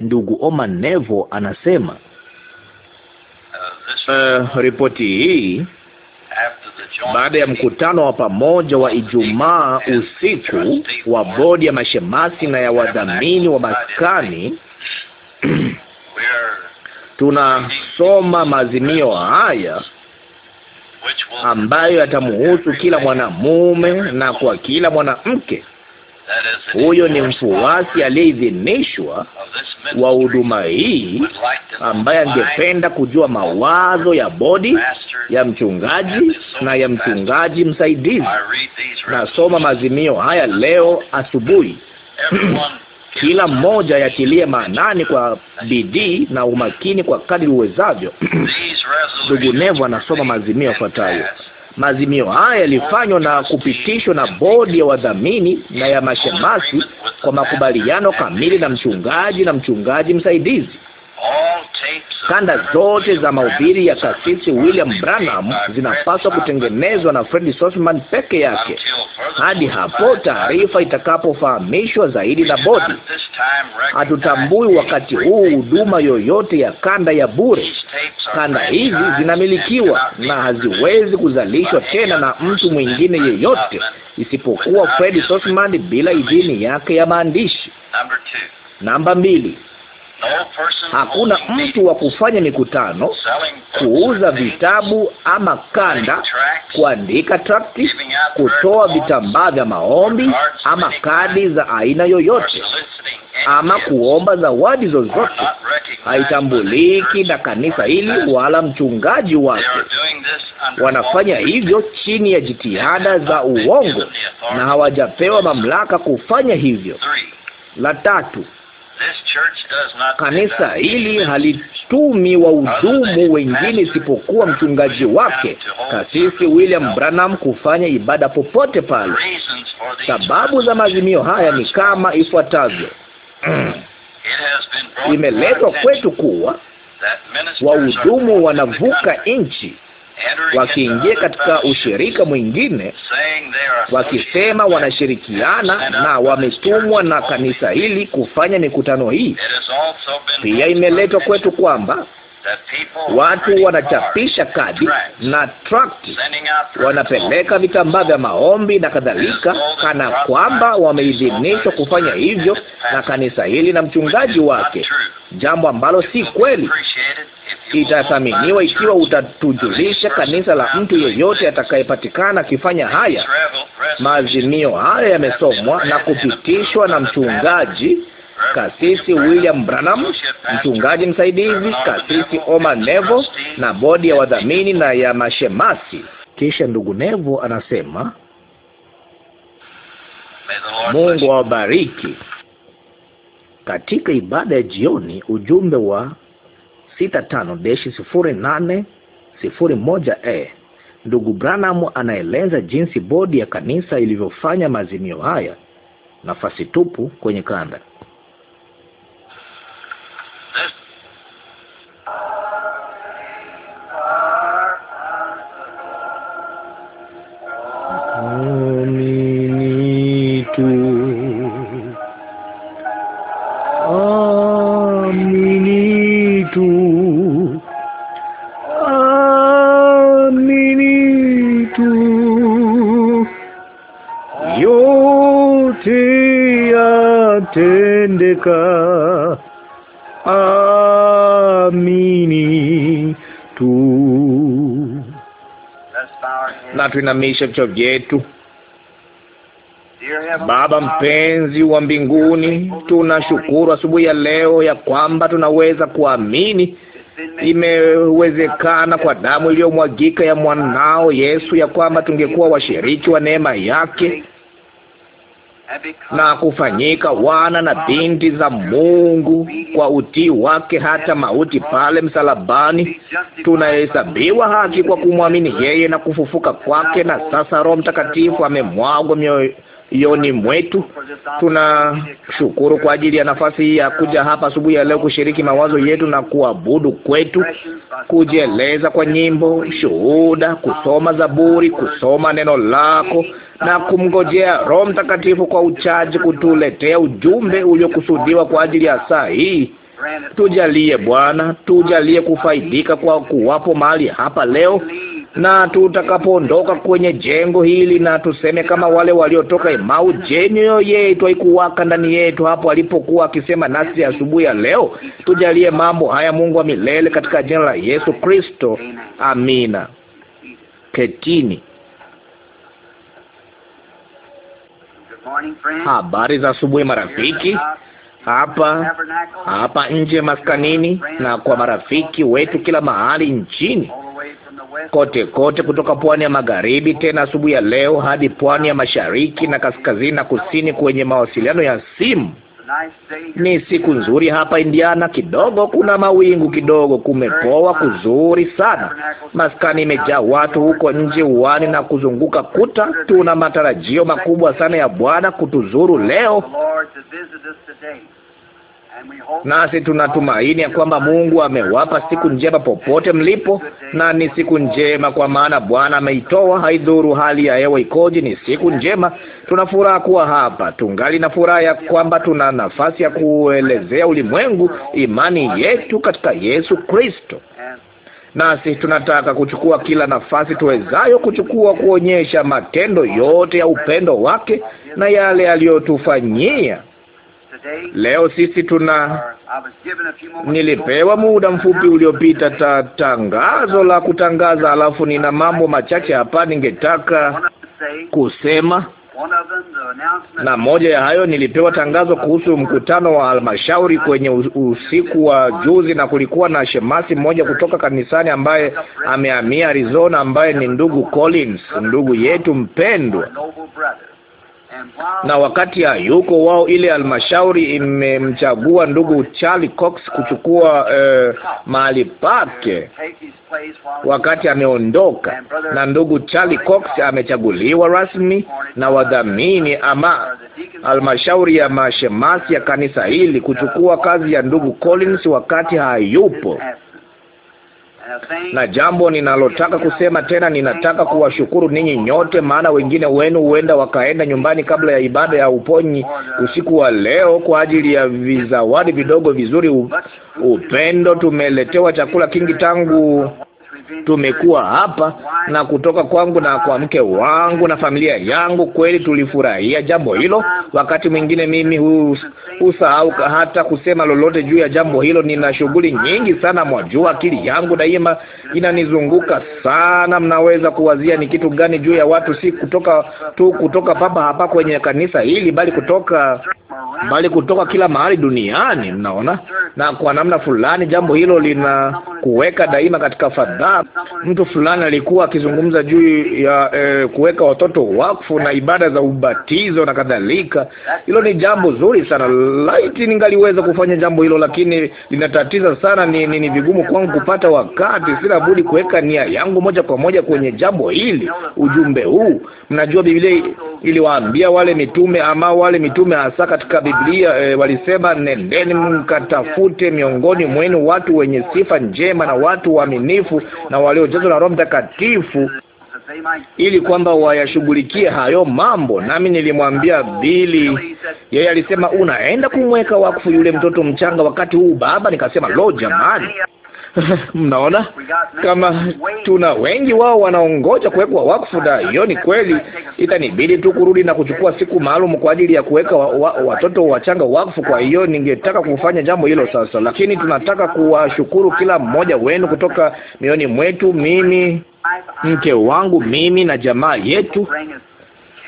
ndugu Oman Nevo anasema uh, eh, ripoti hii baada ya mkutano wa pamoja wa Ijumaa usiku wa bodi ya mashemasi na ya wadhamini wa maskani tunasoma maazimio haya ambayo yatamuhusu kila mwanamume na kwa kila mwanamke. Huyo ni mfuasi aliyeidhinishwa wa huduma hii ambaye angependa kujua mawazo ya bodi ya mchungaji na ya mchungaji msaidizi. Nasoma maazimio haya leo asubuhi. Kila mmoja yatilie maanani kwa bidii na umakini kwa kadri uwezavyo. Ndugu Nevo anasoma maazimio yafuatayo. Maazimio haya yalifanywa na kupitishwa na bodi ya wadhamini na ya mashemasi kwa makubaliano kamili na mchungaji na mchungaji msaidizi. Kanda zote za mahubiri ya kasisi William Branham zinapaswa kutengenezwa na Fred Sosman peke yake hadi hapo taarifa itakapofahamishwa zaidi na bodi. Hatutambui wakati huu huduma yoyote ya kanda ya bure. Kanda hizi zinamilikiwa na haziwezi kuzalishwa tena na mtu mwingine yeyote isipokuwa Fred Sosman bila idhini yake ya maandishi. Namba mbili. Hakuna mtu wa kufanya mikutano, kuuza vitabu ama kanda, kuandika trakti, kutoa vitambaa vya maombi ama kadi za aina yoyote ama kuomba zawadi zozote. Haitambuliki na kanisa hili wala mchungaji wake. Wanafanya hivyo chini ya jitihada za uongo na hawajapewa mamlaka kufanya hivyo. La tatu Kanisa hili halitumi wahudumu wengine isipokuwa mchungaji wake, Kasisi William Branham, kufanya ibada popote pale. Sababu za maazimio haya ni kama ifuatavyo. Imeletwa kwetu kuwa wahudumu wanavuka nchi wakiingia katika ushirika mwingine, wakisema wanashirikiana na wametumwa na kanisa hili kufanya mikutano hii. Pia imeletwa kwetu kwamba Watu wanachapisha kadi na trakti, wanapeleka vitambaa vya maombi na kadhalika, kana kwamba wameidhinishwa kufanya hivyo na kanisa hili na mchungaji wake, jambo ambalo si kweli. Itathaminiwa ikiwa utatujulisha kanisa la mtu yeyote atakayepatikana akifanya haya. Maazimio haya yamesomwa na kupitishwa na mchungaji kasisi William Branham, mchungaji msaidizi kasisi Omar Nevo na bodi ya wadhamini na ya mashemasi. Kisha ndugu Nevo anasema Mungu awabariki. Katika ibada ya jioni, ujumbe wa 65-08-01A e, ndugu Branham anaeleza jinsi bodi ya kanisa ilivyofanya maazimio haya, nafasi tupu kwenye kanda. me to na tuinamishe vichwa vyetu. Baba mpenzi wa mbinguni, tunashukuru asubuhi ya leo ya kwamba tunaweza kuamini imewezekana kwa damu iliyomwagika ya mwanao Yesu, ya kwamba tungekuwa washiriki wa neema yake na kufanyika wana na binti za Mungu kwa utii wake hata mauti pale msalabani. Tunahesabiwa haki kwa kumwamini yeye na kufufuka kwake, na sasa Roho Mtakatifu amemwagwa mioyoni mwetu. Tunashukuru kwa ajili ya nafasi hii ya kuja hapa asubuhi ya leo kushiriki mawazo yetu na kuabudu kwetu, kujieleza kwa nyimbo, shuhuda, kusoma Zaburi, kusoma neno lako na kumngojea Roho Mtakatifu kwa uchaji kutuletea ujumbe uliokusudiwa kwa ajili ya saa hii. Tujalie Bwana, tujalie kufaidika kwa kuwapo mahali hapa leo, na tutakapoondoka kwenye jengo hili, na tuseme kama wale waliotoka Emau, je, mioyo yetu haikuwaka ndani yetu hapo alipokuwa akisema nasi asubuhi ya, ya leo? Tujalie mambo haya, Mungu wa milele, katika jina la Yesu Kristo, amina. Ketini. habari za asubuhi marafiki, hapa hapa nje maskanini, na kwa marafiki wetu kila mahali nchini kote kote, kutoka pwani ya magharibi tena asubuhi ya leo hadi pwani ya mashariki na kaskazini na kusini, kwenye mawasiliano ya simu. Ni siku nzuri hapa Indiana, kidogo kuna mawingu kidogo, kumepoa kuzuri sana. Maskani imejaa watu huko nje uani na kuzunguka kuta. Tuna matarajio makubwa sana ya Bwana kutuzuru leo nasi tunatumaini ya kwamba Mungu amewapa siku njema popote mlipo, na ni siku njema kwa maana Bwana ameitoa. Haidhuru hali ya hewa ikoje, ni siku njema. Tuna furaha kuwa hapa, tungali na furaha ya kwamba tuna nafasi ya kuelezea ulimwengu imani yetu katika Yesu Kristo nasi tunataka kuchukua kila nafasi tuwezayo kuchukua kuonyesha matendo yote ya upendo wake na yale aliyotufanyia. Leo sisi tuna, nilipewa muda mfupi uliopita ta tangazo la kutangaza, alafu nina mambo machache hapa ningetaka kusema na moja ya hayo nilipewa tangazo kuhusu mkutano wa halmashauri kwenye usiku wa juzi, na kulikuwa na shemasi mmoja kutoka kanisani ambaye amehamia Arizona, ambaye ni ndugu Collins, ndugu yetu mpendwa na wakati hayuko wao, ile halmashauri imemchagua ndugu Charlie Cox kuchukua eh, mahali pake wakati ameondoka, na ndugu Charlie Cox amechaguliwa rasmi na wadhamini ama halmashauri ya mashemasi ya kanisa hili kuchukua kazi ya ndugu Collins wakati hayupo. Na jambo ninalotaka kusema tena, ninataka kuwashukuru ninyi nyote, maana wengine wenu huenda wakaenda nyumbani kabla ya ibada ya uponyi usiku wa leo kwa ajili ya vizawadi vidogo vizuri, upendo. Tumeletewa chakula kingi tangu tumekuwa hapa na kutoka kwangu na kwa mke wangu na familia yangu. Kweli tulifurahia jambo hilo. Wakati mwingine mimi husahau hata kusema lolote juu ya jambo hilo. Nina shughuli nyingi sana, mwajua, akili yangu daima inanizunguka sana. Mnaweza kuwazia ni kitu gani juu ya watu, si kutoka tu kutoka papa hapa kwenye kanisa hili, bali kutoka bali kutoka kila mahali duniani. Mnaona, na kwa namna fulani jambo hilo linakuweka daima katika fadhaa mtu fulani alikuwa akizungumza juu ya eh, kuweka watoto wakfu na ibada za ubatizo na kadhalika. Hilo ni jambo zuri sana, laiti ningaliweza kufanya jambo hilo, lakini linatatiza sana. Ni, ni, ni vigumu kwangu kupata wakati. Sina budi kuweka nia yangu moja kwa moja kwenye jambo hili, ujumbe huu. Mnajua Biblia iliwaambia wale mitume ama wale mitume hasa katika Biblia e, walisema nendeni mkatafute miongoni mwenu watu wenye sifa njema na watu waaminifu na waliojazwa na Roho Mtakatifu ili kwamba wayashughulikie hayo mambo. Nami nilimwambia Bili, yeye alisema unaenda kumweka wakfu yule mtoto mchanga wakati huu baba? Nikasema lo, jamani Mnaona kama tuna wengi wao wanaongoja kuwekwa wakfu, da hiyo ni kweli. Itanibidi tu kurudi na kuchukua siku maalum kwa ajili ya kuweka wa, wa, watoto wachanga wakfu. Kwa hiyo ningetaka kufanya jambo hilo sasa, lakini tunataka kuwashukuru kila mmoja wenu kutoka mioni mwetu, mimi mke wangu, mimi na jamaa yetu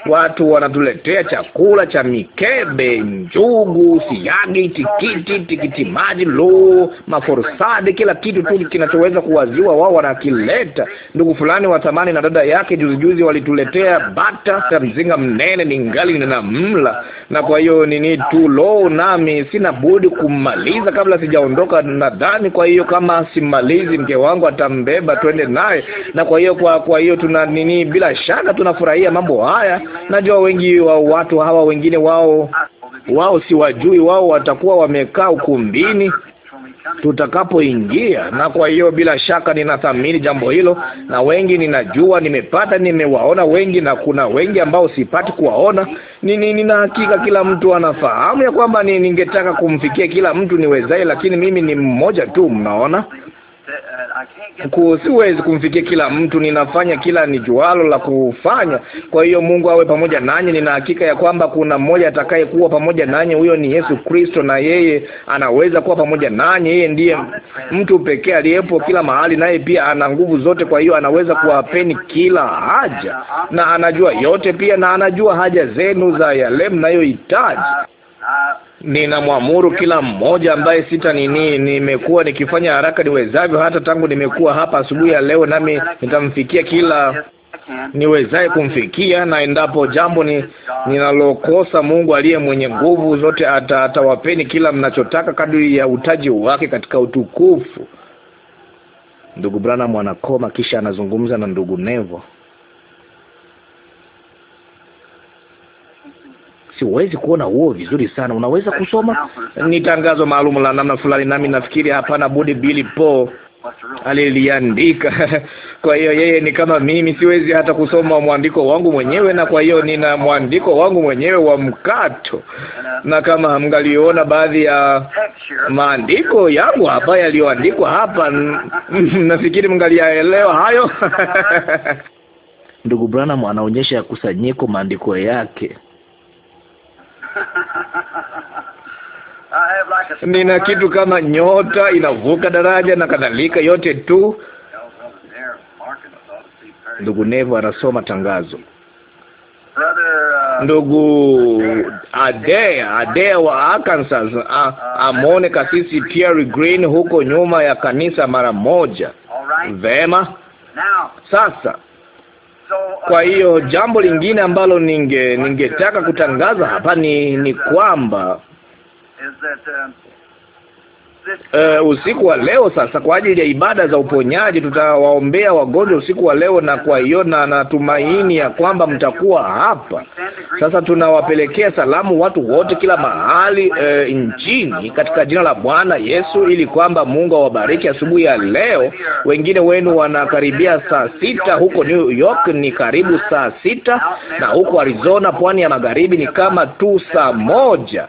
Watu wanatuletea chakula cha mikebe, njugu, siagi, tikiti, tikiti maji, lo, maforsadi kila kitu tu kinachoweza kuwaziwa wao wanakileta. Ndugu fulani wa thamani na dada yake juzi juzi walituletea bata na mzinga mnene, ni ngali na mla. Na kwa hiyo nini tu, lo, nami sina budi kumaliza kabla sijaondoka, nadhani. Kwa hiyo kama simalizi, mke wangu atambeba twende naye, na kwa hiyo kwa kwa hiyo tuna nini, bila shaka tunafurahia mambo haya Najua wengi wa watu hawa, wengine wao wao siwajui, wao watakuwa wamekaa ukumbini tutakapoingia na kwa hiyo, bila shaka ninathamini jambo hilo, na wengi ninajua, nimepata, nimewaona wengi, na kuna wengi ambao sipati kuwaona. Ni, ni, hakika kila mtu anafahamu ya kwamba ningetaka kumfikia kila mtu niwezaye, lakini mimi ni mmoja tu, mnaona mkuu. Siwezi kumfikia kila mtu, ninafanya kila nijualo la kufanya. Kwa hiyo Mungu awe pamoja nanyi. Nina hakika ya kwamba kuna mmoja atakayekuwa pamoja nanyi, huyo ni Yesu Kristo, na yeye anaweza kuwa pamoja nanyi. Yeye ndiye mtu pekee aliyepo kila mahali, naye pia ana nguvu zote. Kwa hiyo anaweza kuwapeni kila haja, na anajua yote pia, na anajua haja zenu za yale mnayohitaji ninamwamuru kila mmoja ambaye sita nini, nimekuwa nikifanya haraka niwezavyo, hata tangu nimekuwa hapa asubuhi ya leo, nami nitamfikia kila niwezaye kumfikia, na endapo jambo ni ninalokosa, Mungu aliye mwenye nguvu zote atawapeni kila mnachotaka kadri ya utaji wake katika utukufu. Ndugu Branham anakoma, kisha anazungumza na ndugu Nevo. siwezi kuona huo vizuri sana. Unaweza kusoma? Ni tangazo maalumu la namna fulani, nami nafikiri hapana budi Billy Paul aliliandika. Kwa hiyo yeye ni kama mimi, siwezi hata kusoma mwandiko wangu mwenyewe, na kwa hiyo nina mwandiko wangu mwenyewe wa mkato. Na kama mngaliona baadhi ya maandiko yangu hapa yaliyoandikwa hapa, nafikiri mngaliyaelewa hayo. Ndugu Branham anaonyesha kusanyiko maandiko yake nina kitu kama nyota inavuka daraja na kadhalika, yote tu. Ndugu Nevo anasoma tangazo. Ndugu Adea Adea wa Arkansas amwone kasisi Pierre Green huko nyuma ya kanisa mara moja. Vema, sasa kwa hiyo jambo lingine ambalo ninge ningetaka kutangaza hapa ni ni kwamba uh, usiku wa leo sasa, kwa ajili ya ibada za uponyaji. Tutawaombea wagonjwa usiku wa leo, na kwa hiyo na natumaini ya kwamba mtakuwa hapa. Sasa tunawapelekea salamu watu wote kila mahali uh, nchini katika jina la Bwana Yesu, ili kwamba Mungu awabariki asubuhi ya leo. Wengine wenu wanakaribia saa sita huko New York ni karibu saa sita na huko Arizona, pwani ya magharibi ni kama tu saa moja.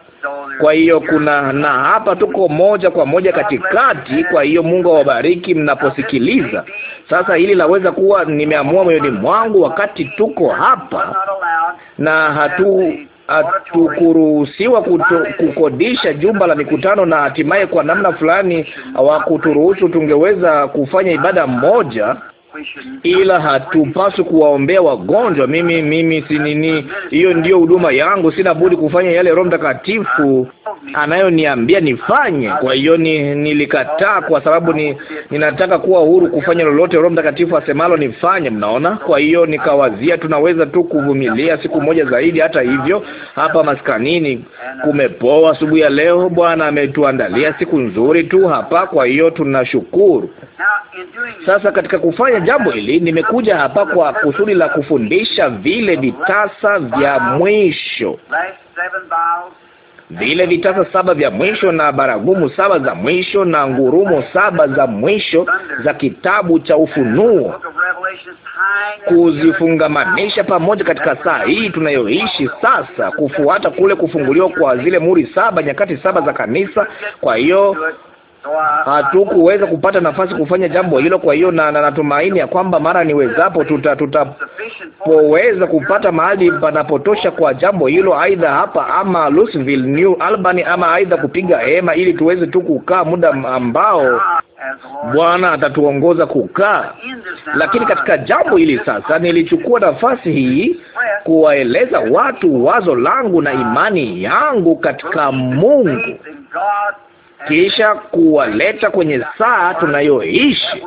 Kwa hiyo kuna na hapa tuko moja kwa moja katikati. Kwa hiyo Mungu awabariki mnaposikiliza. Sasa hili laweza kuwa nimeamua moyoni mwangu wakati tuko hapa na hatu hatukuruhusiwa kukodisha jumba la mikutano, na hatimaye kwa namna fulani hawakuturuhusu, tungeweza kufanya ibada moja ila hatupaswi kuwaombea wagonjwa. Mimi mimi si nini, hiyo ndiyo huduma yangu. Sina budi kufanya yale Roho Mtakatifu anayoniambia nifanye. Kwa hiyo ni, nilikataa kwa sababu ni, ninataka kuwa huru kufanya lolote Roho Mtakatifu asemalo nifanye. Mnaona? Kwa hiyo nikawazia tunaweza tu kuvumilia siku moja zaidi. Hata hivyo, hapa maskanini kumepoa asubuhi ya leo. Bwana ametuandalia siku nzuri tu hapa, kwa hiyo tunashukuru. Sasa katika kufanya jambo hili, nimekuja hapa kwa kusudi la kufundisha vile vitasa vya mwisho, vile vitasa saba vya mwisho na baragumu saba za mwisho na ngurumo saba za mwisho za kitabu cha Ufunuo, kuzifungamanisha pamoja katika saa hii tunayoishi sasa, kufuata kule kufunguliwa kwa zile muri saba, nyakati saba za kanisa. Kwa hiyo hatukuweza kupata nafasi kufanya jambo hilo. Kwa hiyo na natumaini ya kwamba mara niwezapo, tuta tutapoweza kupata mahali panapotosha kwa jambo hilo, aidha hapa ama Louisville, New Albany, ama aidha kupiga hema, ili tuweze tu kukaa muda ambao Bwana atatuongoza kukaa. Lakini katika jambo hili sasa, nilichukua nafasi hii kuwaeleza watu wazo langu na imani yangu katika Mungu kisha kuwaleta kwenye saa tunayoishi.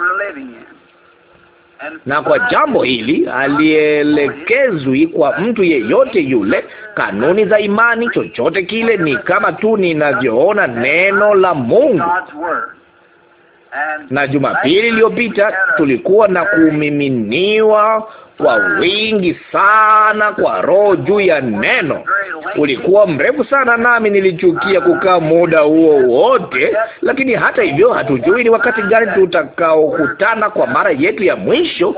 Na kwa jambo hili alielekezwi kwa mtu yeyote yule, kanuni za imani, chochote kile. Ni kama tu ninavyoona neno la Mungu na Jumapili iliyopita tulikuwa na kumiminiwa kwa wingi sana kwa Roho juu ya neno. Ulikuwa mrefu sana, nami nilichukia kukaa muda huo wote, lakini hata hivyo, hatujui ni wakati gani tutakaokutana kwa mara yetu ya mwisho,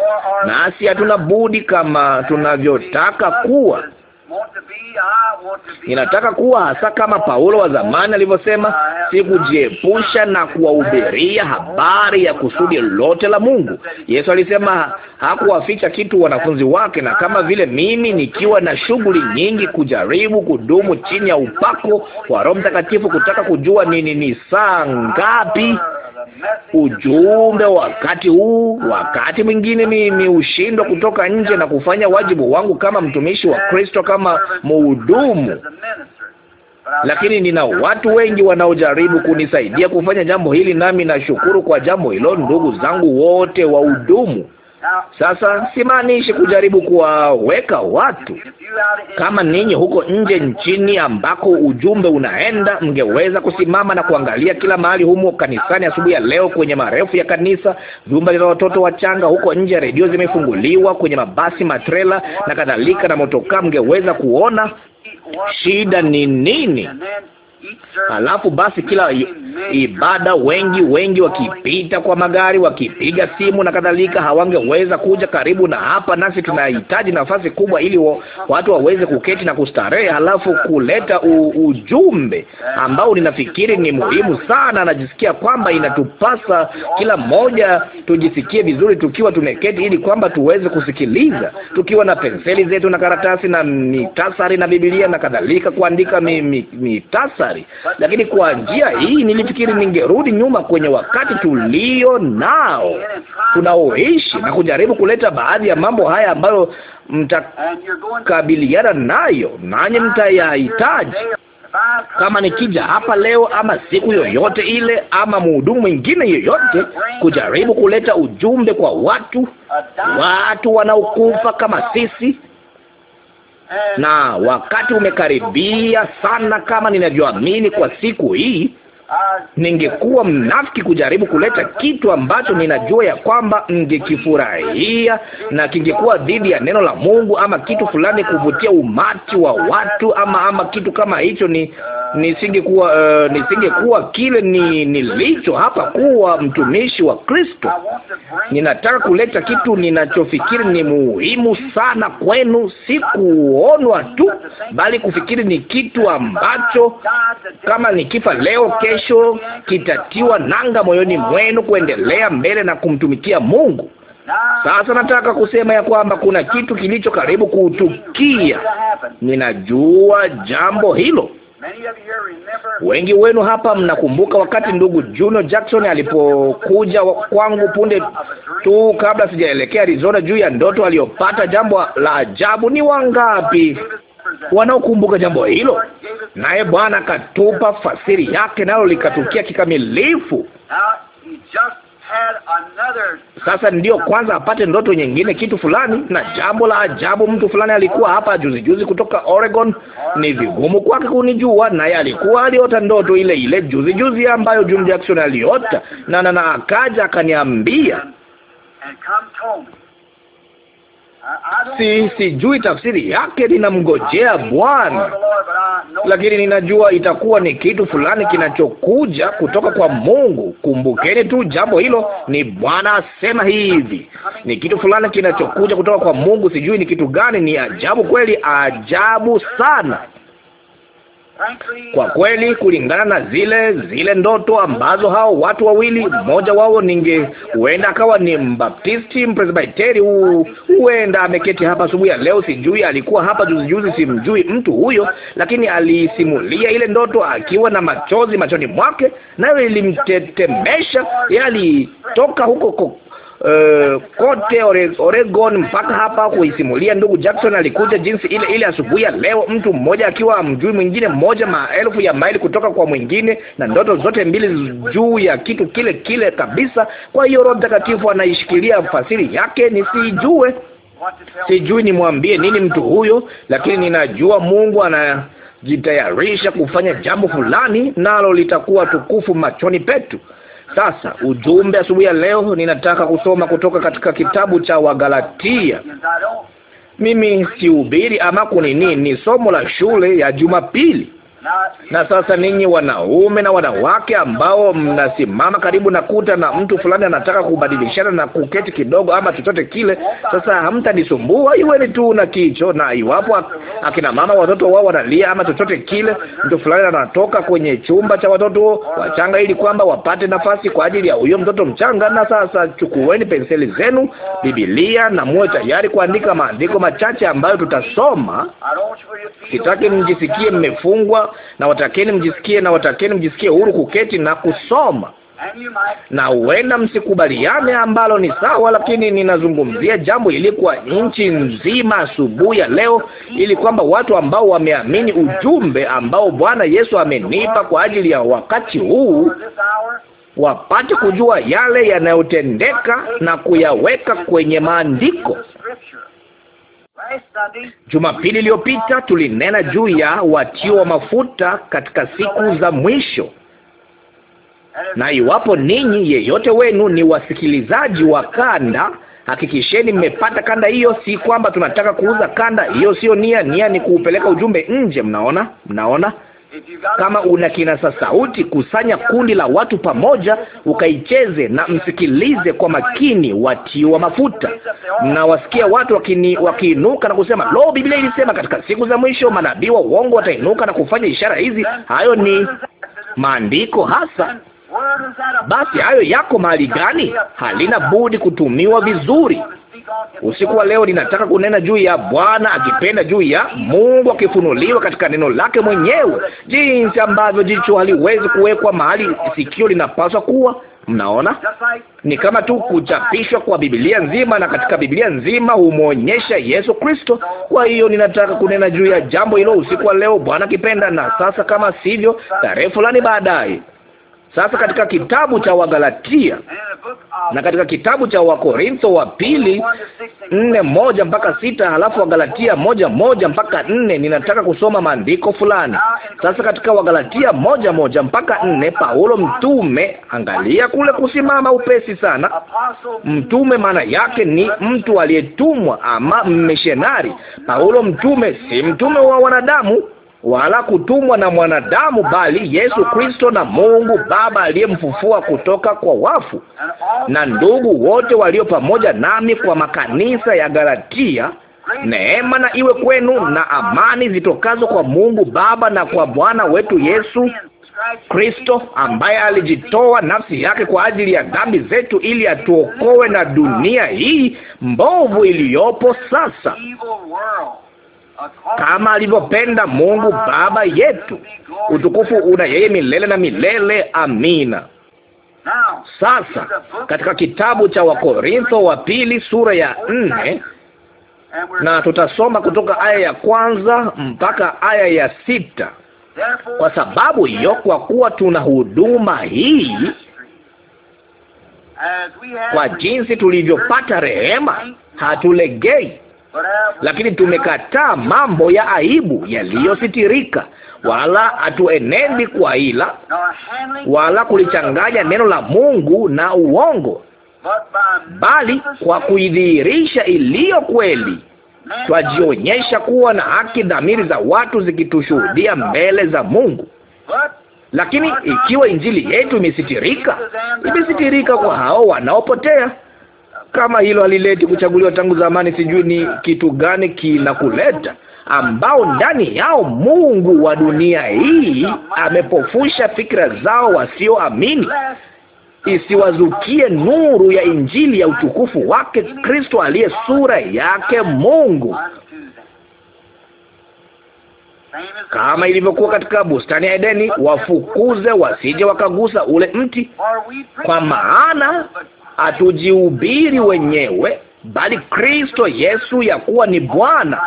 nasi hatuna budi kama tunavyotaka kuwa Ninataka kuwa hasa kama Paulo wa zamani alivyosema, sikujiepusha na kuwahubiria habari ya kusudi lote la Mungu. Yesu alisema hakuwaficha kitu wanafunzi wake, na kama vile mimi nikiwa na shughuli nyingi, kujaribu kudumu chini ya upako wa Roho Mtakatifu, kutaka kujua nini ni saa ngapi ujumbe wakati huu. Wakati mwingine mimi ushindwa kutoka nje na kufanya wajibu wangu kama mtumishi wa Kristo, kama muhudumu lakini nina watu wengi wanaojaribu kunisaidia kufanya jambo hili, nami nashukuru kwa jambo hilo, ndugu zangu wote wahudumu. Sasa simaanishi kujaribu kuwaweka watu kama ninyi huko nje nchini ambako ujumbe unaenda, mngeweza kusimama na kuangalia kila mahali humo kanisani asubuhi ya leo, kwenye marefu ya kanisa, vyumba vya watoto wachanga huko nje, redio zimefunguliwa kwenye mabasi, matrela na kadhalika na motokaa, mngeweza kuona shida ni nini. Alafu basi kila ibada, wengi wengi wakipita kwa magari, wakipiga simu na kadhalika, hawangeweza kuja karibu na hapa. Nasi tunahitaji nafasi kubwa ili wa, watu waweze kuketi na kustarehe, halafu kuleta u, ujumbe ambao ninafikiri ni muhimu sana. Najisikia kwamba inatupasa kila mmoja tujisikie vizuri tukiwa tumeketi, ili kwamba tuweze kusikiliza, tukiwa na penseli zetu na karatasi na mitasari na Biblia na kadhalika, kuandika mitasari mi, mi, lakini kwa njia hii nili nafikiri ningerudi nyuma kwenye wakati tulio nao tunaoishi na kujaribu kuleta baadhi ya mambo haya ambayo mtakabiliana nayo, nanyi mtayahitaji kama nikija hapa leo ama siku yoyote ile ama mhudumu mwingine yoyote, kujaribu kuleta ujumbe kwa watu, watu wanaokufa kama sisi, na wakati umekaribia sana, kama ninavyoamini kwa siku hii Ningekuwa mnafiki kujaribu kuleta kitu ambacho ninajua ya kwamba mngekifurahia na kingekuwa dhidi ya neno la Mungu ama kitu fulani kuvutia umati wa watu ama ama kitu kama hicho. Ni nisingekuwa uh, nisingekuwa kile ni nilicho hapa kuwa mtumishi wa Kristo. Ninataka kuleta kitu ninachofikiri ni muhimu sana kwenu, si kuonwa tu, bali kufikiri ni kitu ambacho kama nikifa leo ke kesho kitatiwa nanga moyoni mwenu kuendelea mbele na kumtumikia Mungu. Sasa nataka kusema ya kwamba kuna kitu kilicho karibu kutukia. Ninajua jambo hilo. Wengi wenu hapa mnakumbuka wakati ndugu Juno Jackson alipokuja kwangu punde tu kabla sijaelekea Arizona juu ya ndoto aliyopata, jambo la ajabu. Ni wangapi wanaokumbuka jambo hilo, naye Bwana akatupa fasiri yake, nalo likatukia kikamilifu. Sasa ndiyo kwanza apate ndoto nyingine, kitu fulani na jambo la ajabu. Mtu fulani alikuwa hapa juzi juzi kutoka Oregon. Ni vigumu kwake kunijua, naye alikuwa aliota ndoto ile ile juzi juzi ambayo Jim Jackson aliota, na na na akaja akaniambia si sijui tafsiri yake, ninamngojea Bwana, lakini ninajua itakuwa ni kitu fulani kinachokuja kutoka kwa Mungu. Kumbukeni tu jambo hilo, ni Bwana asema hivi, ni kitu fulani kinachokuja kutoka kwa Mungu. Sijui ni kitu gani. Ni ajabu kweli, ajabu sana. Kwa kweli, kulingana na zile zile ndoto ambazo hao watu wawili, mmoja wao ninge huenda akawa ni Mbaptisti Mpresbiteri, huenda ameketi hapa asubuhi ya leo, sijui. Alikuwa hapa juzi juzi, simjui mtu huyo, lakini alisimulia ile ndoto akiwa na machozi machoni mwake, nayo ilimtetemesha. Yeye alitoka huko Uh, kote Ore, Oregon mpaka hapa kuisimulia. Ndugu Jackson alikuja jinsi ile ile asubuhi ya leo, mtu mmoja akiwa mjui mwingine mmoja, maelfu ya maili kutoka kwa mwingine, na ndoto zote mbili juu ya kitu kile kile kabisa. Kwa hiyo Roho Mtakatifu anaishikilia fasiri yake, nisijue sijui nimwambie nini mtu huyo, lakini ninajua Mungu anajitayarisha kufanya jambo fulani, nalo litakuwa tukufu machoni petu. Sasa ujumbe asubuhi ya leo, ninataka kusoma kutoka katika kitabu cha Wagalatia. Mimi sihubiri ama kunini, ni somo la shule ya Jumapili. Na sasa ninyi wanaume na wanawake ambao mnasimama karibu na kuta na mtu fulani anataka kubadilishana na kuketi kidogo ama chochote kile, sasa hamtanisumbua, iweni tu na kicho. Na iwapo akina mama watoto wao wanalia ama chochote kile, mtu fulani anatoka kwenye chumba cha watoto wachanga ili kwamba wapate nafasi kwa ajili ya huyo mtoto mchanga. Na sasa chukueni penseli zenu, Biblia, na muwe tayari kuandika maandiko machache ambayo tutasoma. Sitaki mjisikie mmefungwa na watakeni mjisikie, na watakeni mjisikie huru kuketi na kusoma na huenda msikubaliane, ambalo ni sawa, lakini ninazungumzia jambo hili kwa nchi nzima asubuhi ya leo, ili kwamba watu ambao wameamini ujumbe ambao Bwana Yesu amenipa kwa ajili ya wakati huu wapate kujua yale yanayotendeka na kuyaweka kwenye maandiko. Jumapili iliyopita tulinena juu ya watio wa mafuta katika siku za mwisho, na iwapo ninyi yeyote wenu ni wasikilizaji wa kanda Hakikisheni mmepata kanda hiyo. Si kwamba tunataka kuuza kanda hiyo, sio nia. Nia ni kuupeleka ujumbe nje. Mnaona, mnaona kama una kinasa sauti, kusanya kundi la watu pamoja, ukaicheze na msikilize kwa makini. Watiwa mafuta na wasikia watu wakini, wakiinuka na kusema, lo, Biblia ilisema katika siku za mwisho manabii wa uongo watainuka na kufanya ishara hizi. Hayo ni maandiko hasa. Basi hayo yako mahali gani? Halina budi kutumiwa vizuri. Usiku wa leo ninataka kunena juu ya Bwana akipenda, juu ya Mungu akifunuliwa katika neno lake mwenyewe, jinsi ambavyo jicho haliwezi kuwekwa mahali sikio linapaswa kuwa. Mnaona, ni kama tu kuchapishwa kwa Biblia nzima, na katika Biblia nzima humwonyesha Yesu Kristo. Kwa hiyo ninataka kunena juu ya jambo hilo usiku wa leo, Bwana akipenda, na sasa, kama sivyo, tarehe fulani baadaye. Sasa katika kitabu cha Wagalatia na katika kitabu cha Wakorintho wa pili nne moja mpaka sita halafu Wagalatia moja moja mpaka nne ninataka kusoma maandiko fulani. Sasa katika Wagalatia moja moja mpaka nne Paulo mtume, angalia kule kusimama upesi sana. Mtume maana yake ni mtu aliyetumwa ama mmishonari. Paulo mtume, si mtume wa wanadamu wala kutumwa na mwanadamu, bali Yesu Kristo na Mungu Baba aliyemfufua kutoka kwa wafu, na ndugu wote walio pamoja nami kwa makanisa ya Galatia. Neema na iwe kwenu na amani zitokazo kwa Mungu Baba na kwa Bwana wetu Yesu Kristo ambaye alijitoa nafsi yake kwa ajili ya dhambi zetu ili atuokoe na dunia hii mbovu iliyopo sasa kama alivyopenda Mungu Baba yetu. Utukufu una yeye milele na milele. Amina. Sasa katika kitabu cha Wakorintho wa pili sura ya nne na tutasoma kutoka aya ya kwanza mpaka aya ya sita. Kwa sababu hiyo, kwa kuwa tuna huduma hii kwa jinsi tulivyopata rehema, hatulegei lakini tumekataa mambo ya aibu yaliyositirika, wala hatuenendi kwa ila wala kulichanganya neno la Mungu na uongo, bali kwa kuidhihirisha iliyo kweli twajionyesha kuwa na haki, dhamiri za watu zikitushuhudia mbele za Mungu. Lakini ikiwa injili yetu imesitirika, imesitirika kwa hao wanaopotea. Kama hilo halileti kuchaguliwa tangu zamani, sijui ni kitu gani kinakuleta, ambao ndani yao Mungu wa dunia hii amepofusha fikra zao wasioamini isiwazukie nuru ya Injili ya utukufu wake Kristo aliye sura yake Mungu, kama ilivyokuwa katika bustani ya Edeni, wafukuze wasije wakagusa ule mti, kwa maana hatujihubiri wenyewe, bali Kristo Yesu ya kuwa ni Bwana,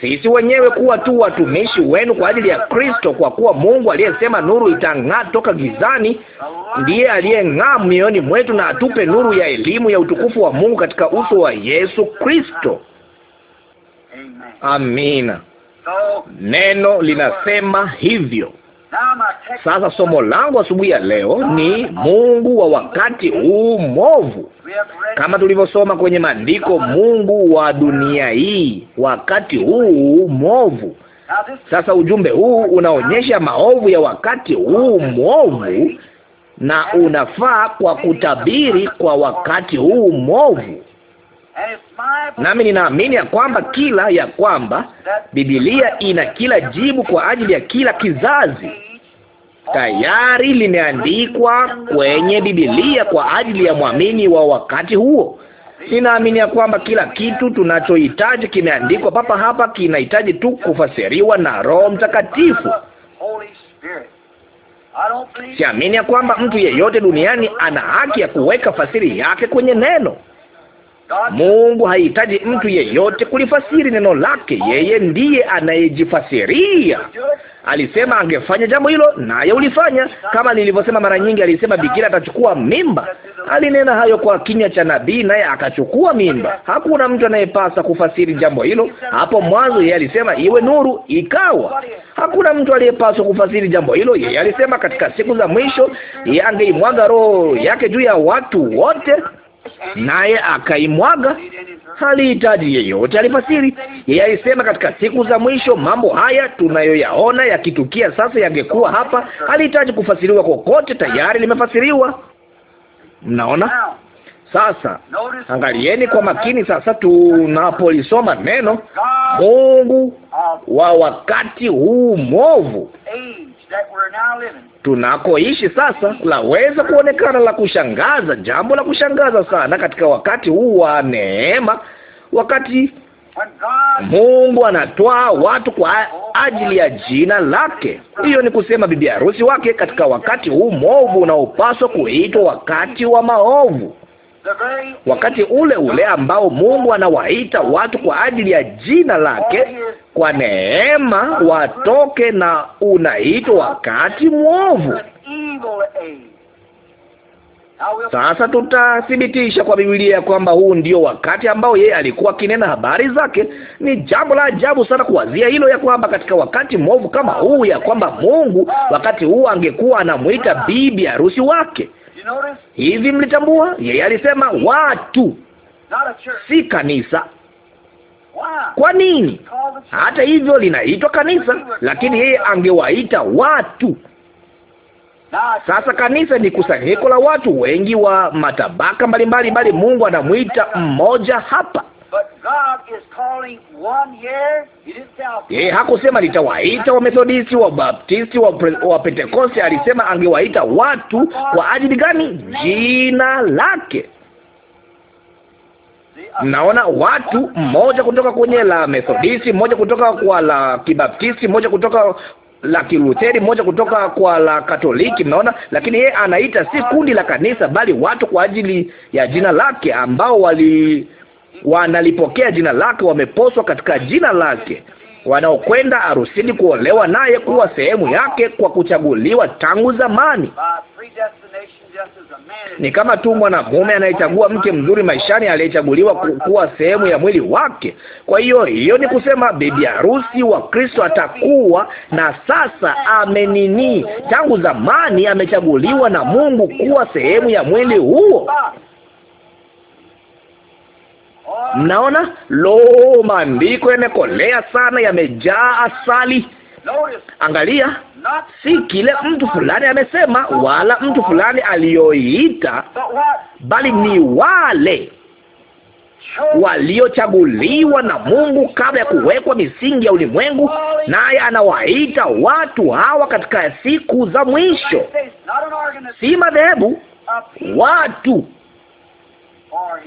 sisi wenyewe kuwa tu watumishi wenu kwa ajili ya Kristo, kwa kuwa Mungu aliyesema nuru itang'aa toka gizani ndiye aliyeng'aa mioyoni mwetu na atupe nuru ya elimu ya utukufu wa Mungu katika uso wa Yesu Kristo. Amina. Neno linasema hivyo. Sasa somo langu asubuhi ya leo ni Mungu wa wakati huu mwovu. Kama tulivyosoma kwenye maandiko, Mungu wa dunia hii, wakati huu mwovu. Sasa ujumbe huu unaonyesha maovu ya wakati huu mwovu na unafaa kwa kutabiri kwa wakati huu mwovu. Nami ninaamini ya kwamba kila ya kwamba Biblia ina kila jibu kwa ajili ya kila kizazi tayari limeandikwa kwenye Biblia kwa ajili ya mwamini wa wakati huo. Ninaamini ya kwamba kila kitu tunachohitaji kimeandikwa papa hapa, kinahitaji tu kufasiriwa na Roho Mtakatifu. Siamini ya kwamba mtu yeyote duniani ana haki ya kuweka fasiri yake kwenye neno. Mungu hahitaji mtu yeyote kulifasiri neno lake, yeye ndiye anayejifasiria. Alisema angefanya jambo hilo, naye ulifanya. Kama nilivyosema mara nyingi, alisema bikira atachukua mimba. Alinena hayo kwa kinywa cha nabii, naye akachukua mimba. Hakuna mtu anayepasa kufasiri jambo hilo. Hapo mwanzo yeye alisema iwe nuru, ikawa. Hakuna mtu aliyepaswa kufasiri jambo hilo. Yeye alisema katika siku za mwisho yeye angeimwaga roho yake juu ya watu wote naye akaimwaga. Halihitaji yeyote alifasiri. Yeye alisema katika siku za mwisho mambo haya tunayoyaona yakitukia sasa yangekuwa hapa. Halihitaji kufasiriwa kokote, tayari limefasiriwa. Mnaona? Sasa angalieni kwa makini sasa, tunapolisoma neno Mungu wa wakati huu mwovu tunakoishi sasa laweza kuonekana la kushangaza, jambo la kushangaza sana katika wakati huu wa neema, wakati Mungu anatwaa watu kwa ajili ya jina lake. Hiyo ni kusema bibi harusi wake, katika wakati huu mwovu unaopaswa kuitwa wakati wa maovu wakati ule ule ambao Mungu anawaita watu kwa ajili ya jina lake kwa neema watoke, na unaitwa wakati mwovu. Sasa tutathibitisha kwa Biblia kwamba huu ndio wakati ambao yeye alikuwa akinena habari zake. Ni jambo la ajabu sana kuwazia hilo, ya kwamba katika wakati mwovu kama huu, ya kwamba Mungu wakati huu angekuwa anamwita bibi harusi wake. Hivi mlitambua? Yeye alisema watu, si kanisa. Kwa nini? Hata hivyo linaitwa kanisa, lakini yeye angewaita watu. Sasa kanisa ni kusanyiko la watu wengi wa matabaka mbalimbali, bali Mungu anamwita mmoja hapa. Yeye hakusema nitawaita Wamethodisti, Wabaptisti, Wapentekoste. Alisema angewaita watu kwa ajili gani? Jina lake. Naona watu mmoja kutoka kwenye la Methodisti, mmoja kutoka kwa la Kibaptisti, mmoja kutoka la Kilutheri, mmoja kutoka kwa la Katoliki. Mnaona, lakini yeye anaita si kundi la kanisa, bali watu kwa ajili ya jina lake ambao wali wanalipokea jina lake wameposwa katika jina lake, wanaokwenda harusini kuolewa naye, kuwa sehemu yake kwa kuchaguliwa tangu zamani. Ni kama tu mwanamume anayechagua mke mzuri maishani, aliyechaguliwa kuwa sehemu ya mwili wake. Kwa hiyo, hiyo ni kusema bibi harusi wa Kristo atakuwa na sasa amenini, tangu zamani amechaguliwa na Mungu kuwa sehemu ya mwili huo. Mnaona, lo, maandiko yamekolea sana, yamejaa asali. Angalia, si kile mtu fulani amesema wala mtu fulani aliyoita, bali ni wale waliochaguliwa na Mungu kabla ya kuwekwa misingi ya ulimwengu, naye anawaita watu hawa katika siku za mwisho. Si madhehebu, watu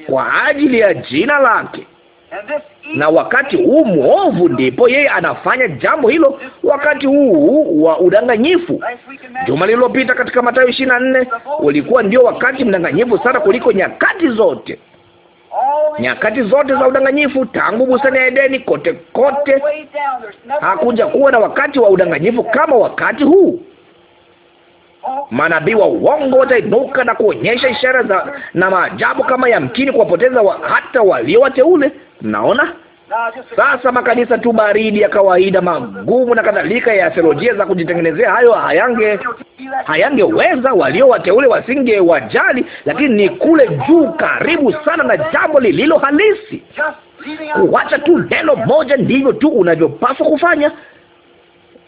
kwa ajili ya jina lake. Na wakati huu mwovu, ndipo yeye anafanya jambo hilo, wakati huu wa udanganyifu. Juma lililopita katika Mathayo ishirini na nne ulikuwa ndio wakati mdanganyifu sana kuliko nyakati zote nyakati zote za udanganyifu tangu bustani ya Edeni, kote kote hakuja kuwa na wakati wa udanganyifu kama wakati huu. Manabii wa uongo watainuka na kuonyesha ishara za na maajabu kama yamkini kuwapoteza wa, hata walio wateule. Naona sasa makanisa tu baridi ya kawaida magumu na kadhalika ya theolojia za kujitengenezea, hayo hayange hayangeweza, walio wateule wasinge wajali, lakini ni kule juu karibu sana na jambo lililo halisi. Kuacha tu neno moja, ndivyo tu unavyopaswa kufanya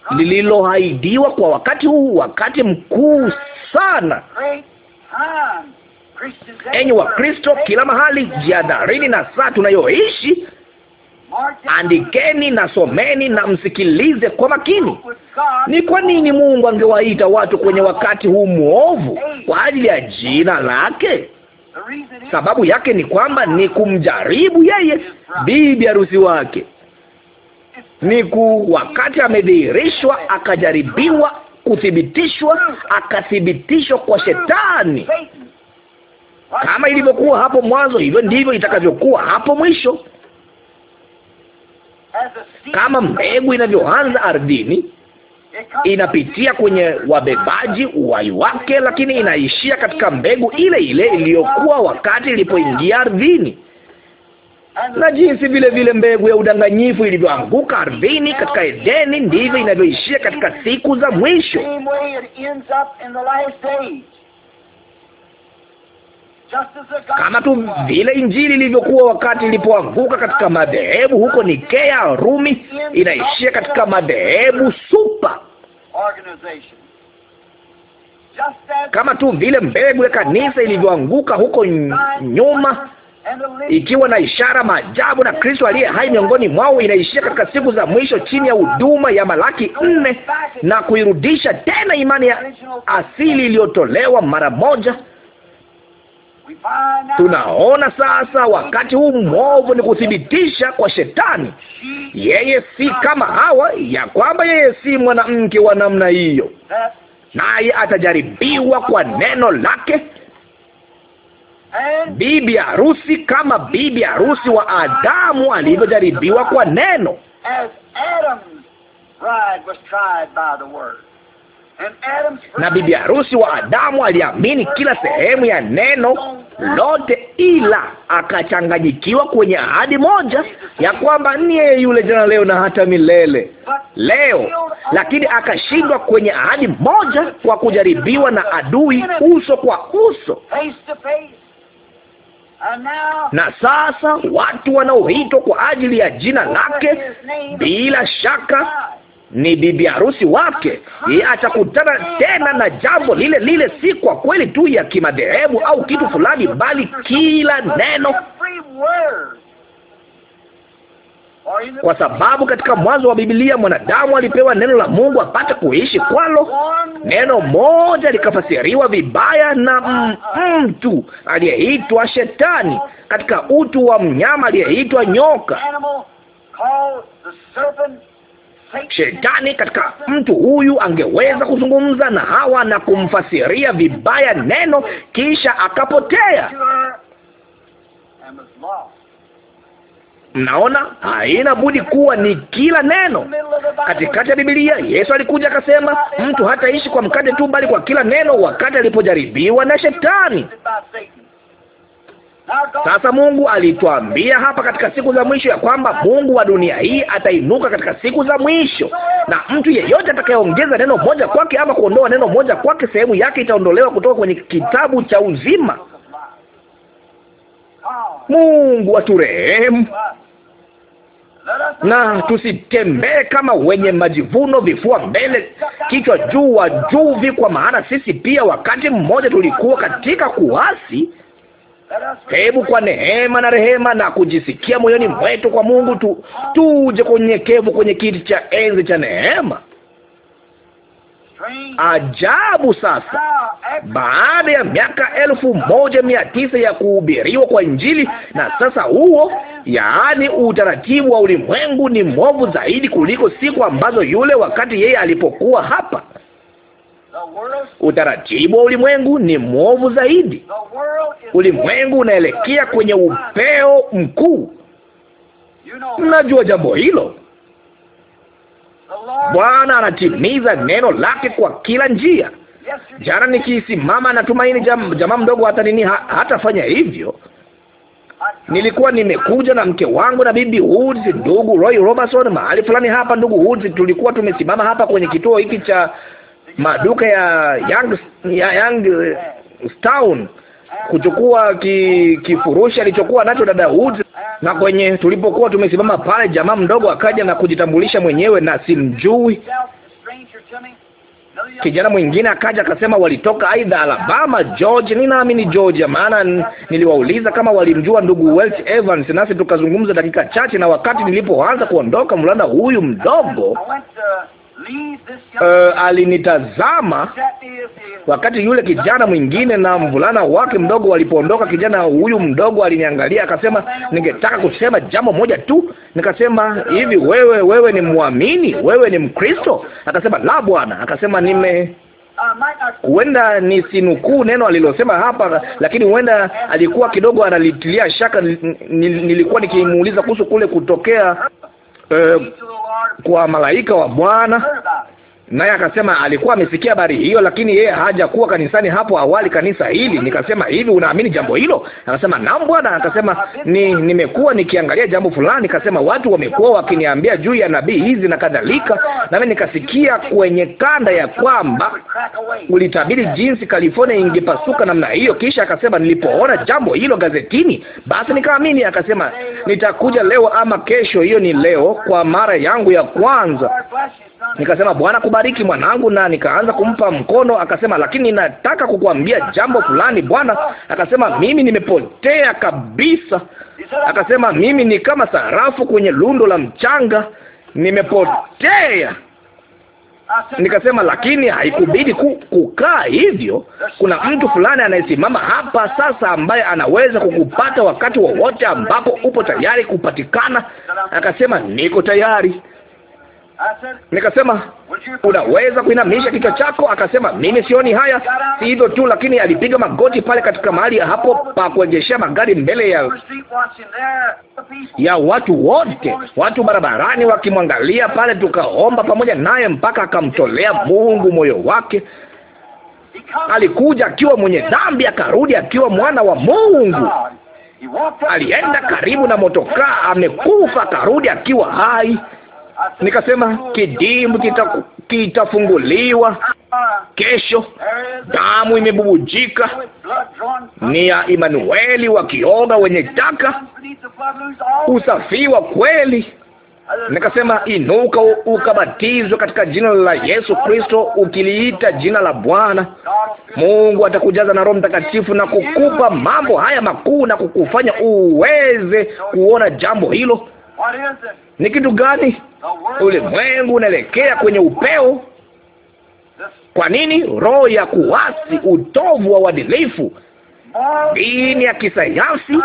lililoahidiwa kwa wakati huu, wakati mkuu sana. Enyi wa Kristo kila mahali, jiadharini na saa tunayoishi. Andikeni na someni na msikilize kwa makini. Ni kwa nini Mungu angewaita watu kwenye wakati huu mwovu kwa ajili ya jina lake? Sababu yake ni kwamba ni kumjaribu yeye, bibi harusi wake ni ku wakati amedhihirishwa, akajaribiwa, kuthibitishwa, akathibitishwa kwa Shetani. Kama ilivyokuwa hapo mwanzo, hivyo ndivyo itakavyokuwa hapo mwisho. Kama mbegu inavyoanza ardhini, inapitia kwenye wabebaji uwai wake, lakini inaishia katika mbegu ile ile iliyokuwa wakati ilipoingia ardhini na jinsi vile vile mbegu ya udanganyifu ilivyoanguka ardhini katika Edeni, ndivyo inavyoishia katika siku za mwisho. Kama tu vile Injili ilivyokuwa wakati ilipoanguka katika madhehebu huko Nikea, Rumi, inaishia katika madhehebu supa kama tu vile mbegu ya kanisa ilivyoanguka huko nyuma ikiwa na ishara, maajabu na Kristo aliye hai miongoni mwao, inaishia katika siku za mwisho chini ya huduma ya Malaki nne na kuirudisha tena imani ya asili iliyotolewa mara moja. Tunaona sasa wakati huu mwovu ni kuthibitisha kwa Shetani, yeye si kama hawa, ya kwamba yeye si mwanamke wa namna hiyo, naye atajaribiwa kwa neno lake bibi harusi kama bibi harusi wa Adamu alivyojaribiwa kwa neno. Na bibi harusi wa Adamu aliamini kila sehemu ya neno lote, ila akachanganyikiwa kwenye ahadi moja ya kwamba ni yeye yule jana, leo na hata milele leo, lakini akashindwa kwenye ahadi moja kwa kujaribiwa na adui uso kwa uso. Na sasa watu wanaoitwa kwa ajili ya jina lake, bila shaka ni bibi harusi wake. Yeye atakutana tena na jambo lile lile, si kwa kweli tu ya kimadhehebu au kitu fulani, bali kila neno kwa sababu katika mwanzo wa Biblia mwanadamu alipewa neno la Mungu apate kuishi kwalo. Neno moja likafasiriwa vibaya na mtu aliyeitwa Shetani katika utu wa mnyama aliyeitwa nyoka. Shetani katika mtu huyu angeweza kuzungumza na Hawa na kumfasiria vibaya neno, kisha akapotea. Mnaona, haina budi kuwa ni kila neno katikati ya Biblia. Yesu alikuja akasema, mtu hataishi kwa mkate tu, bali kwa kila neno, wakati alipojaribiwa na Shetani. Sasa Mungu alituambia hapa katika siku za mwisho ya kwamba Mungu wa dunia hii atainuka katika siku za mwisho, na mtu yeyote atakayeongeza neno moja kwake ama kuondoa neno moja kwake, sehemu yake itaondolewa kutoka kwenye kitabu cha uzima. Mungu aturehemu na tusitembee kama wenye majivuno, vifua mbele, kichwa juu, wajuvi, kwa maana sisi pia wakati mmoja tulikuwa katika kuasi. Hebu kwa neema na rehema na kujisikia moyoni mwetu kwa Mungu tu tuje kunyekevu kwenye kiti cha enzi cha neema. Ajabu sasa, baada ya miaka elfu moja mia tisa ya kuhubiriwa kwa Injili, na sasa huo, yaani utaratibu wa ulimwengu ni mwovu zaidi kuliko siku ambazo yule wakati yeye alipokuwa hapa. Utaratibu wa ulimwengu ni mwovu zaidi. Ulimwengu unaelekea kwenye upeo mkuu. Mnajua jambo hilo. Bwana anatimiza neno lake kwa kila njia. Jana nikisimama natumaini jam, jamaa mdogo hata nini ha, hatafanya hivyo. Nilikuwa nimekuja na mke wangu na bibi Woods, ndugu Roy Robertson, mahali fulani hapa. Ndugu Woods, tulikuwa tumesimama hapa kwenye kituo hiki cha maduka ya Young, ya Youngstown kuchukua ki, kifurushi alichokuwa nacho dada Woods, na kwenye tulipokuwa tumesimama pale, jamaa mdogo akaja na kujitambulisha mwenyewe, na simjui. Kijana mwingine akaja akasema walitoka aidha Alabama, George. Ninaamini Georgia, maana niliwauliza kama walimjua ndugu Welch Evans, nasi tukazungumza dakika chache, na wakati nilipoanza kuondoka, mlanda huyu mdogo uh, alinitazama wakati yule kijana mwingine na mvulana wake mdogo walipoondoka. Kijana huyu mdogo aliniangalia akasema, ningetaka kusema jambo moja tu. Nikasema, hivi wewe, wewe ni mwamini? Wewe ni Mkristo? Akasema, la bwana. Akasema, nime huenda nisinukuu neno alilosema hapa, lakini huenda alikuwa kidogo analitilia shaka. Nilikuwa nikimuuliza kuhusu kule kutokea eh, kwa malaika wa Bwana Naye akasema alikuwa amesikia habari hiyo, lakini yeye hajakuwa kanisani hapo awali, kanisa hili. Nikasema, hivi unaamini jambo hilo? Akasema, naam bwana. Akasema, ni nimekuwa nikiangalia jambo fulani. Akasema, watu wamekuwa wakiniambia juu ya nabii hizi na kadhalika, nami nikasikia kwenye kanda ya kwamba ulitabiri jinsi California ingepasuka namna hiyo. Kisha akasema, nilipoona jambo hilo gazetini, basi nikaamini. Akasema, nitakuja leo ama kesho. Hiyo ni leo, kwa mara yangu ya kwanza Nikasema, Bwana kubariki mwanangu, na nikaanza kumpa mkono. Akasema, lakini nataka kukuambia jambo fulani bwana. Akasema, mimi nimepotea kabisa. Akasema, mimi ni kama sarafu kwenye lundo la mchanga, nimepotea. Nikasema, lakini haikubidi ku, kukaa hivyo. Kuna mtu fulani anayesimama hapa sasa ambaye anaweza kukupata wakati wowote ambapo upo tayari kupatikana. Akasema, niko tayari. Nikasema, unaweza kuinamisha kichwa chako? Akasema, mimi sioni haya. Si hivyo tu, lakini alipiga magoti pale katika mahali hapo pa kuegeshea magari mbele ya ya watu wote, watu barabarani wakimwangalia pale. Tukaomba pamoja naye mpaka akamtolea Mungu moyo wake. Alikuja akiwa mwenye dhambi, akarudi akiwa mwana wa Mungu. Alienda karibu na motokaa amekufa, akarudi akiwa hai. Nikasema kidimbu kita, kitafunguliwa kesho. Damu imebubujika, ni ya Imanueli, wakioga wenye taka, usafi wa kweli. Nikasema inuka, ukabatizwe katika jina la Yesu Kristo, ukiliita jina la Bwana Mungu. Atakujaza na Roho Mtakatifu na kukupa mambo haya makuu na kukufanya uweze kuona jambo hilo. Ni kitu gani? Ulimwengu unaelekea kwenye upeo. Kwa nini? Roho ya kuasi, utovu wa uadilifu, dini ya kisayansi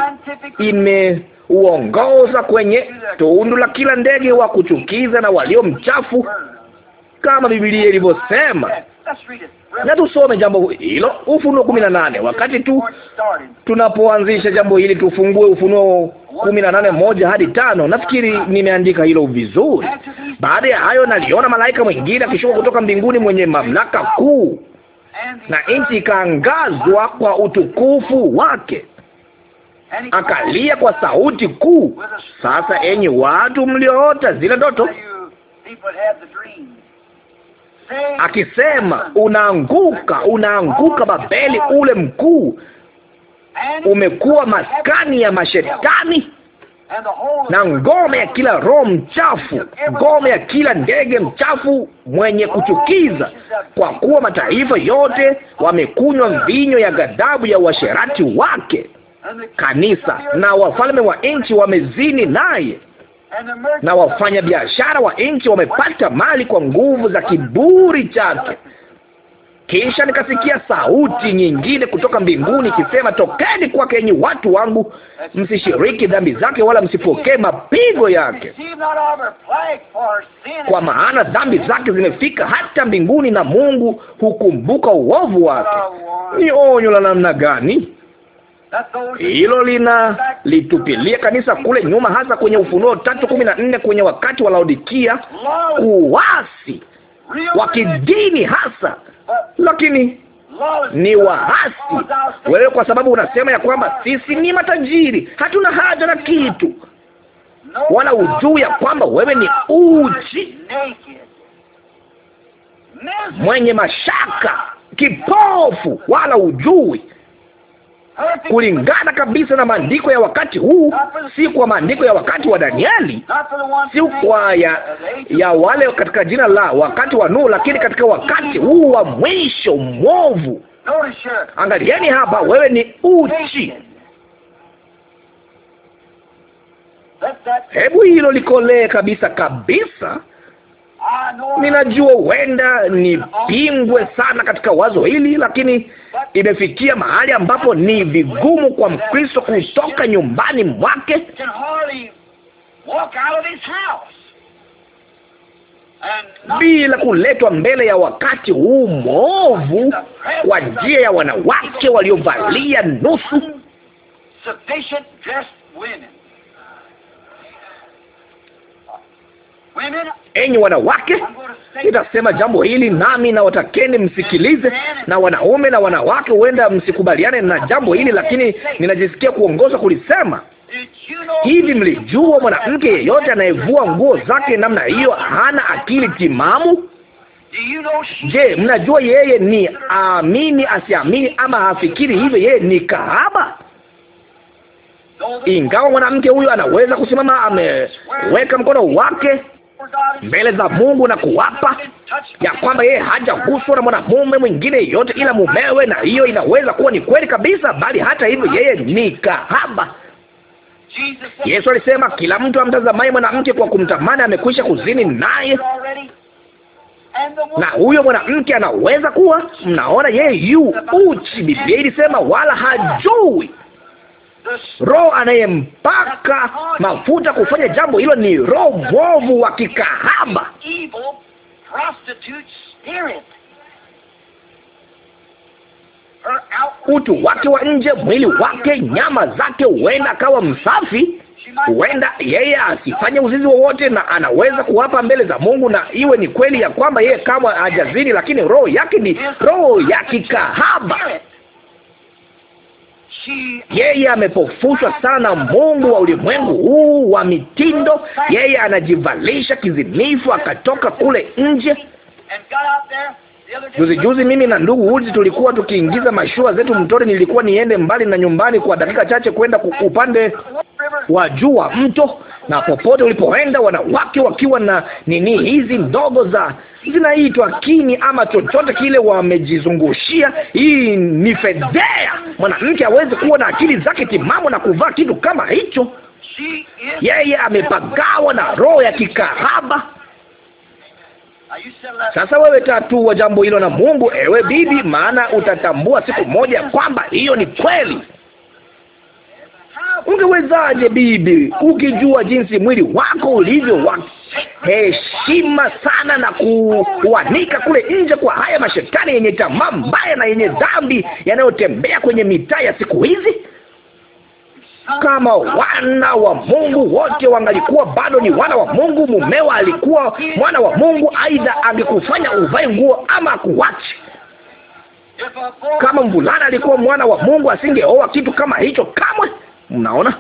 imeuongoza kwenye tundu la kila ndege wa kuchukiza na walio mchafu, kama Biblia ilivyosema. Na tusome jambo hilo Ufunuo kumi na nane. Wakati tu tunapoanzisha jambo hili, tufungue Ufunuo kumi na nane moja hadi tano. Nafikiri nimeandika hilo vizuri. Baada ya hayo, naliona malaika mwingine akishuka kutoka mbinguni mwenye mamlaka kuu, na nchi ikaangazwa kwa utukufu wake akalia kwa sauti kuu, sasa enyi watu mlioota zile ndoto akisema, unaanguka, unaanguka Babeli ule mkuu, umekuwa maskani ya mashetani na ngome ya kila roho mchafu, ngome ya kila ndege mchafu mwenye kuchukiza, kwa kuwa mataifa yote wamekunywa mvinyo ya ghadhabu ya uasherati wake kanisa, na wafalme wa nchi wamezini naye na wafanya biashara wa nchi wamepata mali kwa nguvu za kiburi chake. Kisha nikasikia sauti nyingine kutoka mbinguni ikisema, tokeni kwake enyi watu wangu, msishiriki dhambi zake wala msipokee mapigo yake, kwa maana dhambi zake zimefika hata mbinguni na Mungu hukumbuka uovu wake. Ni onyo la namna gani? Hilo lina litupilia kanisa kule nyuma, hasa kwenye Ufunuo tatu kumi na nne kwenye wakati wa Laodikia, kuwasi wa kidini hasa, lakini ni waasi wewe, kwa sababu unasema ya kwamba sisi ni matajiri, hatuna haja na kitu, wala ujuu ya kwamba wewe ni uchi, mwenye mashaka, kipofu, wala ujui kulingana kabisa na maandiko ya wakati huu, si kwa maandiko ya wakati wa Danieli, si kwa ya, ya wale katika jina la wakati wa Nuhu, lakini katika wakati huu wa mwisho mwovu. Angalieni hapa, wewe ni uchi. Hebu hilo likolee kabisa kabisa. Ninajua huenda nipingwe sana katika wazo hili, lakini imefikia mahali ambapo ni vigumu kwa Mkristo kutoka nyumbani mwake bila kuletwa mbele ya wakati huu mwovu kwa njia ya wanawake waliovalia nusu enyi wanawake, nitasema jambo hili nami na watakeni msikilize, na wanaume na wanawake, huenda msikubaliane na jambo hili, lakini ninajisikia kuongozwa kulisema. Hivi mlijua mwanamke yeyote anayevua nguo zake namna hiyo hana akili timamu? Je, mnajua yeye ni aamini asiamini, ama hafikiri hivyo, yeye ni kahaba? Ingawa mwanamke huyo anaweza kusimama, ameweka mkono wake mbele za Mungu na kuwapa ya kwamba yeye hajaguswa na mwanamume mwingine yeyote ila mumewe, na hiyo inaweza kuwa ni kweli kabisa, bali hata hivyo yeye ni kahaba. Yesu alisema kila mtu amtazamaye mwanamke kwa kumtamani amekwisha kuzini naye, na huyo mwanamke anaweza kuwa, mnaona, yeye yu uchi. Biblia ilisema wala hajui Roho anayempaka mafuta kufanya jambo hilo ni roho mwovu wa kikahaba. Utu wake wa nje, mwili wake, nyama zake, huenda akawa msafi, huenda yeye asifanye uzinzi wowote, na anaweza kuwapa mbele za Mungu, na iwe ni kweli ya kwamba yeye kama hajazini, lakini roho yake ni roho ya kikahaba. Yeye amepofushwa sana, mungu wa ulimwengu huu wa mitindo. Yeye anajivalisha kizinifu, akatoka kule nje Juzi juzi mimi na ndugu Woods tulikuwa tukiingiza mashua zetu mtoni. Nilikuwa niende mbali na nyumbani kwa dakika chache kwenda upande wa juu wa mto, na popote ulipoenda, wanawake wakiwa na nini hizi ndogo za zinaitwa kini ama chochote kile wamejizungushia. Hii ni fedhea. Mwanamke hawezi kuwa na akili zake timamu na kuvaa kitu kama hicho. Yeye amepagawa na roho ya kikahaba. Sasa wewe tatua jambo hilo na Mungu, ewe bibi, maana utatambua siku moja kwamba hiyo ni kweli. Ungewezaje bibi, ukijua jinsi mwili wako ulivyo wa heshima sana, na kuwanika kule nje kwa haya mashetani yenye tamaa mbaya na yenye dhambi yanayotembea kwenye mitaa ya siku hizi? Kama wana wa Mungu wote wangalikuwa bado ni wana wa Mungu, mumewa alikuwa mwana wa Mungu, aidha angekufanya uvae nguo ama akuwache. Kama mvulana alikuwa mwana wa Mungu, asingeoa kitu kama hicho kamwe. Mnaona,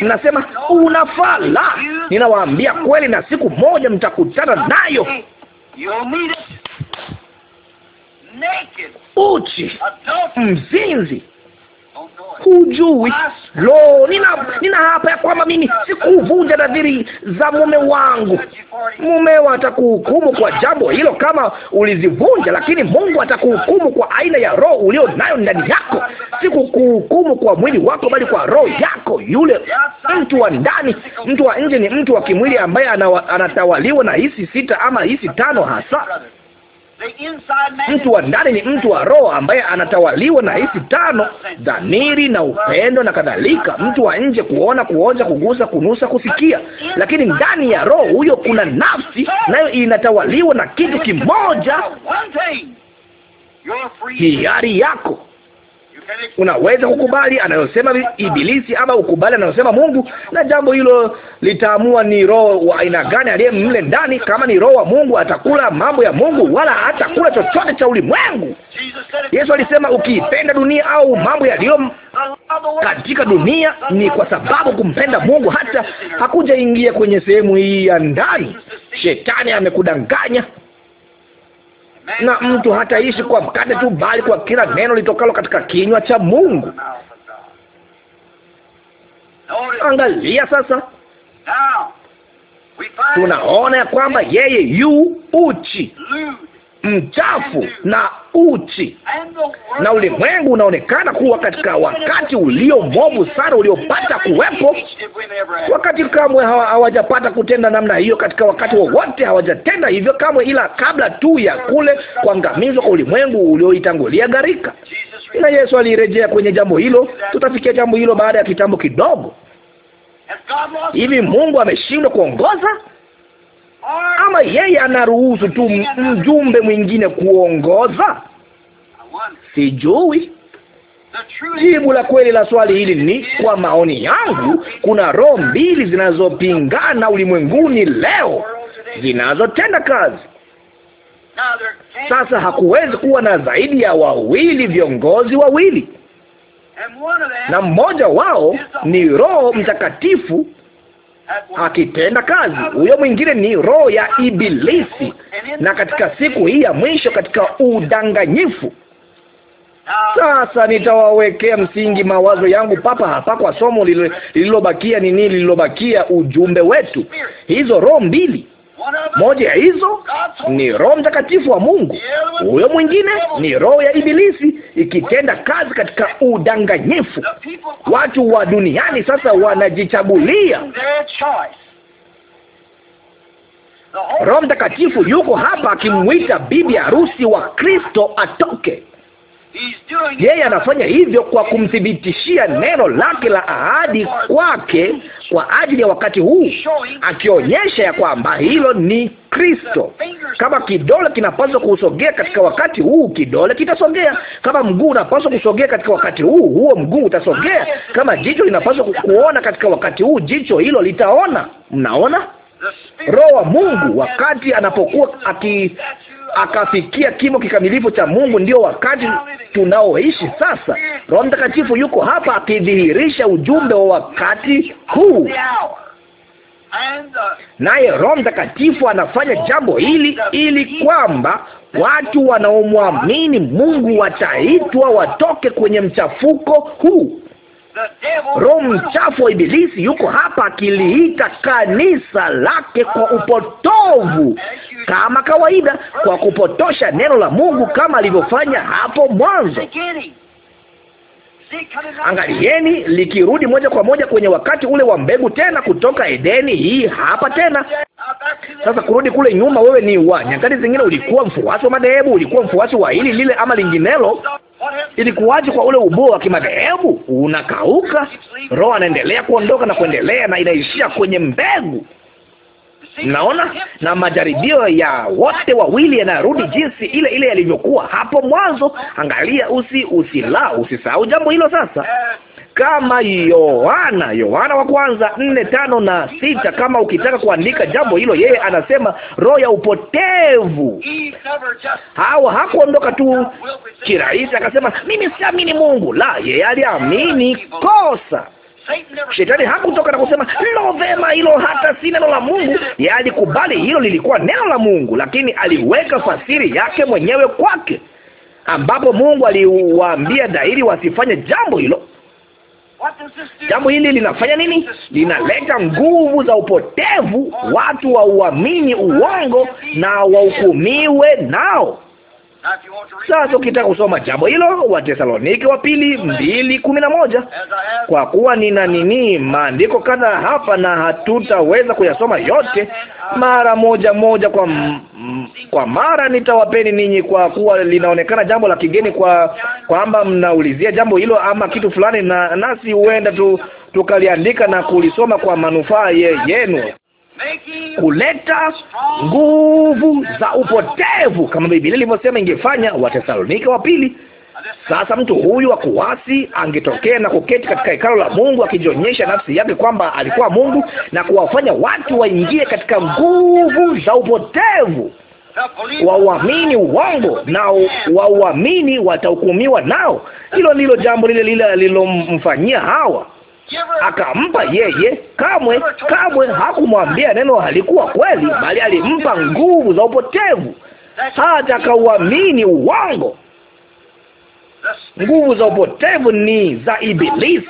mnasema unafaa. La, ninawaambia kweli, na siku moja mtakutana nayo uchi, mzinzi Hujui lo, nina, nina hapa ya kwamba mimi sikuvunja nadhiri za mume wangu. mumewa atakuhukumu kwa jambo hilo kama ulizivunja, lakini Mungu atakuhukumu kwa aina ya roho ulio nayo ndani yako. Sikukuhukumu kwa mwili wako, bali kwa roho yako. Yule mtu wa ndani, mtu wa nje ni mtu wa kimwili ambaye anatawaliwa na hisi sita ama hisi tano hasa Mtu wa ndani ni mtu wa roho ambaye anatawaliwa na hisi tano, dhamiri na upendo na kadhalika. Mtu wa nje, kuona, kuonja, kugusa, kunusa, kusikia, lakini ndani ya roho huyo kuna nafsi, nayo inatawaliwa na kitu kimoja, hiari yako Unaweza kukubali anayosema Ibilisi ama ukubali anayosema Mungu, na jambo hilo litaamua ni roho wa aina gani aliye mle ndani. Kama ni roho wa Mungu, atakula mambo ya Mungu, wala atakula chochote cha ulimwengu. Yesu alisema, ukiipenda dunia au mambo yaliyo katika dunia, ni kwa sababu kumpenda Mungu hata hakujaingia kwenye sehemu hii ya ndani. Shetani amekudanganya na mtu hataishi kwa mkate tu, bali kwa kila neno litokalo katika kinywa cha Mungu. Angalia sasa, tunaona ya kwamba yeye yu uchi mchafu na uchi, na ulimwengu unaonekana kuwa katika wakati ulio mbovu sana uliopata kuwepo. Wakati kamwe hawajapata kutenda namna hiyo, katika wakati wowote hawajatenda hivyo kamwe, ila kabla tu ya kule kuangamizwa kwa ulimwengu ulioitangulia gharika. Na Yesu alirejea kwenye jambo hilo, tutafikia jambo hilo baada ya kitambo kidogo. Hivi Mungu ameshindwa kuongoza? ama yeye anaruhusu tu mjumbe mwingine kuongoza? Sijui. Jibu la kweli la swali hili ni, kwa maoni yangu, kuna roho mbili zinazopingana ulimwenguni leo zinazotenda kazi. Sasa hakuwezi kuwa na zaidi ya wawili, viongozi wawili, na mmoja wao ni Roho Mtakatifu akitenda kazi. Huyo mwingine ni roho ya Ibilisi, na katika siku hii ya mwisho, katika udanganyifu. Sasa nitawawekea msingi mawazo yangu papa hapa kwa somo lililobakia. Ni nini lililobakia? Ujumbe wetu, hizo roho mbili moja ya hizo ni Roho Mtakatifu wa Mungu, huyo mwingine ni roho ya Ibilisi ikitenda kazi katika udanganyifu. Watu wa duniani sasa wanajichagulia. Roho Mtakatifu yuko hapa akimwita bibi harusi wa Kristo atoke. Yeye anafanya hivyo kwa kumthibitishia neno lake la ahadi kwake kwa ajili ya wakati huu, akionyesha ya kwamba hilo ni Kristo. Kama kidole kinapaswa kusogea katika wakati huu, kidole kitasogea. Kama mguu unapaswa kusogea katika wakati huu, huo mguu utasogea. Kama jicho linapaswa kuona katika wakati huu, jicho hilo litaona. Mnaona? Roho wa Mungu wakati anapokuwa aki akafikia kimo kikamilifu cha Mungu. Ndio wakati tunaoishi sasa. Roho Mtakatifu yuko hapa akidhihirisha ujumbe wa wakati huu, naye Roho Mtakatifu anafanya jambo hili ili kwamba watu wanaomwamini Mungu wataitwa watoke kwenye mchafuko huu roho mchafu wa Ibilisi yuko hapa akiliita kanisa lake kwa upotovu, kama kawaida, kwa kupotosha neno la Mungu kama alivyofanya hapo mwanzo. Angalieni likirudi moja kwa moja kwenye wakati ule wa mbegu tena kutoka Edeni. Hii hapa tena sasa, kurudi kule nyuma. Wewe ni wa nyakati zingine ulikuwa mfuasi wa madhehebu, ulikuwa mfuasi wa hili lile ama linginelo. Ilikuwaje kwa ule uboo wa kimadhehebu? Unakauka, roho anaendelea kuondoka na kuendelea, na inaishia kwenye mbegu. Mnaona, na majaribio ya wote wawili yanarudi jinsi ile ile yalivyokuwa hapo mwanzo. Angalia, usi usila usisahau jambo hilo sasa kama Yohana Yohana wa kwanza nne tano na sita. Kama ukitaka kuandika jambo hilo, yeye anasema roho ya upotevu. Hawa hakuondoka tu kirahisi akasema mimi siamini Mungu, la, yeye aliamini kosa Shetani hakutoka na kusema lo, vema hilo, hata si neno la Mungu. Yeye alikubali hilo lilikuwa neno la Mungu, lakini aliweka fasiri yake mwenyewe kwake, ambapo Mungu aliwaambia dhahiri wasifanye jambo hilo. Jambo hili linafanya nini? Linaleta nguvu za upotevu, watu wauamini uongo na wahukumiwe nao. Sasa ukitaka kusoma jambo hilo, wa Tesalonike wa pili mbili kumi na moja. Kwa kuwa nina nini maandiko kadha hapa, na hatutaweza kuyasoma yote mara moja moja. Kwa kwa mara nitawapeni ninyi, kwa kuwa linaonekana jambo la kigeni, kwa kwamba mnaulizia jambo hilo ama kitu fulani, na nasi huenda tu tukaliandika na kulisoma kwa manufaa ye, yenu kuleta nguvu za upotevu kama Biblia ilivyosema ingefanya, Watesalonika wa pili. Sasa mtu huyu wa kuasi angetokea na kuketi katika hekalo la Mungu akijionyesha nafsi yake kwamba alikuwa Mungu na kuwafanya watu waingie katika nguvu za upotevu, wauamini uongo na wauamini watahukumiwa nao. Hilo ndilo jambo lile lile alilomfanyia Hawa akampa yeye. Kamwe kamwe hakumwambia neno halikuwa kweli, bali alimpa nguvu za upotevu hata akauamini uongo. Nguvu za upotevu ni za Ibilisi.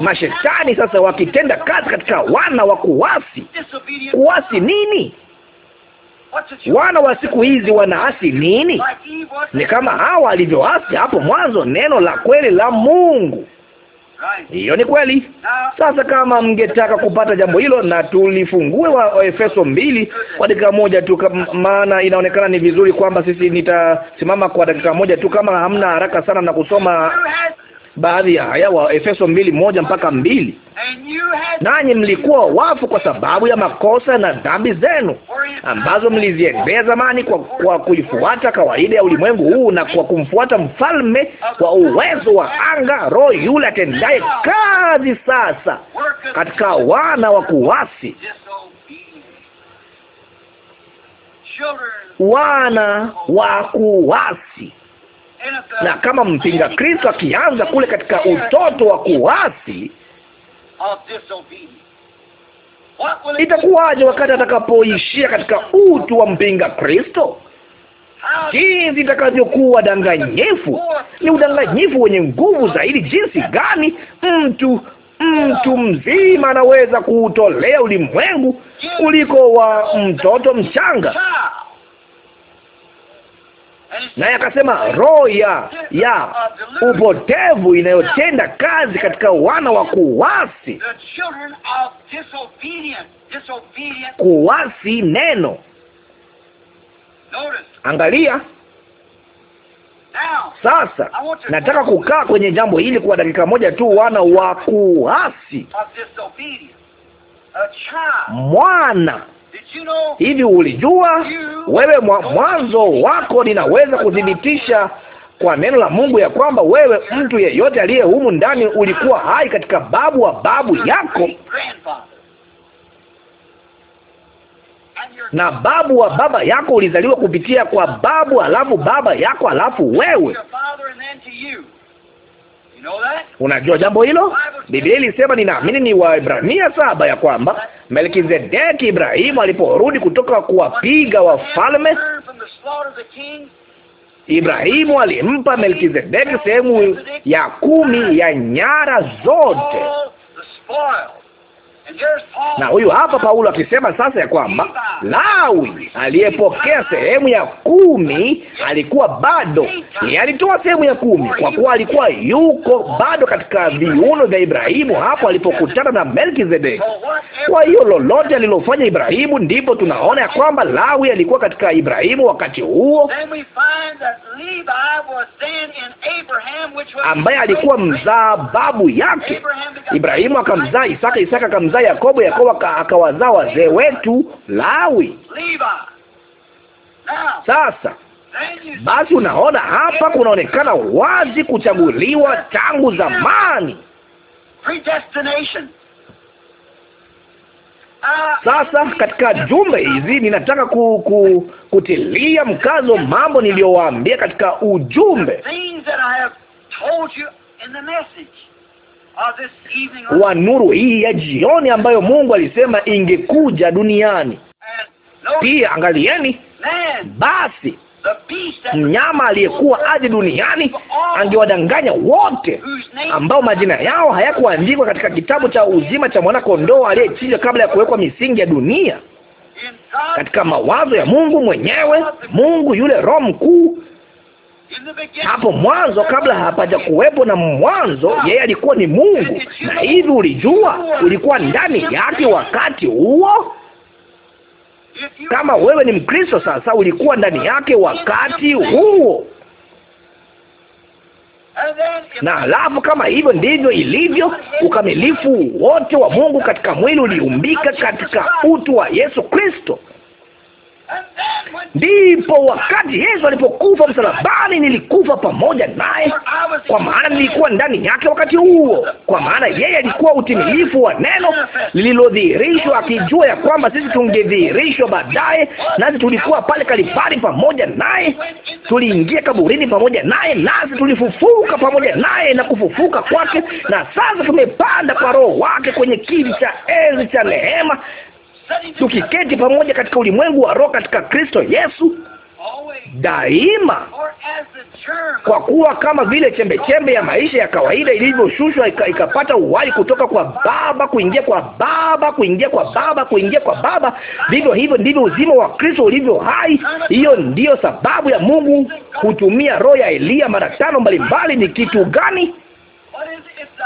Mashetani sasa wakitenda kazi katika wana wa kuwasi. kuasi nini? Wana wa siku hizi wanaasi nini? Ni kama hawa alivyoasi hapo mwanzo neno la kweli la Mungu. Hiyo ni kweli. Sasa kama mngetaka kupata jambo hilo, na tulifungue wa Efeso mbili kwa dakika moja tu, maana inaonekana ni vizuri kwamba sisi, nitasimama kwa dakika moja tu, kama hamna haraka sana na kusoma baadhi ya haya, wa Efeso mbili moja mpaka mbili nanyi mlikuwa wafu kwa sababu ya makosa na dhambi zenu ambazo mliziendea zamani, kwa, kwa kuifuata kawaida ya ulimwengu huu na kwa kumfuata mfalme wa uwezo wa anga, roho yule atendaye kazi sasa katika wana wa kuasi wana wa kuasi na kama mpinga Kristo akianza kule katika utoto wa kuasi itakuwaje wakati atakapoishia katika utu wa mpinga Kristo? Jinsi itakavyokuwa danganyifu! Ni udanganyifu wenye nguvu zaidi. Jinsi gani mtu mtu mzima anaweza kuutolea ulimwengu kuliko wa mtoto mchanga naye akasema roho ya ya upotevu inayotenda kazi katika wana wa kuwasi, kuwasi neno. Angalia sasa, nataka kukaa kwenye jambo hili kwa dakika moja tu. Wana wa kuwasi, mwana Hivi ulijua wewe, mwanzo wako linaweza kuthibitisha kwa neno la Mungu ya kwamba wewe, mtu yeyote aliye humu ndani, ulikuwa hai katika babu wa babu yako na babu wa baba yako, ulizaliwa kupitia kwa babu, alafu baba yako, alafu wewe Unajua jambo hilo, Biblia ilisema, ninaamini ni Waebrania saba, ya kwamba Melkizedeki Ibrahimu aliporudi kutoka kuwapiga wafalme, Ibrahimu alimpa Melkizedeki sehemu ya kumi ya nyara zote na huyu hapa Paulo akisema sasa ya kwamba Lawi aliyepokea sehemu ya kumi alikuwa bado, yeye alitoa sehemu ya kumi kwa kuwa alikuwa yuko bado katika viuno vya Ibrahimu hapo alipokutana na Melkizedeki. Kwa hiyo lolote alilofanya Ibrahimu, ndipo tunaona ya kwamba Lawi alikuwa katika Ibrahimu wakati huo, ambaye alikuwa mzaa babu yake Ibrahimu akamzaa Isaka, Isaka akamzaa akazaa Yakobo, Yakobo akawazaa wazee wetu Lawi. Sasa basi, unaona hapa kunaonekana wazi kuchaguliwa tangu zamani. Ah. Sasa katika jumbe hizi ninataka ku, ku, kutilia mkazo mambo niliyowaambia katika ujumbe wa nuru hii ya jioni ambayo Mungu alisema ingekuja duniani. Pia angalieni basi, mnyama aliyekuwa aje duniani angewadanganya wote ambao majina yao hayakuandikwa katika kitabu cha uzima cha mwana kondoo aliyechinjwa kabla ya kuwekwa misingi ya dunia. Katika mawazo ya Mungu mwenyewe, Mungu yule Roho mkuu hapo mwanzo, kabla hapaja kuwepo na mwanzo, yeye alikuwa ni Mungu. Na hivi ulijua ulikuwa ndani yake wakati huo? Kama wewe ni Mkristo sasa, ulikuwa ndani yake wakati huo. Na alafu kama hivyo ndivyo ilivyo, ukamilifu wote wa Mungu katika mwili uliumbika katika utu wa Yesu Kristo. Ndipo wakati Yesu alipokufa msalabani, nilikufa pamoja naye, kwa maana nilikuwa ndani yake wakati huo, kwa maana yeye alikuwa utimilifu wa neno lililodhihirishwa, akijua ya kwamba sisi tungedhihirishwa baadaye, nasi tulikuwa pale Kalvari pamoja naye, tuliingia kaburini pamoja naye, nasi tulifufuka pamoja naye na kufufuka kwake, na sasa tumepanda kwa Roho wake kwenye kiti cha enzi cha neema tukiketi pamoja katika ulimwengu wa roho katika Kristo Yesu daima kwa kuwa kama vile chembe chembe ya maisha ya kawaida ilivyoshushwa ikapata uhai kutoka kwa Baba kuingia kwa Baba kuingia kwa Baba kuingia kwa Baba, vivyo hivyo ndivyo uzima wa Kristo ulivyo hai. Hiyo ndiyo sababu ya Mungu kutumia roho ya Eliya mara tano mbalimbali. Ni kitu gani?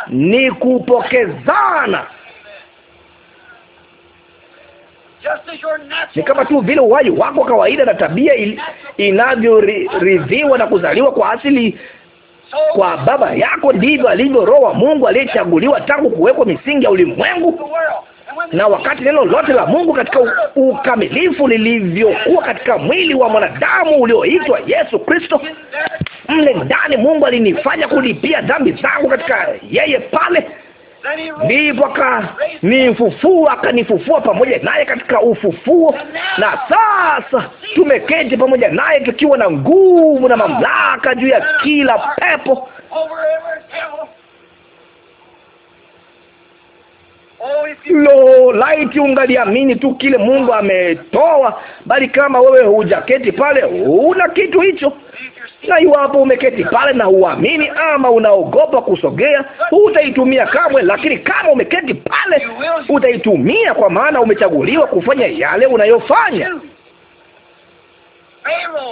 Ni kupokezana ni kama tu vile uhai wako wa kawaida na tabia inavyoridhiwa na kuzaliwa kwa asili kwa baba yako, ndivyo alivyo Roho wa Mungu aliyechaguliwa tangu kuwekwa misingi ya ulimwengu na wakati neno lote la Mungu katika ukamilifu lilivyokuwa katika mwili wa mwanadamu ulioitwa Yesu Kristo, mle ndani Mungu alinifanya kulipia dhambi zangu katika yeye pale ndipo akanifufua, akanifufua pamoja naye katika ufufuo, na sasa tumeketi pamoja naye tukiwa na nguvu na mamlaka juu ya kila pepo Lo, laiti ungaliamini tu kile Mungu ametoa, bali kama wewe hujaketi pale, huna kitu hicho na iwapo umeketi pale na uamini ama unaogopa kusogea, utaitumia kamwe. Lakini kama umeketi pale, utaitumia kwa maana umechaguliwa kufanya yale unayofanya.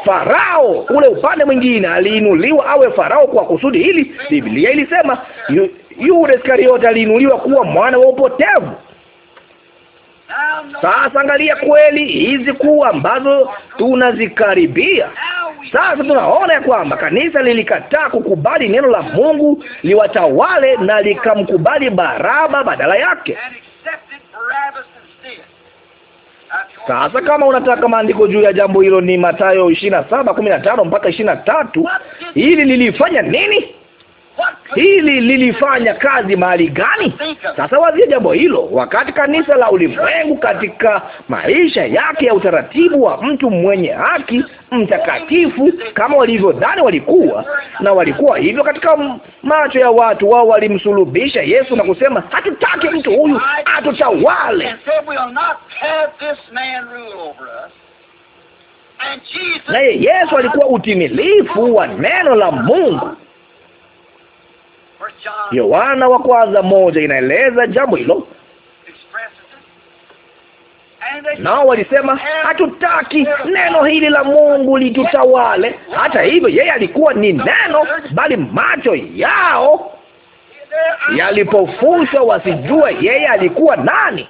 Farao ule upande mwingine aliinuliwa awe farao kwa kusudi hili. Biblia ilisema Yuda Iskariote aliinuliwa kuwa mwana wa upotevu. Sasa angalia kweli hizi kuu ambazo tunazikaribia sasa. Tunaona ya kwamba kanisa lilikataa kukubali neno la Mungu liwatawale na likamkubali Baraba badala yake. Sasa kama unataka maandiko juu ya jambo hilo, ni Mathayo 27:15 saba kumi na tano mpaka 23. na tatu. Hili lilifanya nini? hili lilifanya kazi mahali gani? Sasa wazia jambo hilo, wakati kanisa la ulimwengu katika maisha yake ya utaratibu wa mtu mwenye haki mtakatifu, kama walivyodhani walikuwa, na walikuwa hivyo katika macho ya watu wao, walimsulubisha Yesu na kusema, hatutaki mtu huyu atutawale naye Yesu alikuwa utimilifu wa neno la Mungu, Yohana wa kwanza moja inaeleza jambo hilo, nao walisema hatutaki neno hili la Mungu litutawale. Hata hivyo, yeye alikuwa ni neno, bali macho yao yalipofushwa wasijue yeye alikuwa nani,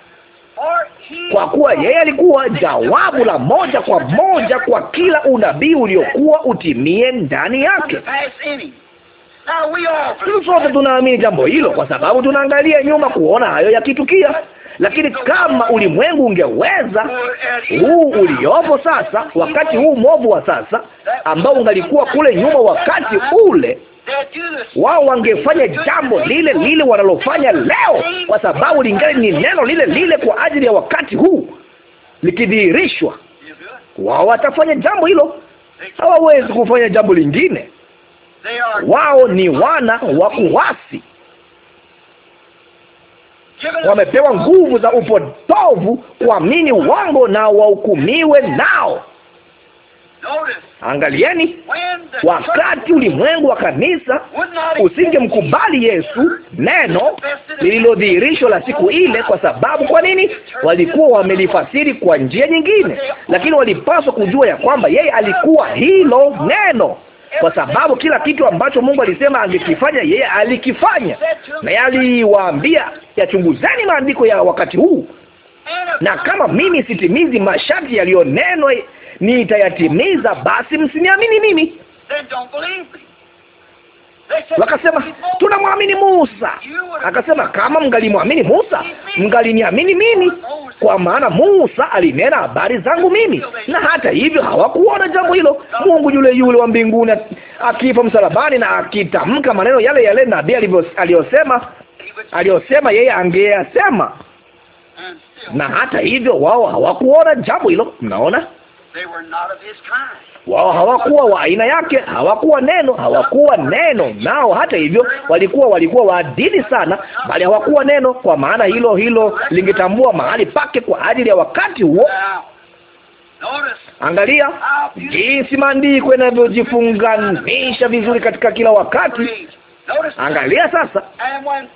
kwa kuwa yeye alikuwa jawabu la moja kwa moja kwa kila unabii uliokuwa utimie ndani yake. Sisi sote tunaamini jambo hilo, kwa sababu tunaangalia nyuma kuona hayo yakitukia. Lakini kama ulimwengu ungeweza, huu uliopo sasa, wakati huu mwovu wa sasa, ambao ungalikuwa kule nyuma, wakati ule wao wangefanya jambo lile lile wanalofanya leo, kwa sababu lingali ni neno lile lile kwa ajili ya wakati huu likidhihirishwa. Wao watafanya jambo hilo, hawawezi kufanya jambo lingine wao ni wana wa kuasi, wamepewa nguvu za upotovu kuamini uongo na wahukumiwe nao. Angalieni, wakati ulimwengu wa kanisa usingemkubali Yesu, neno lililodhihirishwa la siku ile. Kwa sababu kwa nini? Walikuwa wamelifasiri kwa njia nyingine, lakini walipaswa kujua ya kwamba yeye alikuwa hilo neno kwa sababu kila kitu ambacho Mungu alisema angekifanya yeye alikifanya, na aliwaambia, yachunguzeni maandiko ya wakati huu, na kama mimi sitimizi masharti yaliyonenwa nitayatimiza, basi msiniamini mimi. Wakasema tunamwamini Musa. Akasema kama mngalimwamini Musa, mngaliniamini mimi, kwa maana Musa alinena habari zangu mimi. Na hata hivyo hawakuona jambo hilo. Mungu yule yule wa mbinguni akifa msalabani na akitamka maneno yale yale nabii aliyosema aliyosema yeye angeyasema, na hata hivyo wao hawakuona jambo hilo. Mnaona? Wao hawakuwa wa aina yake, hawakuwa neno, hawakuwa neno. Nao hata hivyo walikuwa walikuwa waadili sana, bali hawakuwa neno, kwa maana hilo hilo lingetambua mahali pake kwa ajili ya wakati huo. Angalia jinsi maandiko yanavyojifunganisha vizuri katika kila wakati. Angalia sasa,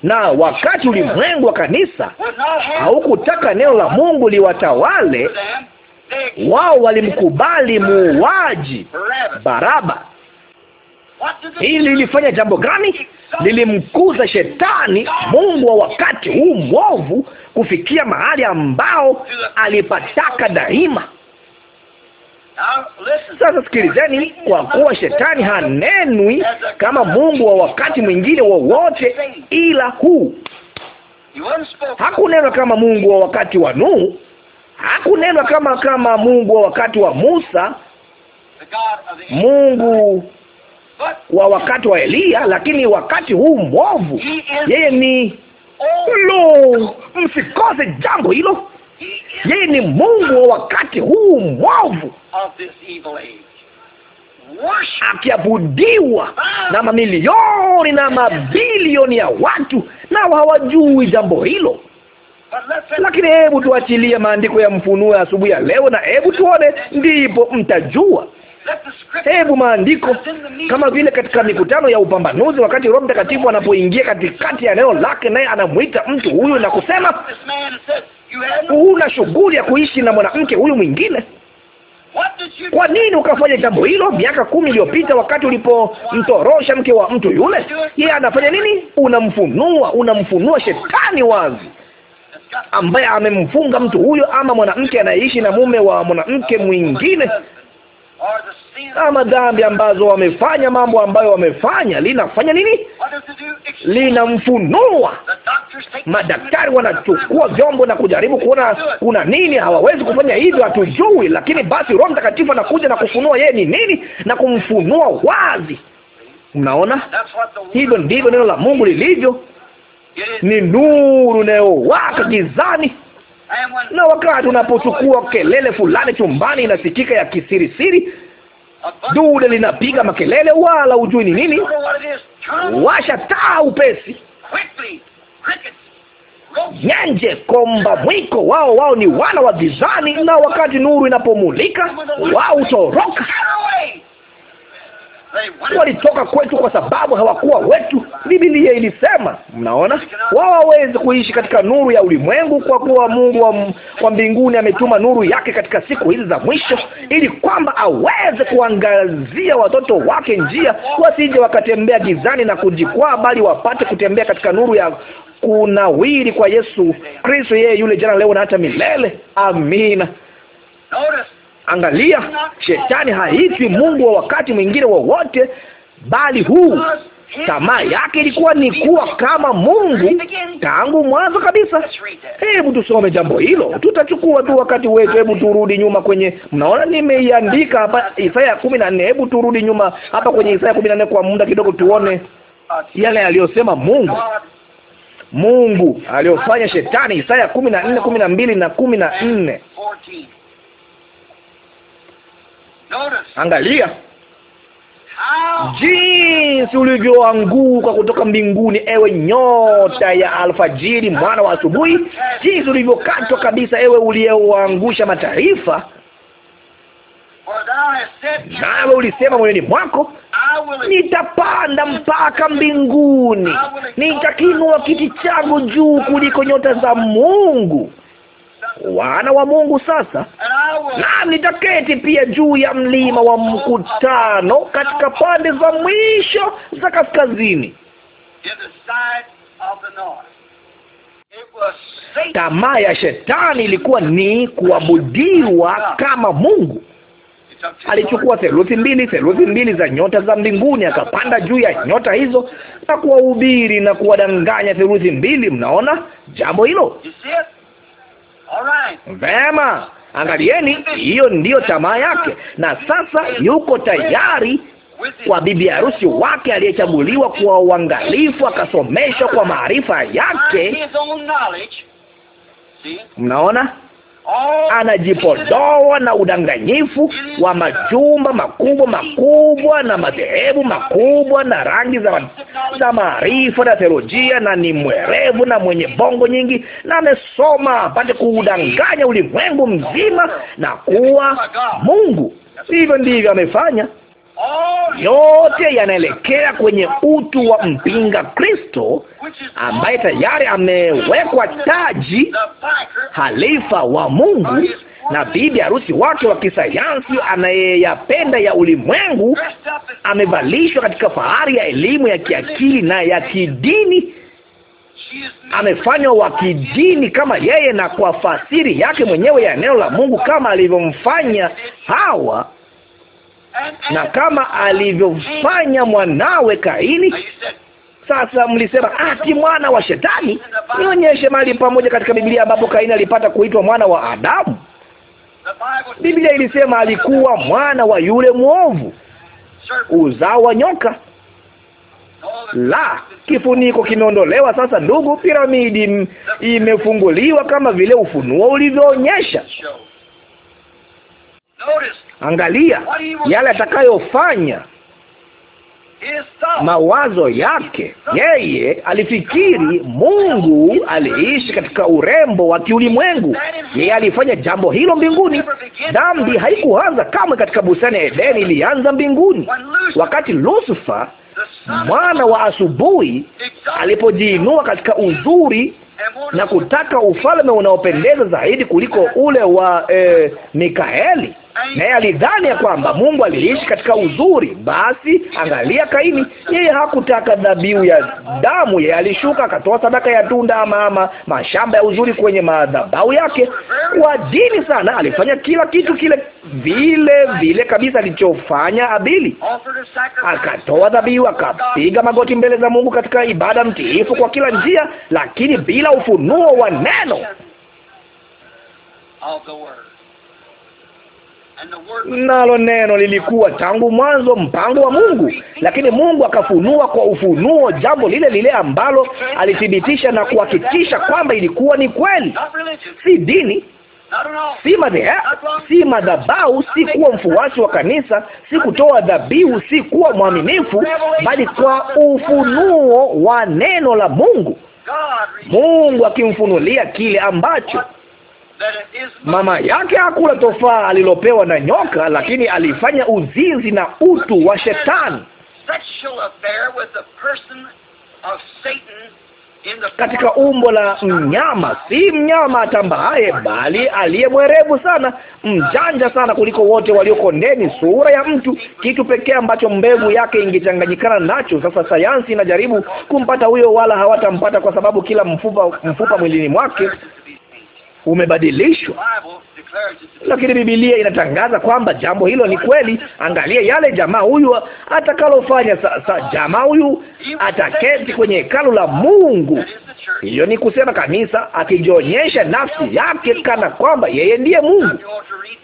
na wakati ulimwengu wa kanisa haukutaka neno la Mungu liwatawale wao walimkubali muuaji Baraba. Hili lilifanya jambo gani? Lilimkuza shetani, mungu wa wakati huu mwovu, kufikia mahali ambao alipataka daima. Sasa sikilizeni, kwa kuwa shetani hanenwi kama mungu wa wakati mwingine wowote ila huu. Hakunenwa kama mungu wa wakati wa Nuhu hakunenwa kama kama Mungu wa wakati wa Musa, Mungu wa wakati wa Eliya, lakini wakati huu mwovu, yeye ni lo, msikose jambo hilo. Yeye ni Mungu wa wakati huu mwovu akiabudiwa ah! na mamilioni na mabilioni ya watu, nao hawajui jambo hilo. Lakini hebu tuachilie maandiko ya ya asubuhi ya leo, na hebu tuone, ndipo mtajua. Hebu maandiko kama vile katika mikutano ya upambanuzi, wakati Roho Mtakatifu anapoingia katikati ya eneo lake, naye anamwita mtu huyu na kusema, huna shughuli ya kuishi na mwanamke huyu mwingine. Kwa nini ukafanya jambo hilo miaka kumi iliyopita wakati ulipomtorosha mke wa mtu yule? Yeye anafanya nini? Unamfunua, unamfunua shetani wazi ambaye amemfunga mtu huyo, ama mwanamke anayeishi na mume wa mwanamke mwingine, ama dhambi ambazo wamefanya, mambo ambayo wamefanya, linafanya nini? Linamfunua. Madaktari wanachukua vyombo na kujaribu kuona kuna nini. Hawawezi kufanya hivyo, hatujui. Lakini basi Roho Mtakatifu anakuja na kufunua yeye ni nini na kumfunua wazi. Mnaona, hivyo ndivyo neno la Mungu lilivyo ni nuru inayowaka gizani, na wakati unapochukua kelele fulani chumbani, inasikika ya kisirisiri, dude linapiga makelele, wala hujui ni nini. Washa taa upesi, nyanje komba mwiko wao. Wao ni wana wa gizani, na wakati nuru inapomulika wao utoroka walitoka kwetu kwa sababu hawakuwa wetu. Biblia ilisema, mnaona, wao hawawezi kuishi katika nuru ya ulimwengu, kwa kuwa Mungu wa, wa mbinguni ametuma nuru yake katika siku hizi za mwisho, ili kwamba aweze kuangazia watoto wake njia, wasije wakatembea gizani na kujikwaa, bali wapate kutembea katika nuru ya kunawiri kwa Yesu Kristo, yeye yule jana, leo na hata milele. Amina. Angalia, shetani haitwi Mungu wa wakati mwingine wowote wa bali huu tamaa yake ilikuwa ni kuwa kama Mungu tangu mwanzo kabisa. Hebu tusome jambo hilo, tutachukua tu wakati wetu. Hebu turudi nyuma kwenye, mnaona nimeiandika hapa Isaya kumi na nne. Hebu turudi nyuma hapa kwenye Isaya kumi na nne kwa muda kidogo, tuone yale aliyosema Mungu Mungu aliyofanya shetani, Isaya kumi na nne kumi na mbili na kumi na nne Angalia jinsi ulivyoanguka kutoka mbinguni, ewe nyota ya alfajiri, mwana wa asubuhi! Jinsi ulivyokatwa kabisa, ewe uliyeuangusha mataifa! Nawe ulisema moyoni mwako, nitapanda mpaka mbinguni, nitakinua kiti changu juu kuliko nyota za Mungu wana wa Mungu sasa, na nitaketi pia juu ya mlima wa mkutano katika pande za mwisho za kaskazini. Tamaa ya shetani ilikuwa ni kuabudiwa kama Mungu. Alichukua theluthi mbili, theluthi mbili za nyota za mbinguni, akapanda juu ya nyota hizo na kuwahubiri na kuwadanganya theluthi mbili. Mnaona jambo hilo? Vema, angalieni, hiyo ndiyo tamaa yake, na sasa yuko tayari kwa bibi harusi wake aliyechaguliwa kwa uangalifu, akasomeshwa kwa maarifa yake. Mnaona? anajipodoa na udanganyifu wa majumba makubwa makubwa na madhehebu makubwa na rangi za, za maarifa na theolojia, na ni mwerevu na mwenye bongo nyingi, na amesoma apate kuudanganya ulimwengu mzima na kuwa Mungu. Hivyo ndivyo amefanya yote yanaelekea kwenye utu wa mpinga Kristo ambaye tayari amewekwa taji halifa wa Mungu na bibi harusi wake wa kisayansi anayeyapenda ya ulimwengu amevalishwa katika fahari ya elimu ya kiakili na ya kidini. Amefanywa wa kidini kama yeye na kwa fasiri yake mwenyewe ya neno la Mungu, kama alivyomfanya Hawa na kama alivyofanya mwanawe Kaini. Sasa mlisema ati ah, mwana wa Shetani. Nionyeshe mahali pamoja katika Biblia ambapo Kaini alipata kuitwa mwana wa Adamu. Biblia ilisema alikuwa mwana wa yule mwovu, uzao wa nyoka. La, kifuniko kimeondolewa sasa, ndugu. Piramidi imefunguliwa kama vile Ufunuo ulivyoonyesha. Angalia yale atakayofanya, mawazo yake. Yeye alifikiri Mungu aliishi katika urembo wa kiulimwengu. Yeye alifanya jambo hilo mbinguni. Dhambi haikuanza kamwe katika bustani ya Edeni, ilianza mbinguni, wakati Lusifa mwana wa asubuhi alipojiinua katika uzuri na kutaka ufalme unaopendeza zaidi kuliko ule wa eh, Mikaeli naye alidhani ya kwamba Mungu aliishi katika uzuri. Basi angalia Kaini, yeye hakutaka dhabihu ya damu, yeye alishuka akatoa sadaka ya tunda ama, ama mashamba ya uzuri kwenye madhabahu yake. Kwa dini sana alifanya kila kitu kile vile vile kabisa alichofanya Abili, akatoa dhabihu, akapiga magoti mbele za Mungu katika ibada mtiifu kwa kila njia, lakini bila ufunuo wa neno nalo neno lilikuwa tangu mwanzo mpango wa Mungu, lakini Mungu akafunua kwa ufunuo jambo lile lile ambalo alithibitisha na kuhakikisha kwamba ilikuwa ni kweli. Si dini, si madhehebu, si madhabau, si kuwa mfuasi wa kanisa, si kutoa dhabihu, si kuwa mwaminifu, bali kwa ufunuo wa neno la Mungu, Mungu akimfunulia kile ambacho Mama yake hakula tofaa alilopewa na nyoka, lakini alifanya uzinzi na utu wa Shetani katika umbo la mnyama, si mnyama atambaye, bali aliye mwerevu sana, mjanja sana kuliko wote waliokondeni, sura ya mtu, kitu pekee ambacho mbegu yake ingechanganyikana nacho. Sasa sayansi inajaribu kumpata huyo, wala hawatampata, kwa sababu kila mfupa mfupa mwilini mwake umebadilishwa, lakini Biblia inatangaza kwamba jambo hilo ni kweli. Angalia yale jamaa huyu atakalofanya. Sasa jamaa huyu ataketi kwenye hekalu la Mungu, hiyo ni kusema kanisa, akijionyesha nafsi yake kana kwamba yeye ndiye Mungu.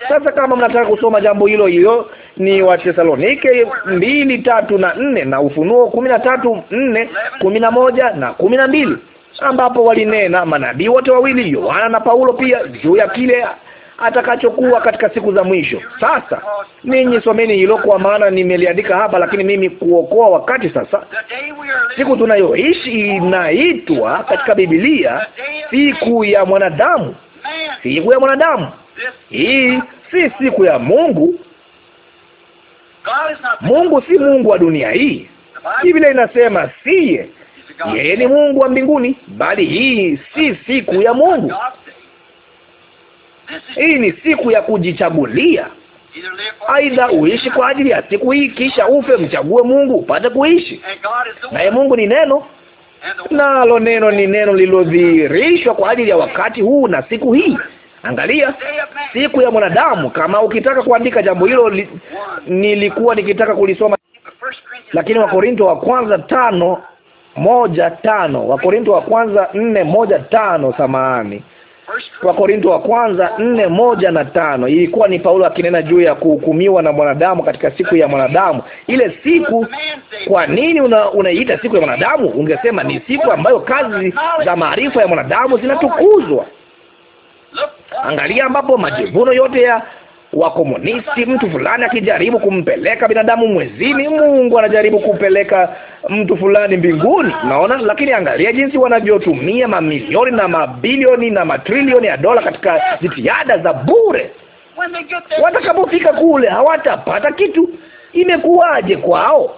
Sasa kama mnataka kusoma jambo hilo, hiyo ni Wathesalonike mbili tatu na nne na Ufunuo kumi na tatu nne kumi na moja na kumi na mbili ambapo walinena manabii wote wawili Yohana na Paulo pia juu ya kile atakachokuwa katika siku za mwisho. Sasa ninyi someni hilo, kwa maana nimeliandika hapa, lakini mimi kuokoa wakati. Sasa siku tunayoishi inaitwa katika Biblia siku ya mwanadamu. Siku ya mwanadamu hii si siku ya Mungu. Mungu si Mungu wa dunia hii. Biblia inasema siye yeye ni Mungu wa mbinguni, bali hii si siku ya Mungu. Hii ni siku ya kujichagulia. Aidha uishi kwa ajili ya siku hii, kisha ufe, mchague Mungu upate kuishi naye. Mungu ni neno, nalo neno ni neno lilodhihirishwa kwa ajili ya wakati huu na siku hii. Angalia siku ya mwanadamu. Kama ukitaka kuandika jambo hilo li, nilikuwa nikitaka kulisoma lakini Wakorinto wa kwanza tano moja tano Wakorinto wa kwanza nne moja tano samahani Wakorinto wa kwanza nne moja na tano. Ilikuwa ni Paulo akinena juu ya kuhukumiwa na mwanadamu katika siku ya mwanadamu. Ile siku, kwa nini unaiita una siku ya mwanadamu? Ungesema ni siku ambayo kazi za maarifa ya mwanadamu zinatukuzwa. Angalia ambapo majivuno yote ya wakomunisti, mtu fulani akijaribu kumpeleka binadamu mwezini, Mungu anajaribu kupeleka mtu fulani mbinguni. Naona, lakini angalia jinsi wanavyotumia mamilioni na mabilioni na matrilioni ya dola katika jitihada za bure. Watakapofika kule hawatapata kitu. Imekuwaje kwao?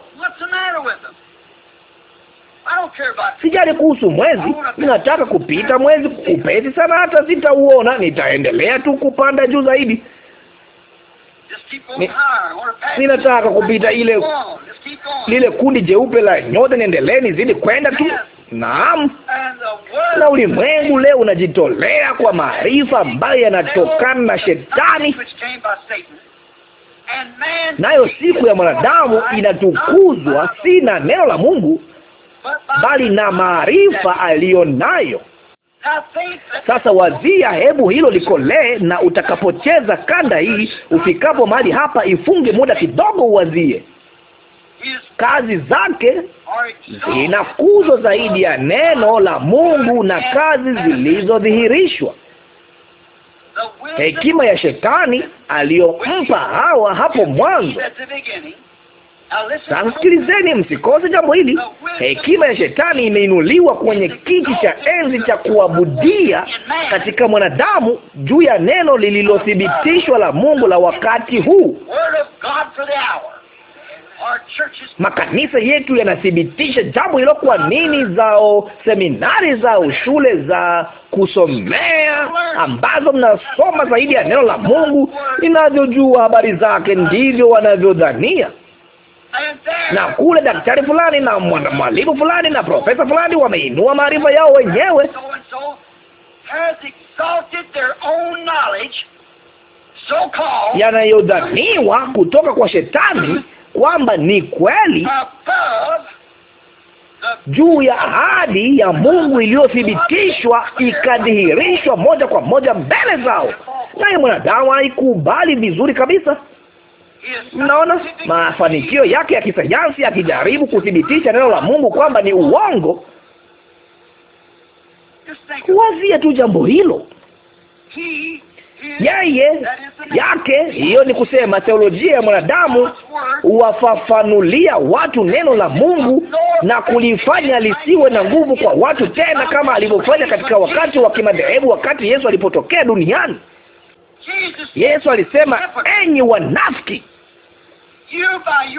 Sijali kuhusu mwezi, ninataka kupita mwezi upesi sana, hata sitauona. Nitaendelea tu kupanda juu zaidi. Ni, ninataka kupita ile lile kundi jeupe la nyote, niendeleni zidi kwenda tu. Naam, na ulimwengu leo unajitolea kwa maarifa ambayo yanatokana na Shetani, nayo siku ya mwanadamu inatukuzwa si na neno la Mungu, bali na maarifa aliyonayo. Sasa wazia, hebu hilo likolee, na utakapocheza kanda hii, ufikapo mahali hapa, ifunge muda kidogo, uwazie kazi zake zinakuzwa zaidi ya neno la Mungu na kazi zilizodhihirishwa. Hekima ya shetani aliyompa Hawa hapo mwanzo sasa sikilizeni, msikose jambo hili. Hekima ya shetani imeinuliwa kwenye kiti cha enzi cha kuabudia katika mwanadamu juu ya neno lililothibitishwa la Mungu la wakati huu. Makanisa yetu yanathibitisha jambo hilo. Kwa nini zao seminari zao shule za kusomea ambazo mnasoma zaidi ya neno la Mungu, inavyojua habari zake, ndivyo wanavyodhania na kule daktari fulani na mwalimu fulani na profesa fulani wameinua maarifa yao wenyewe yanayodhaniwa kutoka kwa shetani kwamba ni kweli juu ya ahadi ya Mungu iliyothibitishwa ikadhihirishwa moja kwa moja mbele zao, naye mwanadamu haikubali vizuri kabisa. Mnaona mafanikio yake ya kisayansi, akijaribu kuthibitisha neno la Mungu kwamba ni uongo. Kuwazia tu jambo hilo yeye yake hiyo ni kusema teolojia ya mwanadamu huwafafanulia watu neno la Mungu na kulifanya lisiwe na nguvu kwa watu tena, kama alivyofanya katika wakati wa kimadhehebu, wakati Yesu alipotokea duniani. Yesu alisema, enyi wanafiki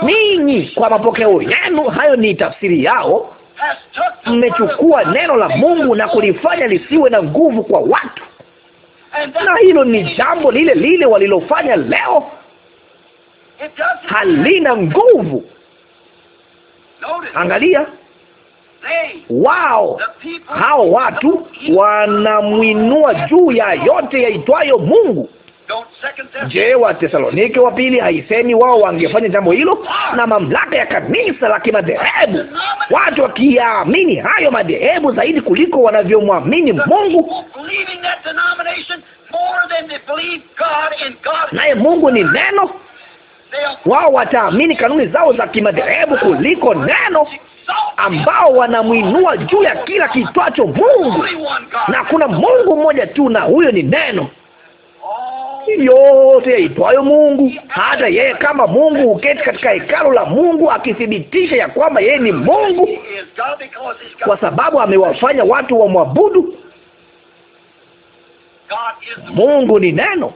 Ninyi kwa mapokeo yenu, hayo ni tafsiri yao, mmechukua neno la Mungu na kulifanya lisiwe na nguvu kwa watu, na hilo ni jambo lile lile walilofanya leo, halina nguvu. Angalia wao hao watu wanamwinua juu ya yote yaitwayo Mungu. Je, wa Tesalonike wa pili haisemi wao wangefanya jambo hilo? Na mamlaka ya kanisa la kimadhehebu, watu wakiamini hayo madhehebu zaidi kuliko wanavyomwamini Mungu, naye Mungu ni neno. Wao wataamini kanuni zao za kimadhehebu kuliko neno ambao wanamwinua juu ya kila kitwacho Mungu, na kuna Mungu mmoja tu, na huyo ni neno yote yaitwayo Mungu, hata yeye kama Mungu huketi katika hekalu la Mungu akithibitisha ya kwamba yeye ni Mungu, kwa sababu amewafanya watu wamwabudu. Mungu ni neno,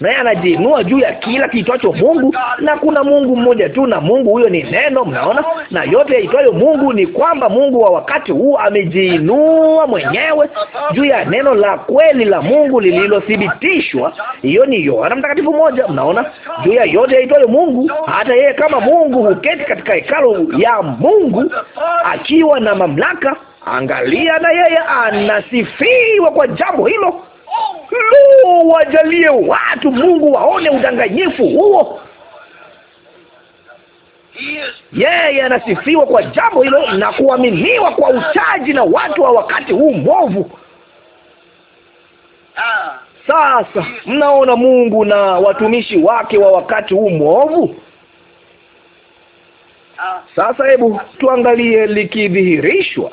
naye anajiinua juu ya kila kiitwacho Mungu, na kuna Mungu mmoja tu, na Mungu huyo ni neno. Mnaona, na yote yaitwayo Mungu ni kwamba Mungu wa wakati huu amejiinua mwenyewe juu ya neno la kweli la Mungu lililothibitishwa. Hiyo ni Yohana Mtakatifu moja. Mnaona, juu ya yote yaitwayo Mungu, hata yeye kama Mungu huketi katika hekalu ya Mungu akiwa na mamlaka Angalia, na yeye anasifiwa kwa jambo hilo. Lu, wajalie watu Mungu waone udanganyifu huo. Yeye anasifiwa kwa jambo hilo na kuaminiwa kwa uchaji na watu wa wakati huu mwovu. Sasa mnaona Mungu na watumishi wake wa wakati huu mwovu. Sasa hebu tuangalie likidhihirishwa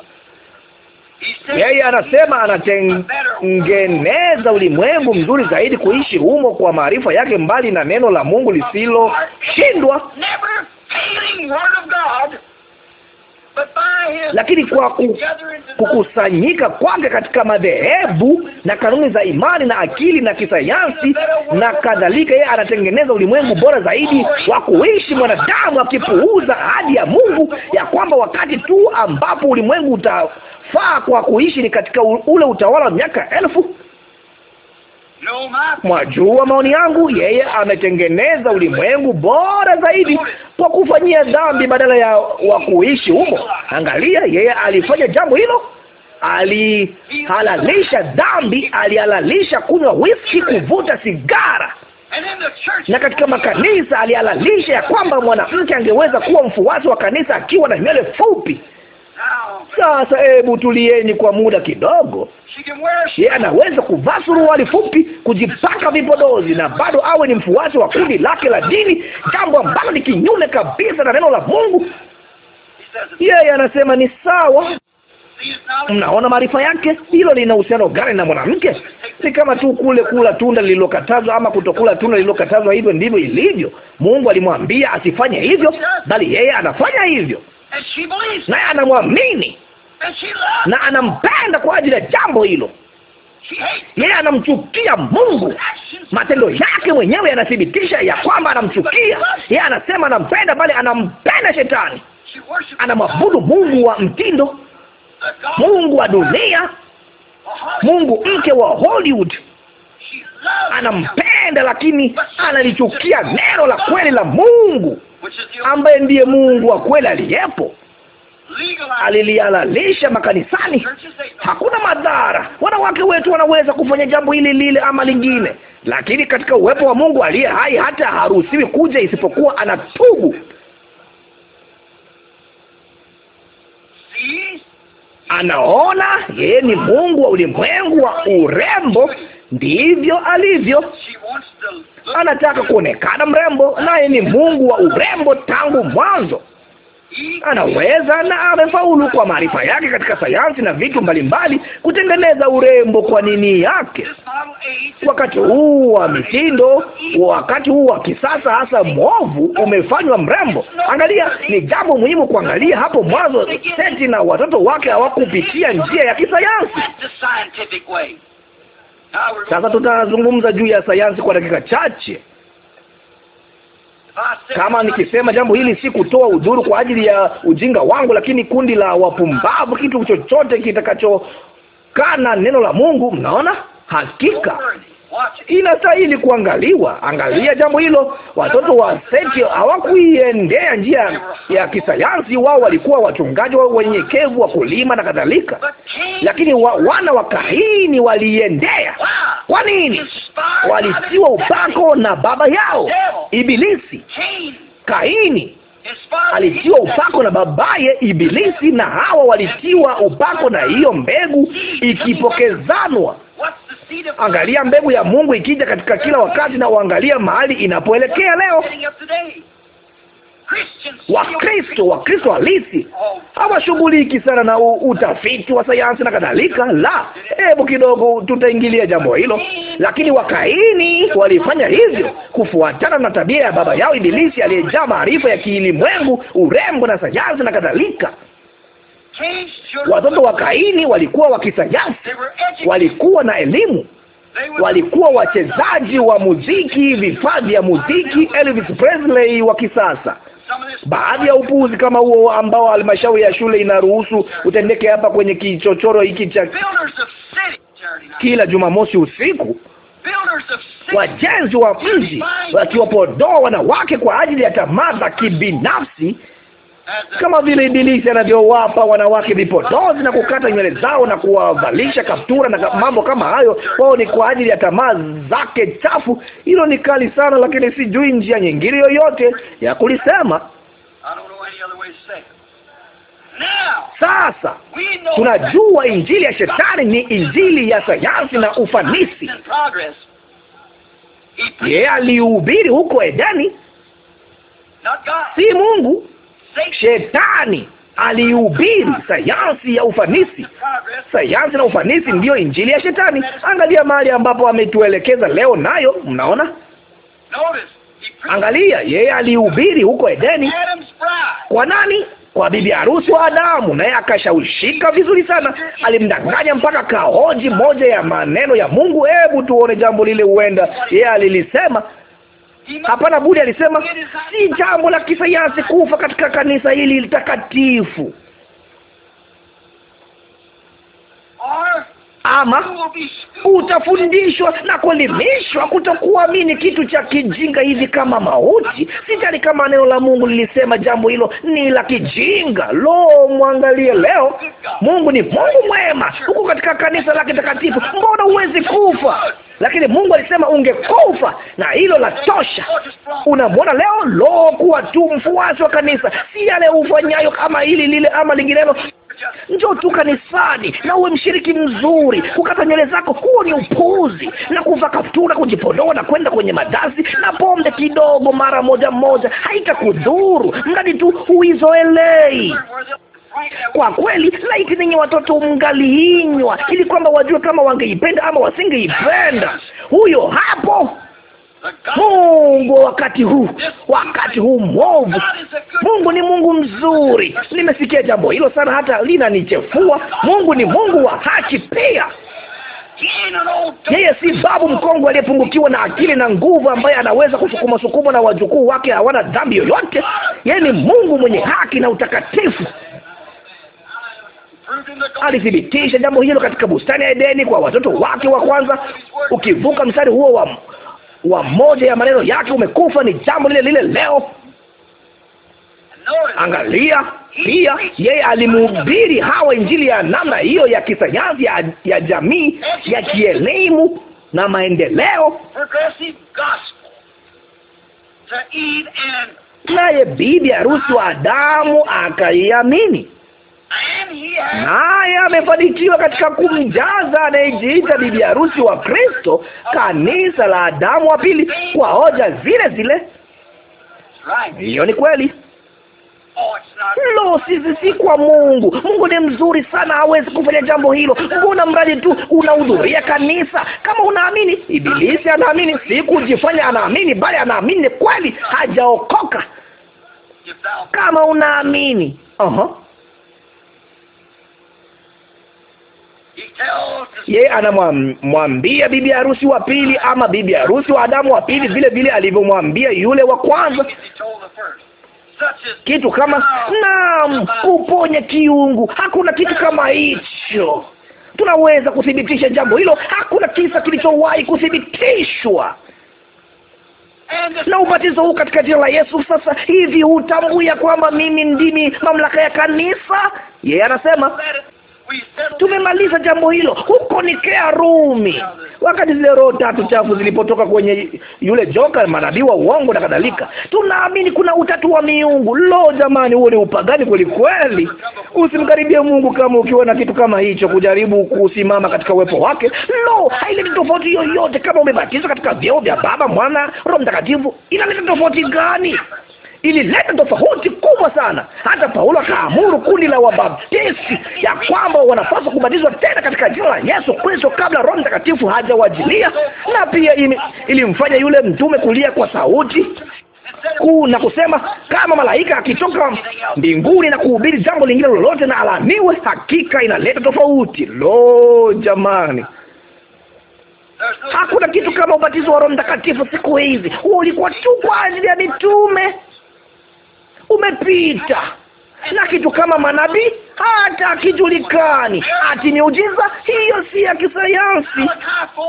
yeye anasema anatengeneza ulimwengu mzuri zaidi kuishi humo kwa maarifa yake, mbali na neno la Mungu lisiloshindwa lakini kwa kukusanyika kwake katika madhehebu na kanuni za imani na akili na kisayansi na kadhalika, yeye anatengeneza ulimwengu bora zaidi wa kuishi mwanadamu, akipuuza ahadi ya Mungu ya kwamba wakati tu ambapo ulimwengu uta inayofaa kwa kuishi ni katika ule utawala wa miaka elfu. Mwajua maoni yangu, yeye ametengeneza ulimwengu bora zaidi kwa kufanyia dhambi badala ya wa kuishi humo. Angalia, yeye alifanya jambo hilo, alihalalisha dhambi, alihalalisha kunywa whisky, kuvuta sigara na katika makanisa alihalalisha ya kwamba mwanamke angeweza kuwa mfuasi wa kanisa akiwa na nywele fupi. Sasa hebu tulieni kwa muda kidogo. Yeye anaweza kuvaa suruali fupi, kujipaka vipodozi na bado awe ni mfuasi wa kundi lake la dini, jambo ambalo ni kinyume kabisa na neno la Mungu. Yeye anasema ni sawa. Mnaona maarifa yake. Hilo lina uhusiano gani na mwanamke? Ni kama tu kule kula tunda lililokatazwa ama kutokula tunda lililokatazwa. Hivyo ndivyo ilivyo. Mungu alimwambia asifanye hivyo, bali yeye anafanya hivyo, naye anamwamini na anampenda kwa ajili ya jambo hilo. Yeye anamchukia Mungu. Matendo yake mwenyewe yanathibitisha ya kwamba anamchukia. Yeye anasema anampenda, bali anampenda Shetani. Anamwabudu mungu wa mtindo, mungu wa dunia, mungu mke wa Hollywood. Anampenda, lakini analichukia neno la kweli la Mungu, ambaye ndiye Mungu wa kweli aliyepo alilialalisha makanisani. Hakuna madhara, wanawake wetu wanaweza kufanya jambo hili lile ama lingine, lakini katika uwepo wa Mungu aliye hai hata haruhusiwi kuja isipokuwa anatubu. Anaona yeye ni Mungu wa ulimwengu wa urembo, ndivyo alivyo. Anataka kuonekana mrembo, naye ni Mungu wa urembo tangu mwanzo anaweza na amefaulu kwa maarifa yake katika sayansi na vitu mbalimbali kutengeneza urembo kwa nini yake, wakati huu wa mitindo, wakati huu wa kisasa, hasa mwovu umefanywa mrembo. Angalia, ni jambo muhimu kuangalia hapo mwanzo. Seti na watoto wake hawakupitia njia ya kisayansi. Sasa tutazungumza juu ya sayansi kwa dakika chache. Kama nikisema jambo hili, si kutoa udhuru kwa ajili ya ujinga wangu, lakini kundi la wapumbavu, kitu chochote kitakachokana neno la Mungu. Mnaona, hakika inastahili kuangaliwa. Angalia jambo hilo, watoto wa Seti hawakuiendea njia ya kisayansi. Wao walikuwa wachungaji wa wenyekevu wa kulima na kadhalika, lakini wa, wana wa Kaini waliiendea. Kwa nini? Walitiwa upako na baba yao Ibilisi. Kaini alitiwa upako na babaye Ibilisi, na hawa walitiwa upako na hiyo mbegu, ikipokezanwa Angalia mbegu ya Mungu ikija katika kila wakati, na uangalia mahali inapoelekea leo. Wakristo, Wakristo halisi hawashughuliki sana na utafiti wa sayansi na kadhalika. La, hebu kidogo tutaingilia jambo hilo, lakini wakaini walifanya hivyo kufuatana na tabia ya baba yao Ibilisi, aliyejaa maarifa ya kiilimwengu, urembo na sayansi na kadhalika. Watoto wa Kaini walikuwa wakisayansi, walikuwa na elimu, walikuwa wachezaji wa muziki, vifaa vya muziki, Elvis Presley wa kisasa. Baadhi ya upuuzi kama huo ambao halmashauri ya shule inaruhusu utendeke hapa kwenye kichochoro hiki cha kila Jumamosi usiku wajenzi wa mji wakiwapodoa wanawake kwa ajili ya tamaa za kibinafsi kama vile Ibilisi anavyowapa wanawake vipodozi na kukata nywele zao na kuwavalisha kaptura na mambo kama hayo, wao ni kwa ajili ya tamaa zake chafu. Hilo ni kali sana, lakini sijui njia nyingine yoyote ya kulisema. Sasa tunajua injili ya shetani ni injili ya sayansi na ufanisi. Yeye alihubiri huko Edeni, si Mungu. Shetani aliubiri sayansi ya ufanisi. Sayansi na ufanisi ndiyo injili ya Shetani. Angalia mahali ambapo ametuelekeza leo, nayo mnaona. Angalia, yeye alihubiri huko Edeni kwa nani? Kwa bibi harusi wa Adamu, naye akashawishika vizuri sana. Alimdanganya mpaka kahoji moja ya maneno ya Mungu. Hebu tuone jambo lile, huenda yeye alilisema Hapana budi, alisema si jambo la kisayansi kufa katika kanisa hili takatifu ama utafundishwa na kuelimishwa kutokuamini kitu cha kijinga hivi kama mauti. Sijali kama neno la Mungu lilisema jambo hilo ni la kijinga. Lo, mwangalie leo, Mungu ni Mungu mwema. Huko katika kanisa lake takatifu, mbona huwezi kufa? Lakini Mungu alisema ungekufa, na hilo la tosha. Unamwona leo, lo, kuwa tu mfuasi wa kanisa, si yale ufanyayo, kama hili lile ama linginelo Njoo tu kanisani na uwe mshiriki mzuri. Kukata nywele zako, huo ni upuuzi, na kuvaa kaptura, kujipodoa na kwenda kwenye madasi na pombe kidogo mara moja moja haitakudhuru, mradi tu huizoelei. Kwa kweli, laiti ninyi watoto mngaliinywa, ili kwamba wajue kama wangeipenda ama wasingeipenda. Huyo hapo Mungu wakati huu, wakati huu mwovu. Mungu ni Mungu mzuri. Nimesikia jambo hilo sana, hata linanichefua. Mungu ni Mungu wa haki pia. Yeye si babu mkongwe aliyepungukiwa na akili na nguvu, ambaye anaweza kusukuma sukuma na wajukuu wake hawana dhambi yoyote. Yeye ni Mungu mwenye haki na utakatifu. Alithibitisha jambo hilo katika bustani ya Edeni kwa watoto wake wa kwanza. Ukivuka mstari huo wa wa moja ya maneno yake umekufa ni jambo lile lile leo. Angalia pia, yeye alimhubiri hawa injili ya namna hiyo ya kisayansi ya, ya jamii ya kielimu na maendeleo naye bibi harusi wa Adamu akaiamini naye amefanikiwa katika kumjaza anayejiita bibi harusi wa Kristo, kanisa la Adamu wa pili, kwa hoja zile zile. Hiyo ni kweli. Lo, sisi si kwa Mungu. Mungu ni mzuri sana, hawezi kufanya jambo hilo. Mbona mradi tu unahudhuria kanisa, kama unaamini. Ibilisi anaamini, si kujifanya anaamini, bali anaamini kweli, hajaokoka. Kama unaamini uh -huh. yeye anamwambia bibi harusi wa pili ama bibi harusi wa Adamu wa pili vile vile alivyomwambia yule wa kwanza kitu kama naam, uponye kiungu. Hakuna kitu kama hicho, tunaweza kuthibitisha jambo hilo. Hakuna kisa kilichowahi kuthibitishwa na ubatizo huu katika jina la Yesu. Sasa hivi hutambua kwamba mimi ndimi mamlaka ya kanisa. Yeye anasema Tumemaliza jambo hilo huko Nikea, Rumi, wakati zile roho tatu chafu zilipotoka kwenye yule joka, manabii wa uongo na kadhalika. Tunaamini kuna utatu wa miungu. Lo, jamani, huo ni upagani kweli kweli. Usimkaribie Mungu kama ukiwa na kitu kama hicho, kujaribu kusimama katika uwepo wake. Lo, haileti tofauti yoyote kama umebatizwa katika vyeo vya Baba, Mwana, Roho Mtakatifu. Inaleta tofauti gani? ilileta tofauti kubwa sana. Hata Paulo akaamuru kundi la wabaptisti ya kwamba wanapaswa kubatizwa tena katika jina la Yesu Kristo kabla Roho Mtakatifu hajawajilia, na pia ilimfanya yule mtume kulia kwa sauti kuu na kusema, kama malaika akitoka mbinguni na kuhubiri jambo lingine lolote na alaniwe. Hakika inaleta tofauti. Lo, jamani! Hakuna kitu kama ubatizo wa Roho Mtakatifu siku hizi. Huo ulikuwa tu kwa ajili ya mitume umepita na kitu kama manabii hata akijulikani. Ati miujiza hiyo si ya kisayansi.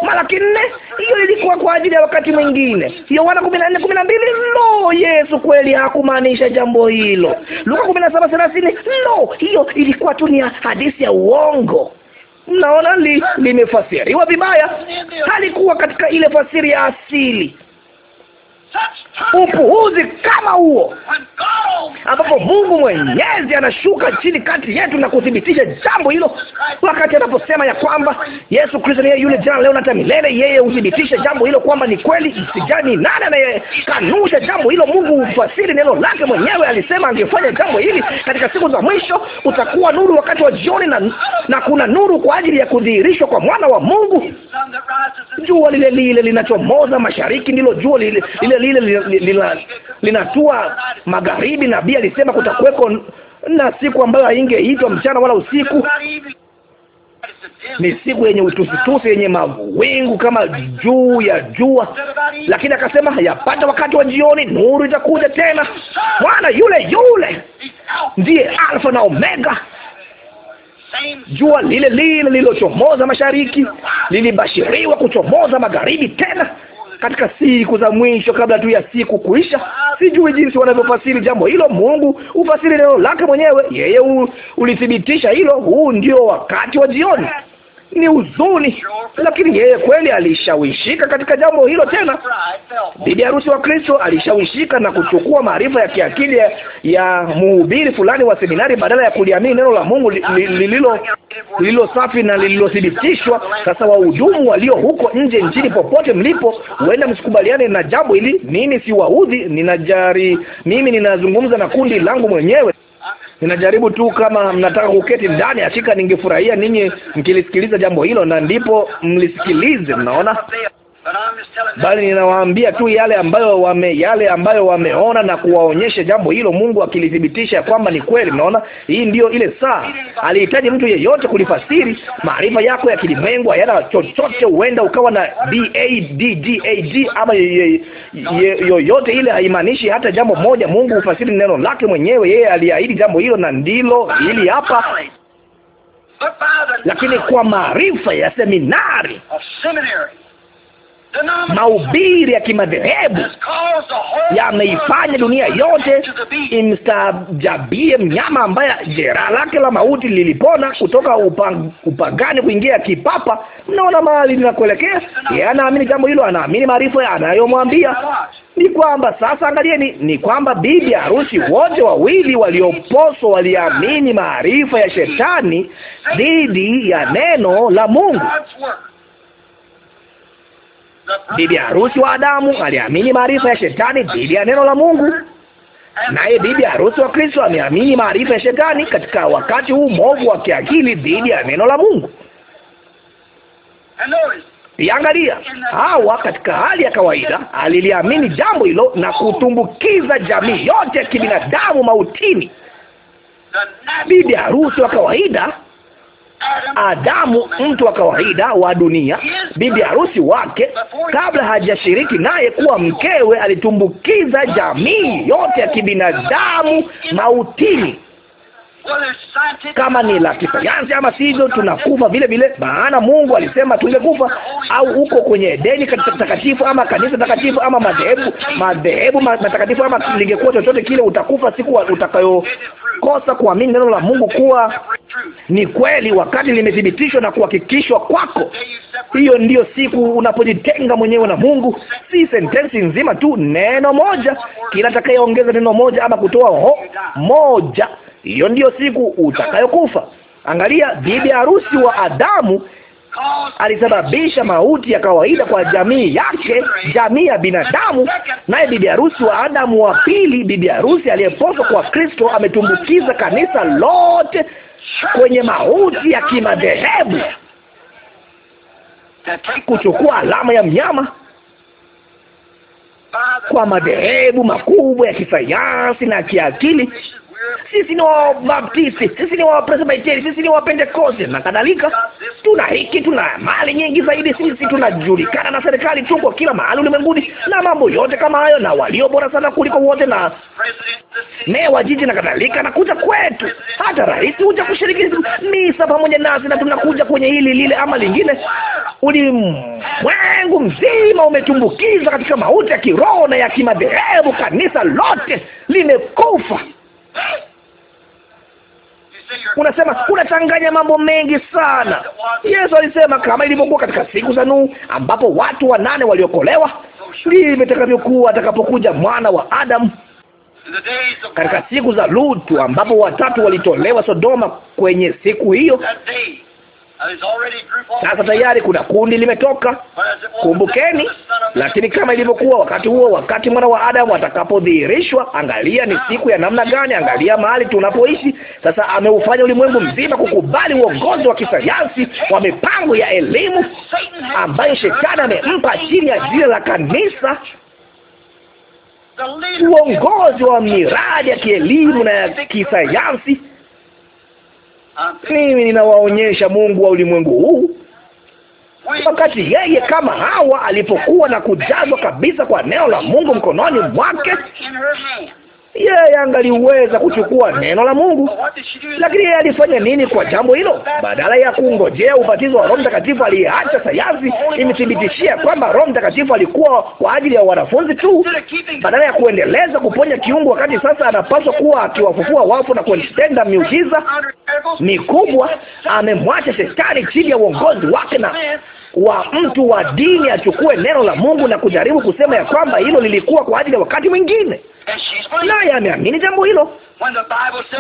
Malaki nne, hiyo ilikuwa kwa ajili ya wakati mwingine. Yohana kumi na nne kumi na mbili lo, Yesu kweli hakumaanisha jambo hilo. Luka kumi na saba thelathini lo, hiyo ilikuwa tu ni hadithi ya uongo. Mnaona li, limefasiriwa vibaya, halikuwa katika ile fasiri ya asili upuuzi kama huo, ambapo Mungu Mwenyezi anashuka chini kati yetu na kuthibitisha jambo hilo, wakati anaposema ya kwamba Yesu Kristo ni yeye yule jana, leo na hata milele. Yeye huthibitisha jambo hilo kwamba ni kweli. Msijali nani anayekanusha jambo hilo. Mungu ufasiri neno lake mwenyewe, alisema angefanya jambo hili katika siku za mwisho. Utakuwa nuru wakati wa jioni, na, na kuna nuru kwa ajili ya kudhihirishwa kwa mwana wa Mungu. Jua lile lile linachomoza mashariki ndilo jua lile lile linatua magharibi. Nabii alisema kutakuweko na siku ambayo haingeitwa mchana wala usiku ni siku yenye utusitusi yenye mawingu kama juu ya jua, lakini akasema yapata wakati wa jioni, nuru itakuja tena. Bwana yule yule ndiye Alfa na Omega, jua lile lile lililochomoza mashariki lilibashiriwa kuchomoza magharibi tena katika siku za mwisho kabla tu ya siku kuisha. Sijui jinsi wanavyofasiri jambo hilo. Mungu ufasiri neno lake mwenyewe, yeye ulithibitisha hilo. Huu ndio wakati wa jioni ni huzuni, lakini yeye kweli alishawishika katika jambo hilo. Tena bibi harusi wa Kristo alishawishika na kuchukua maarifa ya kiakili ya, ya mhubiri fulani wa seminari badala ya kuliamini neno la Mungu lililo li, li, li, safi na lililothibitishwa. Sasa wahudumu walio huko nje nchini, popote mlipo, huenda msikubaliane na jambo hili. Mimi siwaudhi, ninajari, mimi ninazungumza na kundi langu mwenyewe. Ninajaribu tu, kama mnataka kuketi ndani ya ningefurahia ninyi mkilisikiliza jambo hilo, na ndipo mlisikilize. Mnaona bali ninawaambia tu yale ambayo wame yale ambayo wameona na kuwaonyesha jambo hilo, Mungu akilithibitisha kwamba ni kweli. Mnaona, hii ndiyo ile saa. Alihitaji mtu yeyote kulifasiri. Maarifa yako ya kilimwengu hayana chochote. Huenda ukawa na BADDAD ama yoyote ile, haimaanishi hata jambo moja. Mungu hufasiri neno lake mwenyewe. Yeye aliahidi jambo hilo na ndilo hili hapa lakini kwa maarifa ya seminari Mahubiri ya kimadhehebu yameifanya dunia yote imstajabie mnyama ambaye jeraha lake la mauti lilipona kutoka upang, upagani kuingia kipapa. Mnaona mahali linakuelekea. Yeye anaamini jambo hilo, anaamini maarifa anayomwambia ni kwamba sasa, angalieni, ni kwamba bibi harusi wote wawili walioposwa waliamini maarifa ya shetani dhidi ya neno la Mungu. Bibi harusi wa Adamu aliamini maarifa ya shetani dhidi ya neno la Mungu, naye bibi harusi wa Kristo ameamini maarifa ya shetani katika wakati huu mwovu wa kiakili dhidi ya neno la Mungu. Piangalia hawa katika hali ya kawaida aliliamini jambo hilo na kutumbukiza jamii yote ya kibinadamu mautini. Bibi harusi wa kawaida Adamu, mtu wa kawaida wa dunia, bibi harusi wake, kabla hajashiriki naye kuwa mkewe, alitumbukiza jamii yote ya kibinadamu mautini kama ni la kisayansi ama sivyo, tunakufa vile vile, maana Mungu alisema tungekufa. Au uko kwenye Edeni takatifu ama kanisa takatifu ama madhehebu madhehebu matakatifu ama lingekuwa chochote kile, utakufa siku utakayokosa kuamini neno la Mungu kuwa ni kweli, wakati limethibitishwa na kuhakikishwa kwako. Hiyo ndiyo siku unapojitenga mwenyewe na Mungu. Si sentensi nzima tu, neno moja, kila atakayeongeza neno moja ama kutoa ho moja hiyo ndiyo siku utakayokufa. Angalia, bibi harusi wa Adamu alisababisha mauti ya kawaida kwa jamii yake, jamii ya binadamu. Naye bibi harusi wa Adamu wa pili, bibi harusi aliyeposwa kwa Kristo, ametumbukiza kanisa lote kwenye mauti ya kimadhehebu, kuchukua alama ya mnyama kwa madhehebu makubwa ya kisayansi na kiakili sisi ni Wabaptisti, sisi ni Wapresbiteri, sisi ni Wapentekoste na kadhalika. Tuna hiki, tuna mali nyingi zaidi, sisi tunajulikana na serikali, tuko kila mahali ulimwenguni na mambo yote kama hayo, na walio bora sana kuliko wote, na wa jiji na kadhalika, na kuja kwetu, hata rais huja kushiriki misa pamoja nasi, na tunakuja kwenye hili lile ama lingine. Ulimwengu mzima umetumbukiza katika mauti ya kiroho na ya kimadhehebu. Kanisa lote limekufa. Unasema unachanganya mambo mengi sana. Yesu alisema kama ilivyokuwa katika siku za Nuhu, ambapo watu wanane waliokolewa, ndivyo itakavyokuwa atakapokuja mwana wa Adamu. Katika siku za Lutu, ambapo watatu walitolewa Sodoma kwenye siku hiyo, sasa tayari kuna kundi limetoka. Kumbukeni, lakini kama ilivyokuwa wakati huo, wakati mwana wa Adamu atakapodhihirishwa, angalia ni siku ya namna gani, angalia mahali tunapoishi sasa. Ameufanya ulimwengu mzima kukubali uongozi wa kisayansi wa mipango ya elimu ambayo shetani amempa chini ya jina la kanisa uongozi wa miradi ya kielimu na ya kisayansi mimi ninawaonyesha Mungu wa ulimwengu huu. Wakati yeye kama Hawa alipokuwa na kujazwa kabisa kwa neno la Mungu mkononi mwake, yeye angaliweza kuchukua neno la Mungu. Lakini yeye alifanya nini kwa jambo hilo? Badala ya kungojea ubatizo wa Roho Mtakatifu, aliacha sayansi imethibitishia kwamba Roho Mtakatifu alikuwa kwa ajili ya wanafunzi tu. Badala ya kuendeleza kuponya kiungu, wakati sasa anapaswa kuwa akiwafufua wafu na kuitenda miujiza mikubwa, amemwacha shetani chini ya uongozi wake na wa mtu wa dini achukue neno la Mungu na kujaribu kusema ya kwamba hilo lilikuwa kwa ajili ya wakati mwingine, naye ameamini jambo hilo.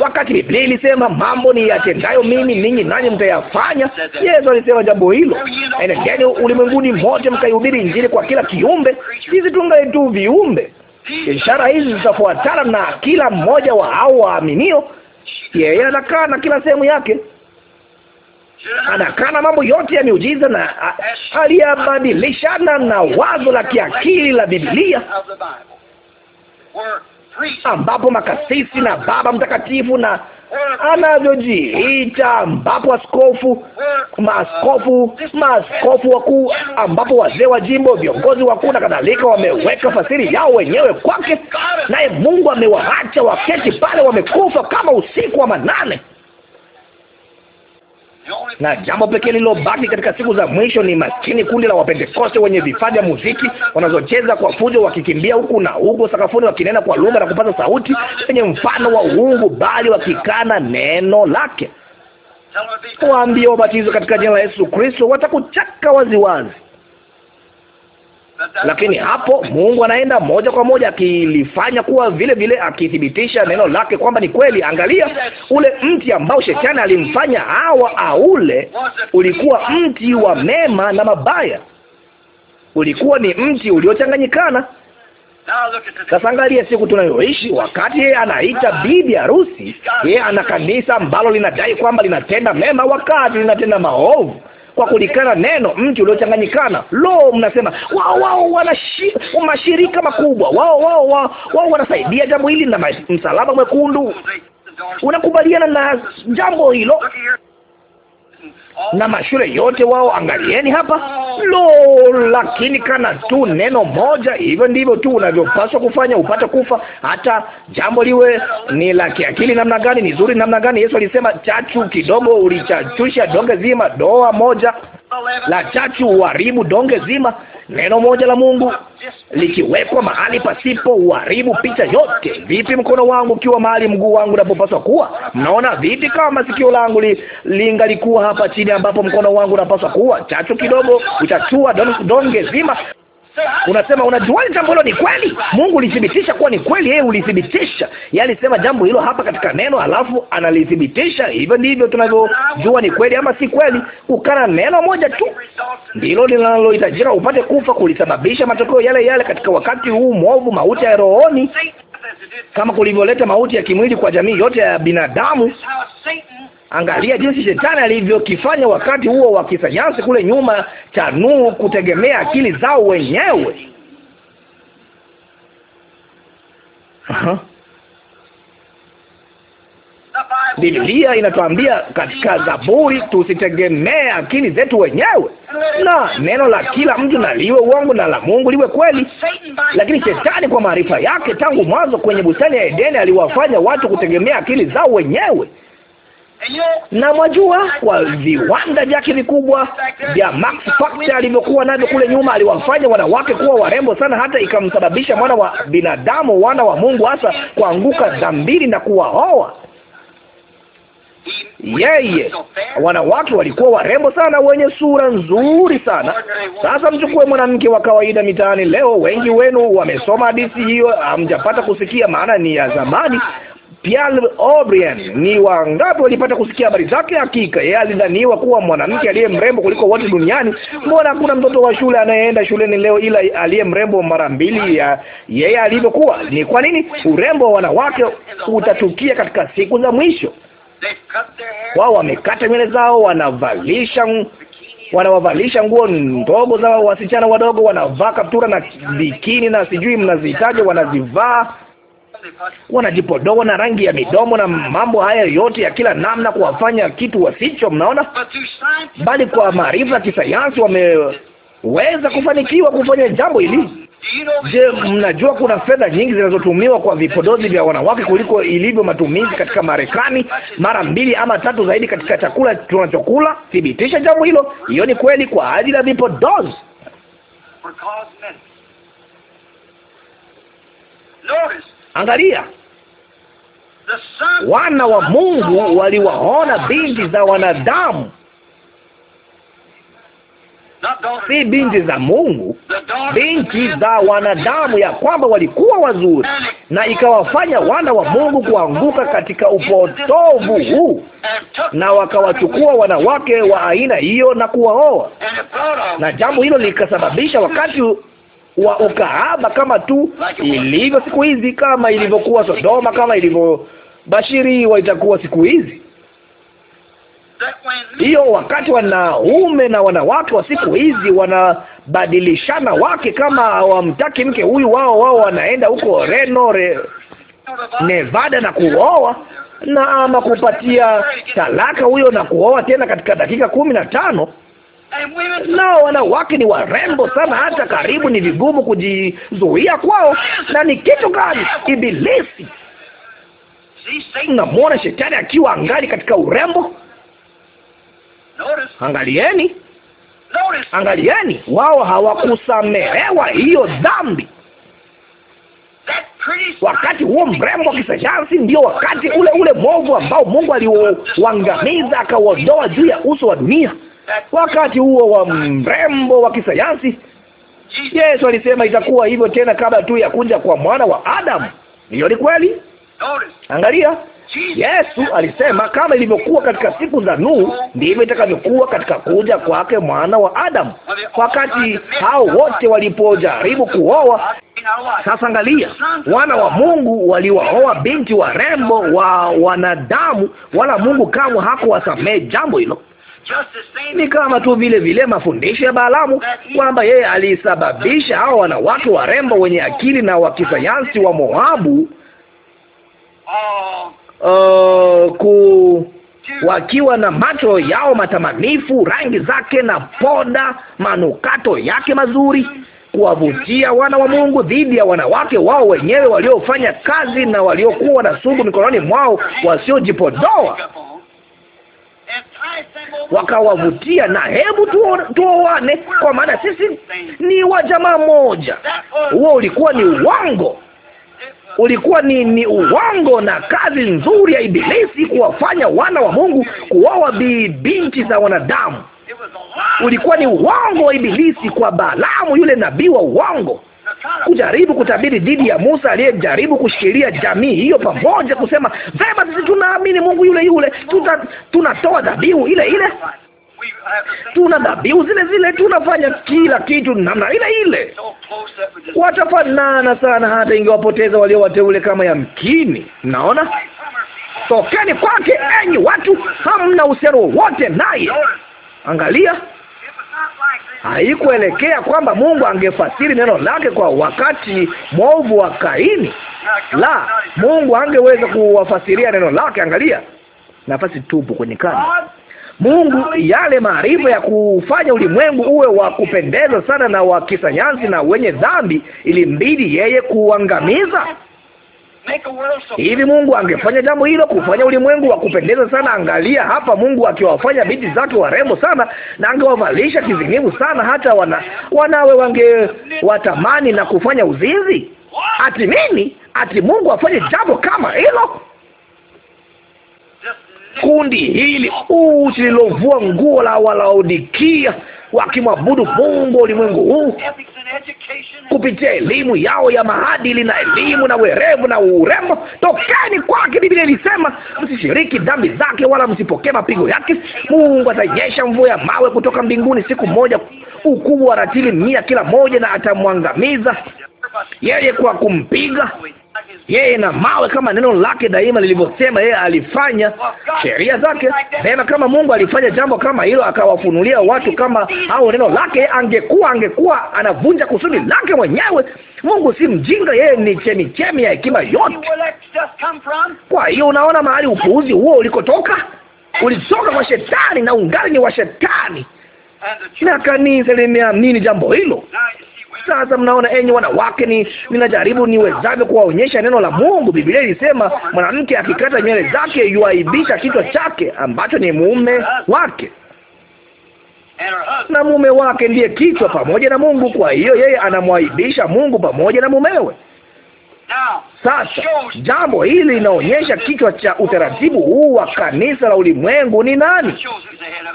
Wakati Biblia ilisema mambo ni yatendayo mimi ninyi nanyi mtayafanya, Yesu alisema jambo hilo, enendeni ulimwenguni mote mkaihubiri Injili kwa kila kiumbe. Sisi tungali tu viumbe. Ishara hizi zitafuatana na kila mmoja wa hao waaminio. Yeye anakaa na kila sehemu yake anakana mambo yote ya miujiza na aliyabadilishana na wazo la kiakili la Biblia ambapo makasisi na Baba Mtakatifu na anavyojiita, ambapo askofu, maaskofu, maaskofu wakuu, ambapo wazee wa jimbo, viongozi wakuu na kadhalika, wameweka fasiri yao wenyewe kwake, naye Mungu amewaacha waketi pale, wamekufa kama usiku wa manane na jambo pekee lililobaki katika siku za mwisho ni maskini kundi la Wapentekoste wenye vifaa vya muziki wanazocheza kwa fujo, wakikimbia huku na huko sakafuni, wakinena kwa lugha na kupaza sauti kwenye mfano wa uungu, bali wakikana neno lake. Waambie wabatizo katika jina la Yesu Kristo, watakuchaka waziwazi. Lakini hapo Mungu anaenda moja kwa moja akilifanya kuwa vile vile, akithibitisha neno lake kwamba ni kweli. Angalia ule mti ambao shetani alimfanya Hawa aule, ulikuwa mti wa mema na mabaya, ulikuwa ni mti uliochanganyikana. Sasa angalia siku tunayoishi, wakati yeye anaita bibi harusi, yeye ana kanisa ambalo linadai kwamba linatenda mema wakati linatenda maovu kwa kulikana neno, mti uliochanganyikana. Lo, mnasema wao wao wana mashirika makubwa, wao wao wao wanasaidia jambo hili na msalaba mwekundu unakubaliana na jambo hilo na mashule yote wao. Angalieni hapa. Lo, lakini kana tu neno moja. Hivyo ndivyo tu unavyopaswa kufanya, upate kufa, hata jambo liwe ni la kiakili namna gani, ni zuri namna gani. Yesu alisema chachu kidogo ulichachusha donge zima, doa moja la chachu uharibu donge zima. Neno moja la Mungu likiwekwa mahali pasipo uharibu picha yote. Vipi mkono wangu ukiwa mahali mguu wangu unapopaswa kuwa? Mnaona vipi kama sikio langu li, lingalikuwa hapa chini ambapo mkono wangu unapaswa kuwa? Chachu kidogo uchachua donge zima. Unasema, unajuaje jambo hilo ni kweli? Mungu ulithibitisha kuwa ni kweli, yeye ulithibitisha. Yeye alisema jambo hilo hapa katika neno, alafu analithibitisha. Hivyo ndivyo tunavyojua ni kweli ama si kweli. Kukana neno moja tu ndilo linalohitajika upate kufa, kulisababisha matokeo yale yale katika wakati huu mwovu, mauti ya rohoni, kama kulivyoleta mauti ya kimwili kwa jamii yote ya binadamu. Angalia jinsi shetani alivyokifanya wakati huo wa kisayansi kule nyuma cha Nuhu, kutegemea akili zao wenyewe. Biblia inatuambia katika Zaburi tusitegemee akili zetu wenyewe, na neno la kila mtu na liwe uongo na la Mungu liwe kweli. Lakini shetani kwa maarifa yake tangu mwanzo kwenye bustani ya Edeni aliwafanya watu kutegemea akili zao wenyewe na mwajua kwa viwanda vyake vikubwa vya Max Factor alivyokuwa navyo kule nyuma, aliwafanya wanawake kuwa warembo sana, hata ikamsababisha mwana wa binadamu, wana wa Mungu hasa, kuanguka dhambini na kuwaoa yeye. Wanawake walikuwa warembo sana, wenye sura nzuri sana. Sasa mchukue mwanamke wa kawaida mitaani leo. Wengi wenu wamesoma hadithi hiyo, hamjapata kusikia, maana ni ya zamani. Pierre O'Brien. Ni wangapi walipata kusikia habari zake? Hakika yeye alidhaniwa kuwa mwanamke aliye mrembo kuliko wote duniani. Mbona hakuna mtoto wa shule anayeenda shuleni leo ila aliye mrembo mara mbili ya yeye alivyokuwa? Ni kwa nini urembo wa wanawake utatukia katika siku za mwisho? Wao wamekata nywele zao, wanavalisha wanawavalisha nguo ndogo za wasichana wadogo, wanavaa kaptura na bikini na sijui mnazitaja, wanazivaa wanajipodoa na rangi ya midomo na mambo haya yote ya kila namna, kuwafanya kitu wasicho. Mnaona, bali kwa maarifa ya kisayansi wameweza kufanikiwa kufanya jambo hili. Je, mnajua kuna fedha nyingi zinazotumiwa kwa vipodozi vya wanawake kuliko ilivyo matumizi katika Marekani, mara mbili ama tatu zaidi katika chakula tunachokula? Thibitisha jambo hilo. Hiyo ni kweli kwa ajili ya vipodozi. Angalia, wana wa Mungu waliwaona binti za wanadamu, si binti za Mungu, binti za wanadamu, ya kwamba walikuwa wazuri, na ikawafanya wana wa Mungu kuanguka katika upotovu huu, na wakawachukua wanawake wa aina hiyo na kuwaoa, na jambo hilo likasababisha wakati wa ukahaba kama tu ilivyo siku hizi, kama ilivyokuwa Sodoma, kama ilivyobashiriwa itakuwa siku hizi. Hiyo wakati wanaume na wanawake wa siku hizi wanabadilishana wake, kama hawamtaki mke huyu wao, wao wanaenda huko Reno re, Nevada na kuoa na ama kupatia talaka huyo na kuoa tena katika dakika kumi na tano nao wanawake ni warembo sana, hata karibu ni vigumu kujizuia kwao. Na ni kitu gani? Ibilisi. namwona shetani akiwa angali katika urembo. Angalieni, angalieni, wao hawakusamehewa hiyo dhambi. Wakati huo mrembo wa kisayansi ndio wakati ule ule mwovu ambao Mungu aliuangamiza, akauondoa juu ya uso wa dunia wakati huo wa mrembo wa kisayansi. Yesu alisema itakuwa hivyo tena kabla tu ya kuja kwa mwana wa Adamu. Hiyo ni kweli. Angalia, Yesu alisema kama ilivyokuwa katika siku za Nuhu, ndivyo itakavyokuwa katika kuja kwake mwana wa Adamu. Wakati hao wote walipojaribu kuoa, sasa angalia, wana wa Mungu waliwaoa binti warembo wa wanadamu, wala Mungu kamwe hakuwasamehe jambo hilo. Ni kama tu vile vile mafundisho ya Balaamu kwamba yeye alisababisha hao wanawake warembo wenye akili na wa kisayansi wa Moabu uh, ku wakiwa na macho yao matamanifu, rangi zake na poda manukato yake mazuri, kuwavutia wana wa Mungu dhidi ya wanawake wao wenyewe waliofanya kazi na waliokuwa na sugu mikononi mwao wasiojipodoa wakawavutia na hebu tuoane, kwa maana sisi ni wa jamaa moja. Huo ulikuwa ni uongo, ulikuwa ni ni uongo na kazi nzuri ya Ibilisi kuwafanya wana wa Mungu kuoa binti za wanadamu. Ulikuwa ni uongo wa Ibilisi kwa Balaamu, yule nabii wa uongo kujaribu kutabiri dhidi ya Musa aliyejaribu kushikilia jamii hiyo pamoja, kusema vema, sisi tunaamini Mungu yule yule, tunatoa dhabihu ile ile, tuna dhabihu zile zile, tunafanya kila kitu namna ile ile. Watafanana sana, hata ingewapoteza wateule kama yamkini. naona tokeni kwake, enyi watu, hamna uhusiano wowote naye. Angalia haikuelekea kwamba Mungu angefasiri neno lake kwa wakati mwovu wa Kaini. La, Mungu angeweza kuwafasiria neno lake. Angalia nafasi tupu kwenye kani Mungu yale maarifa ya kufanya ulimwengu uwe wa kupendeza sana na wa kisayansi na wenye dhambi, ilimbidi yeye kuangamiza. Hivi Mungu angefanya jambo hilo, kufanya ulimwengu wa kupendeza sana? Angalia hapa, Mungu akiwafanya binti zake warembo sana, na angewavalisha kizinivu sana, hata wana, wanawe wangewatamani na kufanya uzinzi. Ati nini? Ati Mungu afanye jambo kama hilo? Kundi hili uchi lilovua nguo la Walaodikia wakimwabudu Mungu ulimwengu huu kupitia elimu yao ya maadili na elimu na werevu na urembo. Tokeni kwake. Biblia ilisema msishiriki dhambi zake wala msipokee mapigo yake. Mungu atainyesha mvua ya mawe kutoka mbinguni siku moja, ukubwa wa ratili mia kila moja, na atamwangamiza yeye kwa kumpiga yeye na mawe, kama neno lake daima lilivyosema, yeye alifanya sheria zake tena. Kama Mungu alifanya jambo kama hilo, akawafunulia watu kama au neno lake, angekuwa angekuwa anavunja kusudi lake mwenyewe. Mungu si mjinga, yeye ni chemichemi ya hekima yote. Kwa hiyo unaona mahali upuuzi huo ulikotoka, ulitoka kwa Shetani na ungali ni wa Shetani, na kanisa limeamini jambo hilo. Sasa mnaona, enyi wanawake, ni ninajaribu niwezavyo kuwaonyesha neno la Mungu. Biblia ilisema mwanamke akikata nywele zake yuaibisha kichwa chake ambacho ni mume wake na mume wake ndiye kichwa pamoja na Mungu. Kwa hiyo yeye anamwaibisha Mungu pamoja na mumewe. Sasa jambo hili linaonyesha kichwa cha utaratibu huu wa kanisa la ulimwengu ni nani.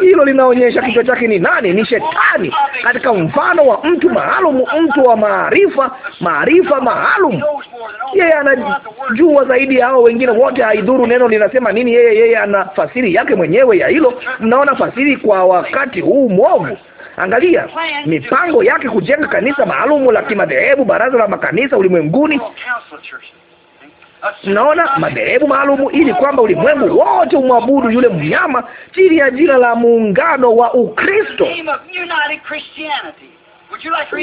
Hilo linaonyesha kichwa chake ni nani? Ni Shetani, katika mfano wa mtu maalum, mtu wa maarifa, maarifa maalum. Yeye anajua zaidi ya hao wengine wote, haidhuru neno linasema nini. Yeye yeye ana fasiri yake mwenyewe ya hilo. Mnaona fasiri kwa wakati huu mwovu Angalia mipango yake kujenga kanisa maalumu la kimadhehebu, baraza la makanisa ulimwenguni. naona madhehebu maalumu, ili kwamba ulimwengu wote umwabudu yule mnyama chini ya jina la muungano wa Ukristo.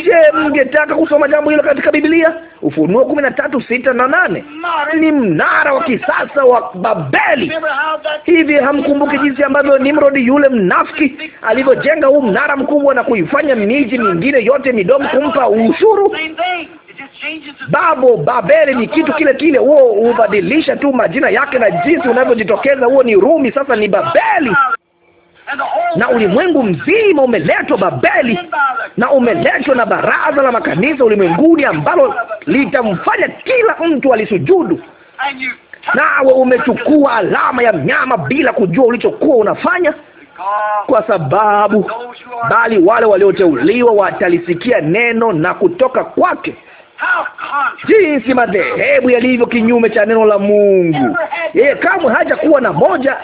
Je, mngetaka kusoma jambo hilo katika Biblia? Ufunuo kumi na tatu sita na nane ni mnara wa kisasa wa Babeli. Hivi hamkumbuki jinsi ambavyo Nimrod yule mnafiki alivyojenga huu mnara mkubwa na kuifanya miji mingine yote midomo kumpa ushuru? Babo Babeli ni kitu kile kile, huo hubadilisha tu majina yake na jinsi unavyojitokeza. Huo ni Rumi, sasa ni Babeli na ulimwengu mzima umeletwa Babeli na umeletwa na baraza la makanisa ulimwenguni ambalo litamfanya kila mtu alisujudu. Nawe umechukua alama ya mnyama bila kujua ulichokuwa unafanya, kwa sababu bali wale walioteuliwa watalisikia neno na kutoka kwake jinsi madhehebu yalivyo kinyume cha neno la Mungu. Yeye kamwe hajakuwa na moja,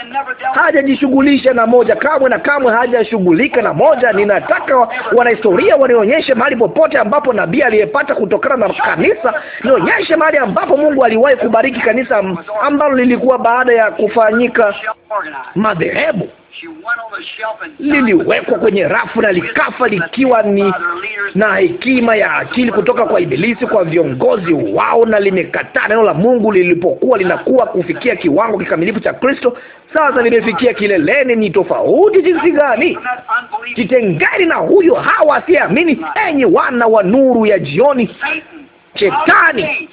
hajajishughulisha na moja kamwe, na kamwe hajashughulika na moja. Ninataka wanahistoria wanionyeshe mahali popote ambapo nabii aliyepata kutokana na kanisa, nionyeshe mahali ambapo Mungu aliwahi kubariki kanisa ambalo lilikuwa baada ya kufanyika madhehebu liliwekwa kwenye rafu na likafa likiwa ni na hekima ya akili kutoka kwa Ibilisi kwa viongozi wao, na limekataa neno la Mungu lilipokuwa linakuwa kufikia kiwango kikamilifu cha Kristo. Sasa limefikia kileleni. Ni tofauti jinsi gani! Jitengeni na huyo hawa asiyeamini, enyi wana wa nuru ya jioni. Shetani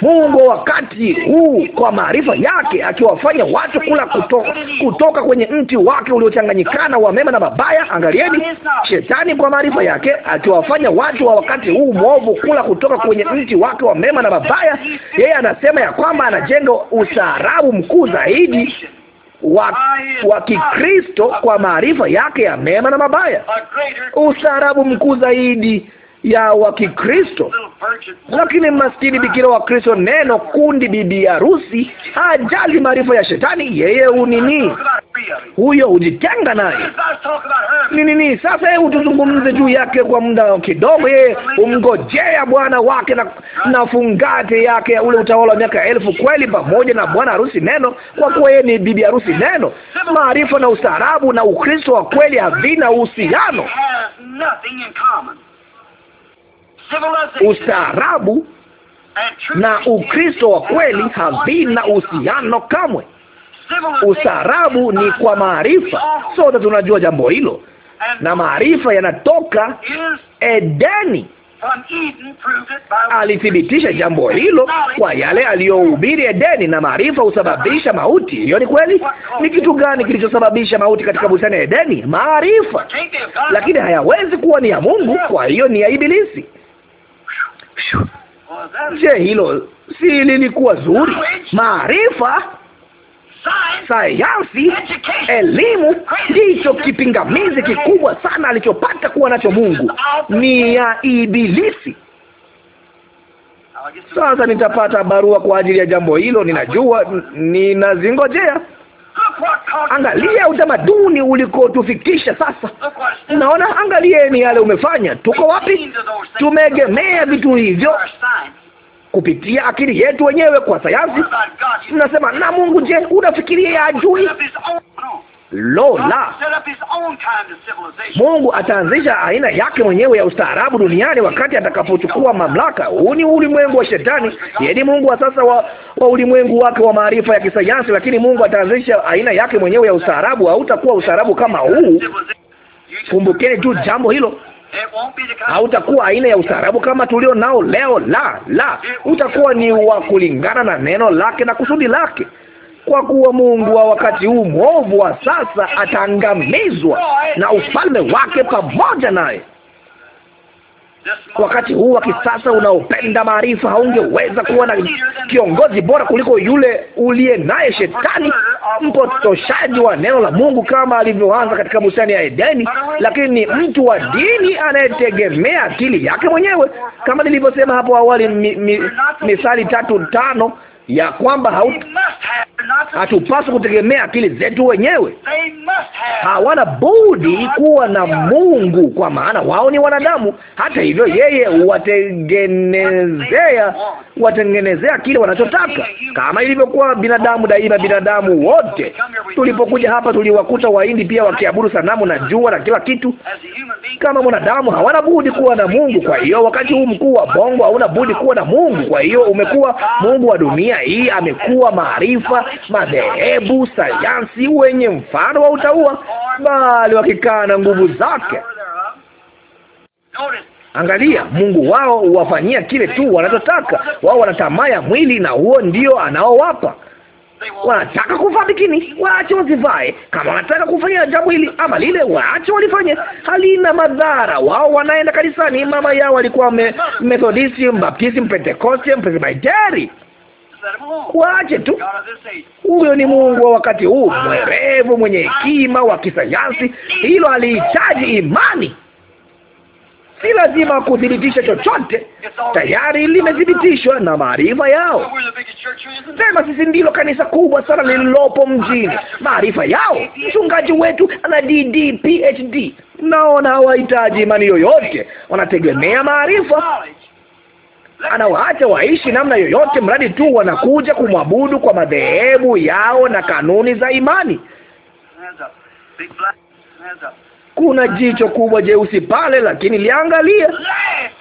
Mungu wakati huu kwa maarifa yake akiwafanya watu kula kutoka, kutoka kwenye mti wake uliochanganyikana wa mema na mabaya. Angalieni, shetani kwa maarifa yake akiwafanya watu wa wakati huu mwovu kula kutoka kwenye mti wake wa mema na mabaya. Yeye anasema ya kwamba anajenga ustaarabu mkuu zaidi wa, wa Kikristo kwa maarifa yake ya mema na mabaya, ustaarabu mkuu zaidi ya wakikristo lakini maskini bikira wa Kristo, neno kundi, bibi harusi, hajali maarifa ya shetani, yeye unini huyo hujitenga naye. Ni nini sasa? Hebu tuzungumze juu yake kwa muda kidogo. Yeye umgojea bwana wake na, na fungate yake ule utawala wa miaka elfu kweli, pamoja na bwana harusi neno, kwa kuwa yeye ni bibi harusi neno. Maarifa na ustaarabu na Ukristo wa kweli havina uhusiano ustaarabu na Ukristo wa kweli havina uhusiano kamwe. Ustaarabu ni kwa maarifa. Sote tunajua jambo hilo, na maarifa yanatoka Edeni. Alithibitisha jambo hilo kwa yale aliyohubiri Edeni, na maarifa husababisha mauti. Hiyo ni kweli. Ni kitu gani kilichosababisha mauti katika bustani ya Edeni? Maarifa. Lakini hayawezi kuwa ni ya Mungu, kwa hiyo ni ya Ibilisi. Je, hilo si lilikuwa zuri? Maarifa, sayansi, elimu ndicho kipingamizi kikubwa sana alichopata kuwa nacho Mungu, ni ya Ibilisi. Sasa nitapata barua kwa ajili ya jambo hilo, ninajua, ninazingojea. Angalia utamaduni ulikotufikisha sasa. Naona, angalieni yale umefanya. Tuko wapi? Tumeegemea vitu hivyo kupitia akili yetu wenyewe kwa sayansi. Mnasema na Mungu, je, unafikiria ya ajui Lo la! Mungu ataanzisha aina yake mwenyewe ya ustaarabu duniani wakati atakapochukua mamlaka. Huu ni ulimwengu wa Shetani, yaani Mungu wa sasa wa, wa ulimwengu wake wa maarifa ya kisayansi, lakini Mungu ataanzisha aina yake mwenyewe ya ustaarabu. Hautakuwa ustaarabu kama huu. Kumbukeni tu jambo hilo. Hautakuwa aina ya ustaarabu kama tulio nao leo. La, la, utakuwa ni wa kulingana na neno lake na kusudi lake kwa kuwa Mungu wa wakati huu mwovu wa sasa ataangamizwa na ufalme wake pamoja naye. Wakati huu wa kisasa unaopenda maarifa haungeweza kuwa na kiongozi bora kuliko yule uliye naye Shetani, mpotoshaji wa neno la Mungu, kama alivyoanza katika bustani ya Edeni. Lakini ni mtu wa dini anayetegemea akili yake mwenyewe, kama nilivyosema hapo awali, mi, mi, Misali tatu tano ya kwamba hatupaswi kutegemea akili zetu wenyewe. Hawana budi kuwa na Mungu, kwa maana wao ni wanadamu. Hata hivyo, yeye huwatengenezea watengenezea kile wanachotaka, kama ilivyokuwa binadamu daima. Binadamu wote tulipokuja hapa tuliwakuta Wahindi pia wakiabudu sanamu na jua na kila kitu. Kama mwanadamu hawana budi kuwa na Mungu. Kwa hiyo wakati huu mkuu wa bongo hauna budi kuwa na Mungu. Kwa hiyo umekuwa Mungu wa dunia hii amekuwa maarifa, madhehebu, sayansi, wenye mfano wa utaua, bali wakikaa na nguvu zake. Angalia, Mungu wao huwafanyia kile tu wanachotaka wao. Wanatamaa ya mwili, na huo ndio anaowapa. Wanataka kuvaa bikini, waache wazivae. Kama wanataka kufanya jambo hili ama lile, waache walifanye, halina madhara. Wao wanaenda kanisani. Mama yao alikuwa Methodisti, Mbaptisti, Mpentekoste, Mpresbiteri. Kuache tu, huyo ni Mungu wa wakati huu, ah. mwerevu, mwenye hekima, wa kisayansi. Hilo alihitaji imani. Si lazima kuthibitisha chochote, tayari limethibitishwa na maarifa yao. Sema sisi ndilo kanisa kubwa sana lililopo mjini. Maarifa yao, mchungaji wetu ana DD PhD. Naona hawahitaji imani yoyote, wanategemea maarifa anawaacha waishi namna yoyote, mradi tu wanakuja kumwabudu kwa madhehebu yao na kanuni za imani. Kuna jicho kubwa jeusi pale, lakini liangalia.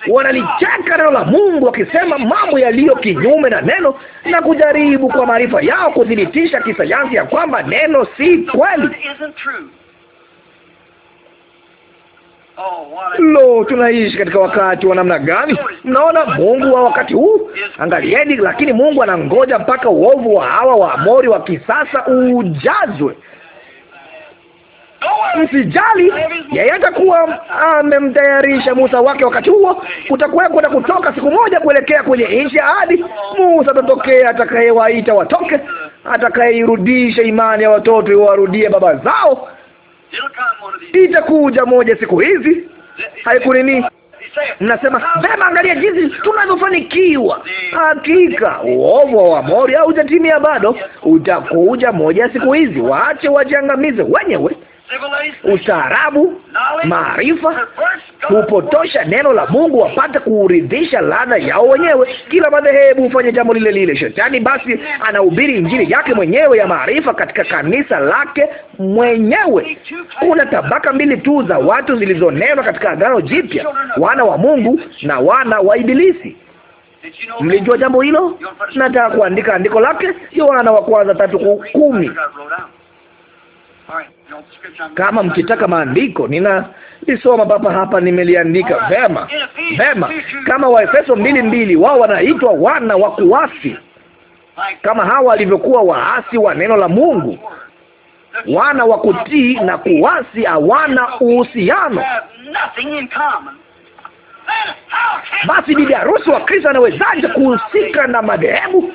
Wanalicheka neno la Mungu wakisema mambo yaliyo kinyume na neno na kujaribu kwa maarifa yao kuthibitisha kisayansi ya kwamba neno si kweli. Lo, tunaishi katika wakati wa namna gani? Mnaona Mungu wa wakati huu, angalieni. Lakini Mungu anangoja mpaka uovu wa hawa Waamori wa kisasa ujazwe. Msijali, yeye atakuwa amemtayarisha Musa wake. Wakati huo kutakuweko na kutoka siku moja kuelekea kwenye nchi ya ahadi. Musa atatokea atakayewaita watoke, atakayeirudisha imani ya watoto iwarudie baba zao. Itakuja moja siku hizi, haikunini Mnasema vema, angalia jinsi tunavyofanikiwa. Hakika uovu wa mori haujatimia bado, utakuja moja siku hizi, waache wajiangamize wenyewe. Ustaarabu, maarifa, kupotosha neno la Mungu wapate kuuridhisha ladha yao wenyewe. Kila madhehebu hufanya jambo lile lile. Shetani basi anahubiri injili yake mwenyewe ya maarifa katika kanisa lake mwenyewe. Kuna tabaka mbili tu za watu zilizonenwa katika Agano Jipya, wana wa Mungu na wana wa Ibilisi. Mlijua jambo hilo? Nataka kuandika andiko lake Yohana wa kwanza tatu kumi. Kama mkitaka maandiko, nina lisoma papa hapa, nimeliandika vema vema, kama Waefeso mbili mbili, wao wanaitwa wana wa kuasi kama hawa walivyokuwa waasi wa neno la Mungu. Wana wa kutii na kuasi hawana uhusiano. Basi bibi harusi wa Kristo anawezaje kuhusika na madhehebu?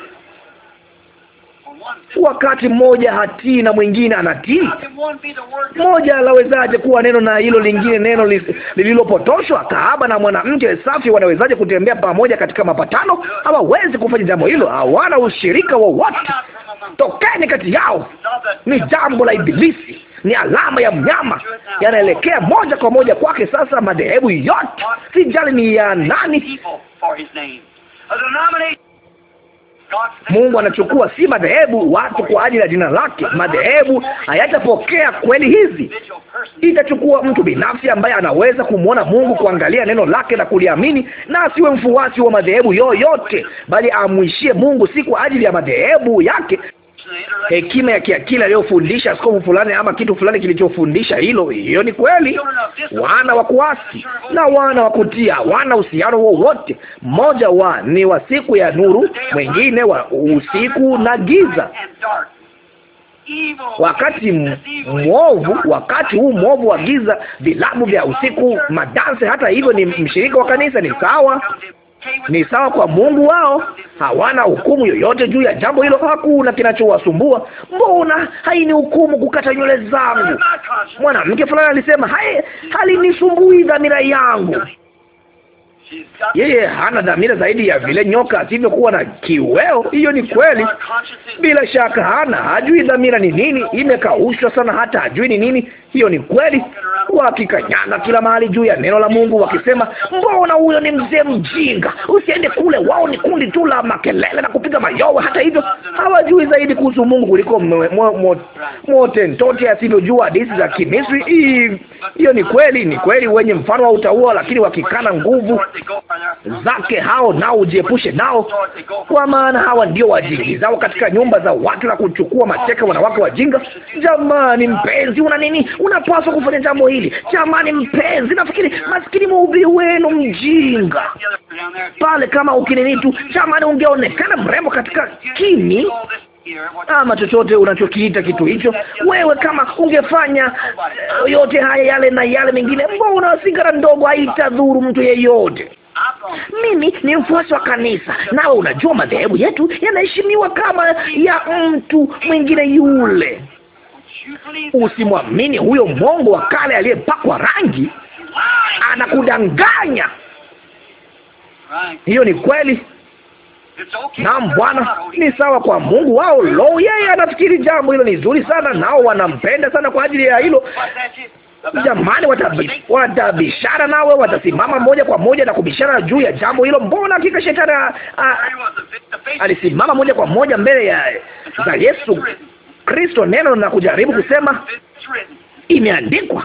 Wakati mmoja hatii na mwingine anatii, moja lawezaje kuwa neno na hilo lingine neno lililopotoshwa? Kahaba na mwanamke safi wanawezaje kutembea pamoja katika mapatano? Hawawezi kufanya jambo hilo, hawana ushirika wowote. Tokeni kati yao! Ni jambo la Ibilisi, ni alama ya mnyama, yanaelekea moja kwa moja kwake. Sasa madhehebu yote, sijali ni ya nani Mungu anachukua si madhehebu, watu kwa ajili ya jina lake. Madhehebu hayatapokea kweli hizi, itachukua mtu binafsi ambaye anaweza kumwona Mungu, kuangalia neno lake na kuliamini, na asiwe mfuasi wa madhehebu yoyote, bali amwishie Mungu, si kwa ajili ya madhehebu yake, hekima eh, ya kiakili aliyofundisha askofu fulani ama kitu fulani kilichofundisha hilo. Hiyo ni kweli. Wana wa kuasi na wana wa kutia wana uhusiano wowote. Mmoja wa ni wa siku ya nuru, mwingine wa usiku na giza. Wakati mwovu, wakati huu mwovu wa giza, vilabu vya usiku, madanse Hata hivyo ni mshirika wa kanisa, ni sawa ni sawa kwa Mungu wao. Hawana hukumu yoyote juu ya jambo hilo, hakuna kinachowasumbua. Mbona haini hukumu kukata nywele zangu? Mwanamke fulani alisema, hai halinisumbui dhamira yangu yeye hana dhamira zaidi ya vile nyoka asivyokuwa na kiweo. Hiyo ni kweli, bila shaka hana, hajui dhamira ni nini, imekaushwa sana, hata hajui ni nini. Hiyo ni kweli. Wakikanyaga kila mahali juu ya neno la Mungu wakisema, mbona huyo ni mzee mjinga, usiende kule. Wao ni kundi tu la makelele na kupiga mayowe. Hata hivyo hawajui zaidi kuhusu Mungu kuliko motentoti asivyojua hadithi za Kimisri. Hiyo ni kweli, ni kweli, wenye mfano wa utaua, lakini wakikana nguvu zake hao, nao ujiepushe nao, kwa maana hawa ndio zao katika nyumba za watu na kuchukua mateka wanawake wajinga. Jamani mpenzi, una nini? Unapaswa kufanya jambo hili. Jamani mpenzi, nafikiri maskini mubi wenu mjinga pale, kama ukinini tu, jamani, ungeonekana mrembo katika kini ama chochote unachokiita kitu hicho. Wewe kama ungefanya eh, yote haya yale na yale mengine, mbona sigara ndogo haitadhuru mtu yeyote? Mimi ni mfuasi wa kanisa, nawe unajua madhehebu yetu yanaheshimiwa kama ya mtu mwingine yule. Usimwamini huyo mongo wa kale aliyepakwa rangi, anakudanganya. Hiyo ni kweli. Naam Bwana, ni sawa kwa Mungu wao. Lo, yeye anafikiri jambo hilo ni zuri sana, nao wanampenda sana kwa ajili ya hilo. Jamani, watabishana nawe, watasimama moja kwa moja na kubishana juu ya jambo hilo. Mbona hakika shetani alisimama moja kwa moja mbele ya za Yesu Kristo neno na kujaribu kusema imeandikwa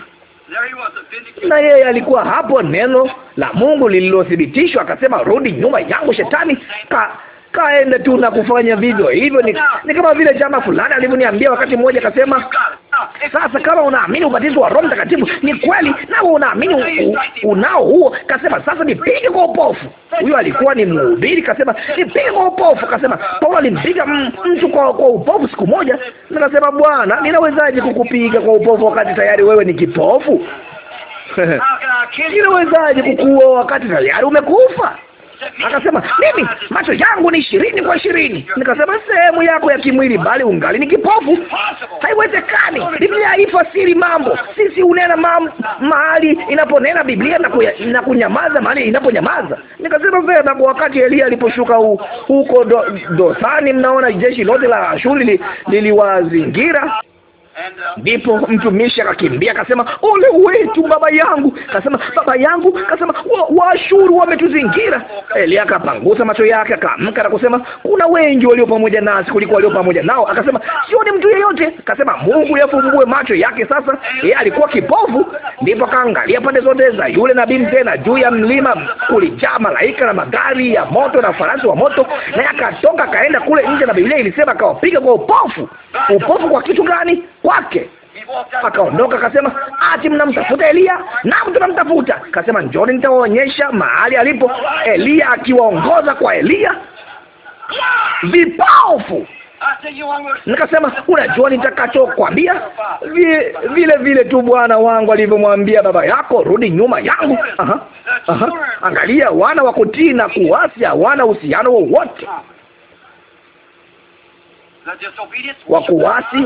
na yeye alikuwa hapo, neno la Mungu lililothibitishwa. Akasema, rudi nyuma yangu shetani, ka kaenda tu na kufanya vivyo hivyo. Ni, ni kama vile jamaa fulani alivyoniambia wakati mmoja, akasema sasa, kama unaamini ubatizo wa Roho Mtakatifu ni kweli, nawe unaamini unao huo, kasema sasa nipige kwa upofu. Huyo alikuwa ni mhubiri, kasema nipige kwa upofu. Kasema Paulo alimpiga mtu kwa, kwa upofu siku moja, nikasema Bwana, ninawezaje kukupiga kwa upofu wakati tayari wewe ni kipofu? ninawezaje kukuoa wakati tayari umekufa? Akasema, mimi macho yangu ni ishirini kwa ishirini. Nikasema, sehemu yako ya kimwili, bali ungali ni kipofu. Haiwezekani. Biblia haifasiri mambo. Sisi unena mahali inaponena Biblia na, kuya, na kunyamaza mahali inaponyamaza. Nikasema vyema. Kwa wakati Elia aliposhuka huko do, Dosani, mnaona jeshi lote la Ashuri liliwazingira li Ndipo mtumishi akakimbia akasema, ole wetu baba yangu, kasema baba yangu, kasema Waashuru wa wametuzingira. Elia akapangusa macho yake akaamka na kusema, kuna wengi walio pamoja nasi kuliko walio pamoja nao. Akasema sioni mtu yeyote. Kasema Mungu yafumbue macho yake sasa. Yeye alikuwa kipofu. Ndipo akaangalia pande zote za yule nabii tena, juu ya mlima kulijaa malaika na magari ya moto na farasi wa moto, naye akatoka akaenda kule nje, na Biblia ilisema akawapiga kwa upofu. Upofu kwa kitu gani? kwake. Akaondoka akasema, ati mnamtafuta Eliya? Naam, tunamtafuta. Akasema, njoni nitawaonyesha mahali alipo. Eliya akiwaongoza kwa Eliya vipofu Nikasema, unajua nitakachokwambia? vile, vile vile tu bwana wangu alivyomwambia baba yako, rudi nyuma yangu. Aha, aha. Angalia, wana wa kutii na kuasi hawana uhusiano wowote wa wa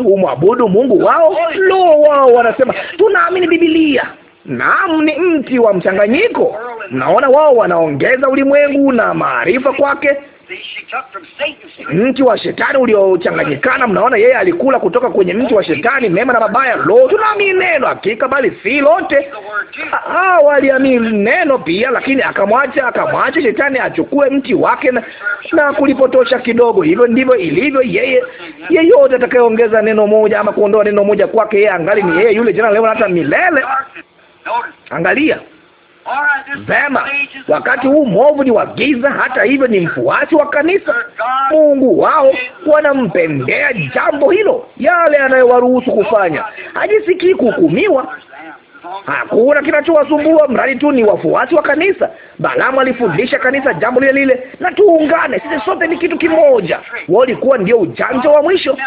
humwabudu Mungu wao. Lo, wao wanasema tunaamini Biblia. Naam, ni mti wa mchanganyiko. Mnaona, wao wanaongeza ulimwengu na maarifa kwake mti wa shetani uliochanganyikana. Mnaona, yeye alikula kutoka kwenye mti wa shetani, mema na mabaya. Lo, tunaamini neno hakika, bali si lote. Hao ah, ah, waliamini neno pia, lakini akamwacha akamwacha shetani achukue mti wake na, na kulipotosha kidogo. Hivyo ndivyo ilivyo yeye. Yeyote atakayeongeza neno moja ama kuondoa neno moja kwake, yeye angali ni yeye yule jana, leo hata milele. Angalia Vema, wakati huu mwovu ni wa giza, hata hivyo ni mfuasi wa kanisa. Mungu wao wanampendea jambo hilo, yale anayowaruhusu kufanya. Hajisikii kuhukumiwa, hakuna kinachowasumbua, mradi tu ni wafuasi wa kanisa. Balaamu alifundisha kanisa jambo lile lile, na tuungane sisi sote, ni kitu kimoja. Walikuwa ndio ujanja wa mwisho.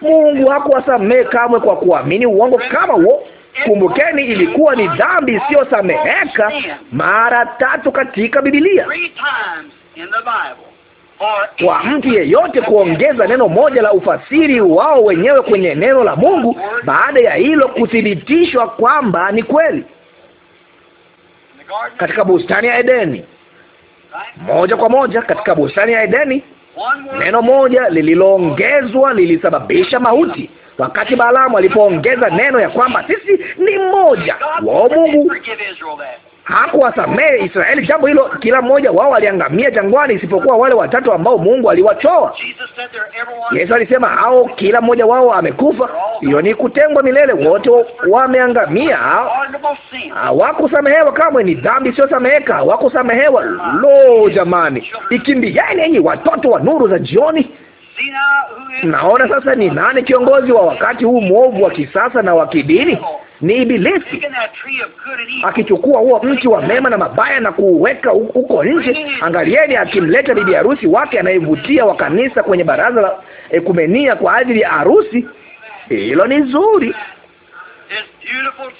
Mungu hakuwasamehe kamwe kwa kuamini uongo kama huo. Kumbukeni, ilikuwa ni dhambi isiyosameheka mara tatu katika Biblia kwa mtu yeyote kuongeza neno moja la ufasiri wao wenyewe kwenye neno la Mungu, baada ya hilo kuthibitishwa kwamba ni kweli. Katika bustani ya Edeni, moja kwa moja katika bustani ya Edeni, neno moja lililoongezwa lilisababisha mauti. Wakati Balaamu alipoongeza neno ya kwamba sisi ni mmoja wao, Mungu hakuwasamehe Israeli jambo hilo. Kila mmoja wao aliangamia jangwani, isipokuwa wale watatu ambao Mungu aliwatoa. Yesu alisema hao, kila mmoja wao amekufa. Hiyo ni kutengwa milele, wote wameangamia, hawakusamehewa kamwe. Ni dhambi isiyosameheka, hawakusamehewa. Lo, jamani, ikimbieni enyi watoto wa nuru za jioni. Naona sasa ni nani kiongozi wa wakati huu mwovu wa kisasa na wa kidini? Ni Ibilisi akichukua huo mti wa mema na mabaya na kuuweka huko nje. Angalieni akimleta bibi harusi wake anayevutia wa kanisa kwenye baraza la ekumenia kwa ajili ya harusi. Hilo ni zuri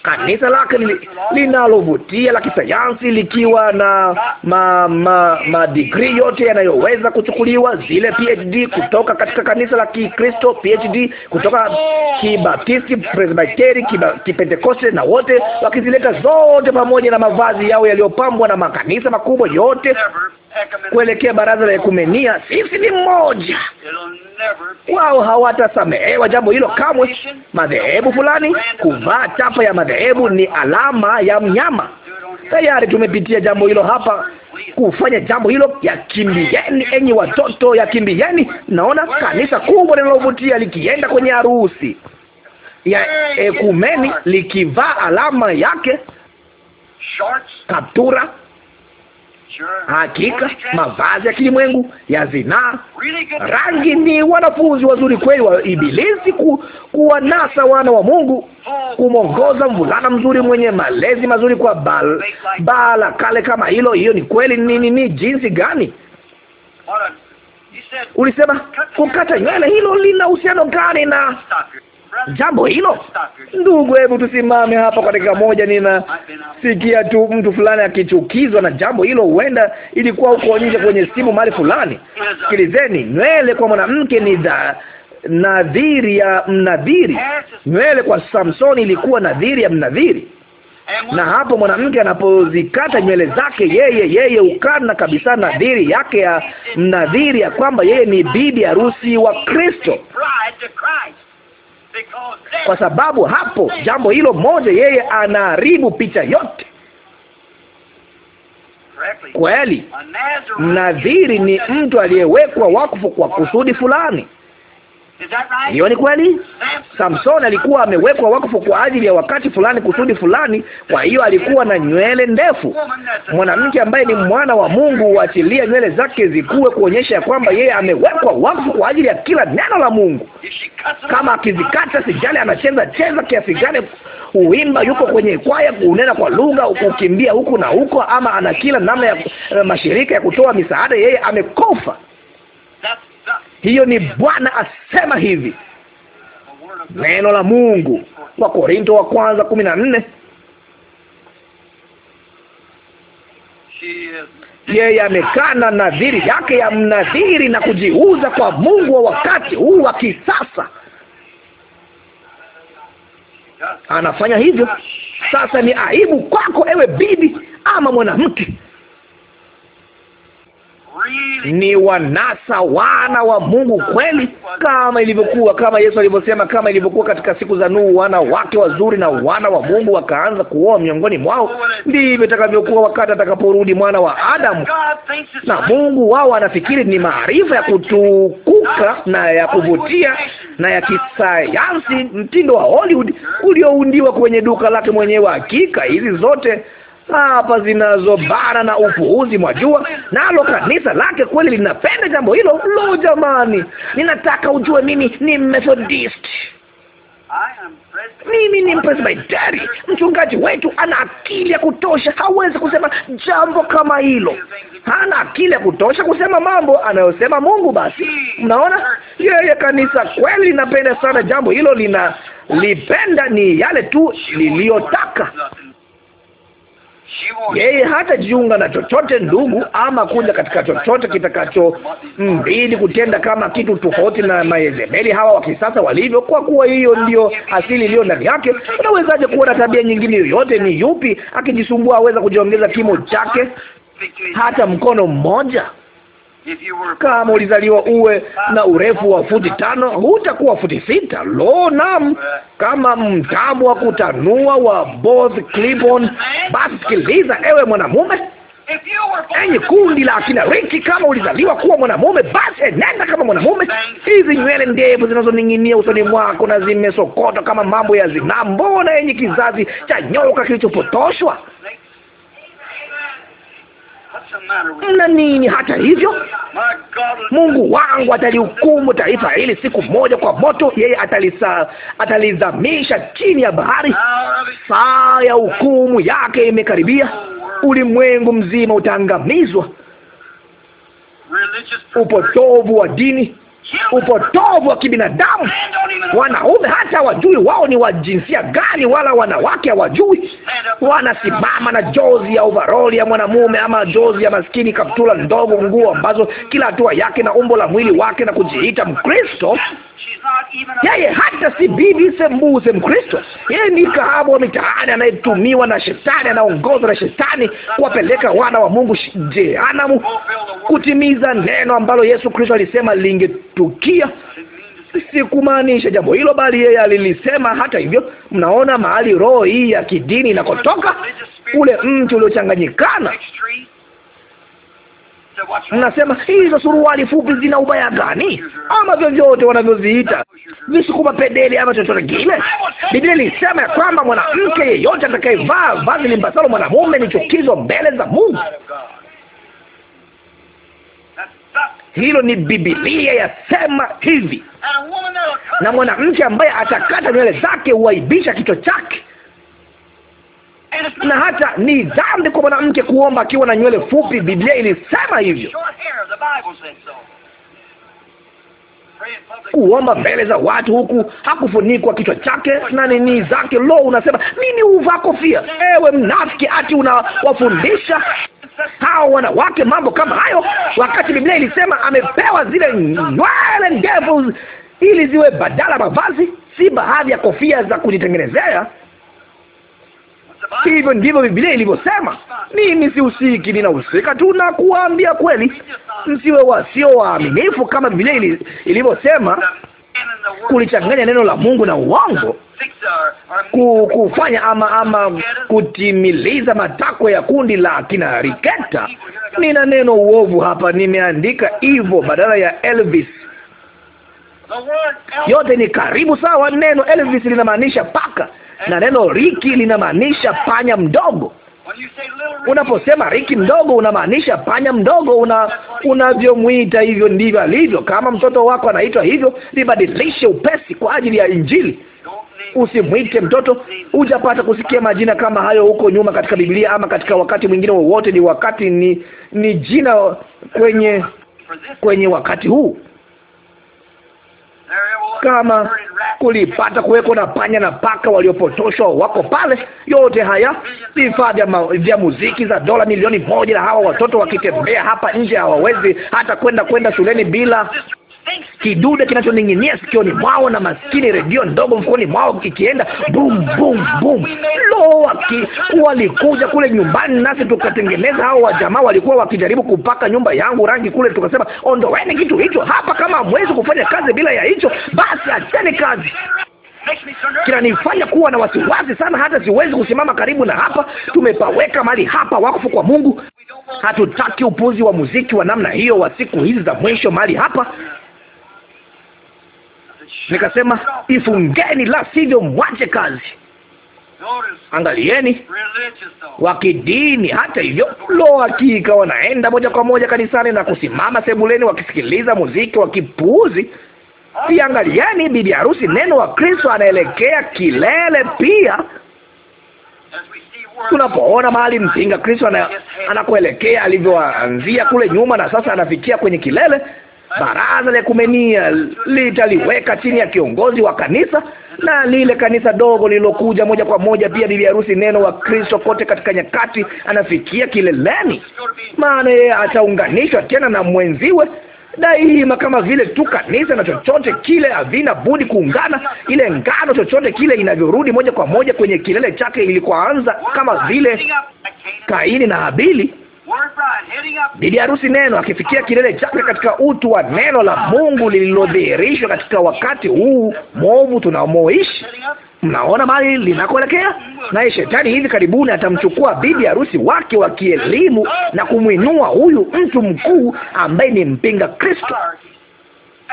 kanisa lake linalovutia la kisayansi likiwa na ma, ma, degree yote yanayoweza kuchukuliwa, zile PhD kutoka katika kanisa la Kikristo, PhD kutoka Kibatisti, Presbiteri, Kipentekoste na wote wakizileta zote pamoja na mavazi yao yaliyopambwa na makanisa makubwa yote kuelekea baraza la ekumenia. Sisi ni mmoja wao, hawatasamehewa jambo hilo kamwe. Madhehebu fulani kuvaa chapa ya madhehebu ni alama ya mnyama. Tayari tumepitia jambo hilo hapa, kufanya jambo hilo. Yakimbieni enyi watoto, yakimbieni. Naona kanisa kubwa linalovutia likienda kwenye harusi ya ekumeni likivaa alama yake, kaptura hakika, mavazi ya kilimwengu ya zinaa, rangi. Ni wanafunzi wazuri kweli wa Ibilisi ku, kuwanasa wana wa Mungu, kumwongoza mvulana mzuri mwenye malezi mazuri kwa bal, bala kale kama hilo. Hiyo ni kweli. Ni, ni, ni jinsi gani ulisema kukata nywele, hilo lina uhusiano gani na jambo hilo. Ndugu, hebu tusimame hapa kwa dakika moja. Ninasikia tu mtu fulani akichukizwa na jambo hilo, huenda ilikuwa huko nje kwenye simu mahali fulani. Sikilizeni, nywele kwa mwanamke ni dha nadhiri ya mnadhiri. Nywele kwa Samsoni ilikuwa nadhiri ya mnadhiri na hapo mwanamke anapozikata nywele zake, yeye yeye ukana kabisa nadhiri yake ya mnadhiri ya kwamba yeye ni bibi harusi wa Kristo kwa sababu hapo jambo hilo moja, yeye anaharibu picha yote. Kweli, nadhiri ni mtu aliyewekwa wakfu kwa kusudi fulani. Hiyo ni kweli. Samson alikuwa amewekwa wakfu kwa ajili ya wakati fulani, kusudi fulani. Kwa hiyo alikuwa na nywele ndefu. Mwanamke ambaye ni mwana wa Mungu huachilia nywele zake zikuwe, kuonyesha kwamba yeye amewekwa wakfu kwa ajili ya kila neno la Mungu. Kama akizikata, sijali anacheza cheza kiasi gani, huimba, yuko kwenye kwaya, unena kwa lugha, kukimbia huku na huko, ama ana kila namna ya eh, mashirika ya kutoa misaada, yeye amekofa hiyo ni Bwana asema hivi, neno la Mungu. Wakorinto wa kwanza kumi na nne. Yeye amekana nadhiri yake ya mnadhiri na kujiuza kwa Mungu wa wakati huu wa kisasa. Anafanya hivyo sasa. Ni aibu kwako, ewe bibi ama mwanamke ni wanasa wana wa Mungu kweli, kama ilivyokuwa, kama Yesu alivyosema, kama ilivyokuwa katika siku za Nuhu, wana wake wazuri na wana wa Mungu wakaanza kuoa miongoni mwao. Ndivyo itakavyokuwa wakati atakaporudi mwana wa Adamu. Na Mungu wao anafikiri ni maarifa ya kutukuka na ya kuvutia na ya kisayansi, mtindo wa Hollywood ulioundiwa kwenye duka lake mwenyewe. Hakika hizi zote hapa zinazobana na upuuzi mwa jua, nalo kanisa lake kweli linapenda jambo hilo. Lo, jamani, ninataka ujue mimi ni Methodist. Mimi ni Mpresbiteri. Mchungaji wetu ana akili ya kutosha, hawezi kusema jambo kama hilo. Hana akili ya kutosha kusema mambo anayosema Mungu. Basi mnaona, yeye kanisa kweli linapenda sana jambo hilo, linalipenda ni yale tu liliyotaka yeye hatajiunga na chochote ndugu, ama kuja katika chochote kitakacho mbidi kutenda kama kitu tofauti na maezebeli hawa wa kisasa walivyo, kwa kuwa hiyo ndiyo asili iliyo ndani yake. Unawezaje kuwa na tabia nyingine yoyote? Ni yupi akijisumbua aweza kujiongeza kimo chake hata mkono mmoja? Kama ulizaliwa uwe na urefu wa futi tano, hutakuwa futi sita. Lo, naam, kama mtambo wa kutanua wa Both Clifton. Basi sikiliza, ewe mwanamume enye kundi la akina Riki, kama ulizaliwa kuwa mwanamume, basi enenda kama mwanamume. Hizi nywele ndefu zinazoning'inia usoni mwako na zimesokotwa kama mambo ya zinaa, mbona yenye kizazi cha nyoka kilichopotoshwa mna nini? Hata hivyo Mungu wangu atalihukumu taifa hili siku moja kwa moto, yeye atalisa atalizamisha chini ya bahari. Saa ya hukumu yake imekaribia, ulimwengu mzima utaangamizwa. Upotovu wa dini upotovu wa kibinadamu. Wanaume hata wajui wao ni wa jinsia gani, wala wanawake hawajui. Wanasimama na jozi ya ovaroli ya mwanamume ama jozi ya maskini, kaptula ndogo, nguo ambazo kila hatua yake na umbo la mwili wake na kujiita Mkristo. Yeye hata si bibi sembuse Mkristo, yeye ni kahaba wa mitaani anayetumiwa na Shetani, anaongozwa na Shetani kuwapeleka wana wa Mungu jehanamu, kutimiza neno ambalo Yesu Kristo alisema lingetukia. Sikumaanisha jambo hilo, bali yeye alilisema. Hata hivyo, mnaona mahali roho hii ya kidini inakotoka, ule mtu uliochanganyikana Mnasema hizo suruali fupi zina ubaya gani? Ama vyovyote wanavyoziita visukuma pedeli ama chochote kile. Biblia ilisema ya kwamba mwanamke yeyote atakayevaa vazi limpasalo mwanamume ni chukizo mbele za Mungu. Hilo ni Biblia yasema hivi, na mwanamke ambaye atakata nywele zake huaibisha kichwa chake na hata ni dhambi kwa mwanamke kuomba akiwa na nywele fupi. Biblia ilisema hivyo, kuomba mbele za watu huku hakufunikwa kichwa chake na nini zake. Lo, unasema nini? Huvaa kofia? Ewe mnafiki, ati unawafundisha hao wanawake mambo kama hayo, wakati Biblia ilisema amepewa zile nywele ndefu ili ziwe badala mavazi, si baadhi ya kofia za kujitengenezea. Hivyo ndivyo Biblia ilivyosema. Mimi sihusiki, ninahusika tu na kuambia kweli. Msiwe wasio waaminifu, kama Biblia ilivyosema kulichanganya neno la Mungu na uongo, kufanya ama ama kutimiliza matakwa ya kundi la kina Riketa. Nina neno uovu hapa, nimeandika hivyo badala ya Elvis. Yote ni karibu sawa. Neno Elvis linamaanisha paka na neno riki linamaanisha panya mdogo. Unaposema riki mdogo unamaanisha panya mdogo. Una unavyomwita hivyo ndivyo alivyo. Kama mtoto wako anaitwa hivyo, libadilishe upesi kwa ajili ya Injili. Usimwite mtoto. Hujapata kusikia majina kama hayo huko nyuma katika Biblia ama katika wakati mwingine wowote. Ni wakati ni ni jina kwenye kwenye wakati huu kama kulipata kuweko na panya na paka waliopotoshwa wako pale. Yote haya vifaa vya muziki za dola milioni moja, na hawa watoto wakitembea hapa nje hawawezi hata kwenda kwenda shuleni bila kidude kinachoning'inia sikioni mwao na maskini redio ndogo mfukoni mwao kikienda bum bum bum. Lo, walikuja kule nyumbani nasi tukatengeneza. Hao wajamaa walikuwa wakijaribu kupaka nyumba yangu rangi kule, tukasema ondoweni kitu hicho hapa, kama hamwezi kufanya kazi bila ya hicho, basi acheni kazi kinanifanya kuwa na wasiwasi sana, hata siwezi kusimama karibu na hapa. Tumepaweka mali hapa wakfu kwa Mungu. Hatutaki upuzi wa muziki wa namna hiyo wa siku hizi za mwisho mali hapa. Nikasema, ifungeni, la sivyo mwache kazi. Angalieni wa kidini. Hata hivyo, lo, hakika wanaenda moja kwa moja kanisani na kusimama sebuleni wakisikiliza muziki wa kipuuzi. Pia angalieni, bibi harusi, neno wa Kristo anaelekea kilele. Pia tunapoona mahali mpinga Kristo anakuelekea alivyoanzia kule nyuma, na sasa anafikia kwenye kilele. Baraza la Ekumenia litaliweka chini ya kiongozi wa kanisa, na lile kanisa dogo lililokuja moja kwa moja, pia bibi harusi neno wa Kristo kote katika nyakati anafikia kileleni, maana yeye ataunganishwa tena na mwenziwe daima kama vile tu kanisa na chochote kile havina budi kuungana. Ile ngano chochote kile inavyorudi moja kwa moja kwenye kilele chake ilikoanza, kama vile Kaini na Habili bibi harusi neno akifikia kilele chake katika utu wa neno la Mungu lililodhihirishwa katika wakati huu mwovu tunamoishi. Mnaona mali linakoelekea, naye shetani hivi karibuni atamchukua bibi harusi wake wa kielimu na kumwinua huyu mtu mkuu ambaye ni mpinga Kristo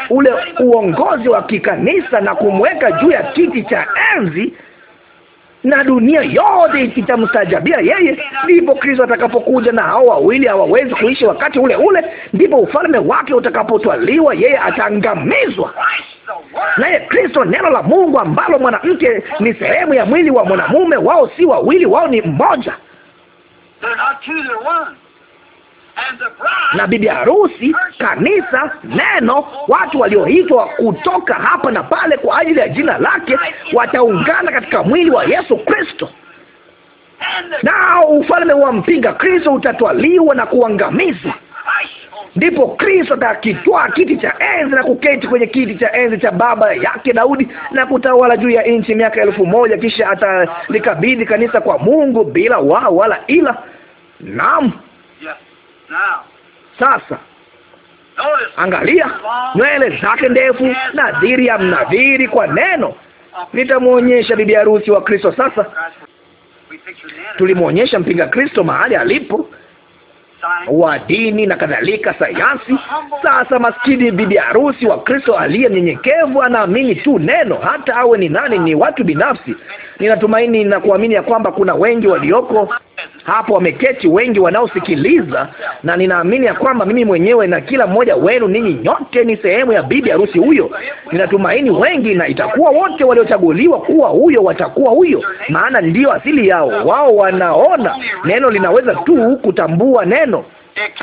ule uongozi wa kikanisa na kumweka juu ya kiti cha enzi na dunia yote itamstajabia yeye. Ndipo Kristo atakapokuja na hao wawili hawawezi kuishi wakati ule ule, ndipo ufalme wake utakapotwaliwa, yeye ataangamizwa. Naye Kristo, neno la Mungu ambalo mwanamke ni sehemu ya mwili wa mwanamume, wao si wawili, wao ni mmoja. They're not two, they're one na bibi harusi, kanisa, neno, watu walioitwa kutoka hapa na pale kwa ajili ya jina lake wataungana katika mwili wa Yesu Kristo. Nao ufalme wa mpinga Kristo utatwaliwa na kuangamizwa. Ndipo Kristo atakitwaa kiti cha enzi na kuketi kwenye kiti cha enzi cha baba yake Daudi na kutawala juu ya nchi miaka elfu moja kisha atalikabidhi kanisa kwa Mungu bila wao wala ila. Naam. Sasa angalia nywele zake ndefu, nadhiri ya mnadhiri kwa neno. Nitamwonyesha bibi harusi wa Kristo. Sasa tulimwonyesha mpinga Kristo mahali alipo wa dini na kadhalika, sayansi. Sasa maskini bibi harusi wa Kristo aliye mnyenyekevu anaamini tu neno, hata awe ni nani, ni watu binafsi. Ninatumaini na kuamini ya kwamba kuna wengi walioko hapo wameketi, wengi wanaosikiliza, na ninaamini ya kwamba mimi mwenyewe na kila mmoja wenu, ninyi nyote ni sehemu ya bibi harusi huyo. Ninatumaini wengi, na itakuwa wote waliochaguliwa kuwa huyo watakuwa huyo, maana ndiyo asili yao. Wao wanaona neno, linaweza tu kutambua neno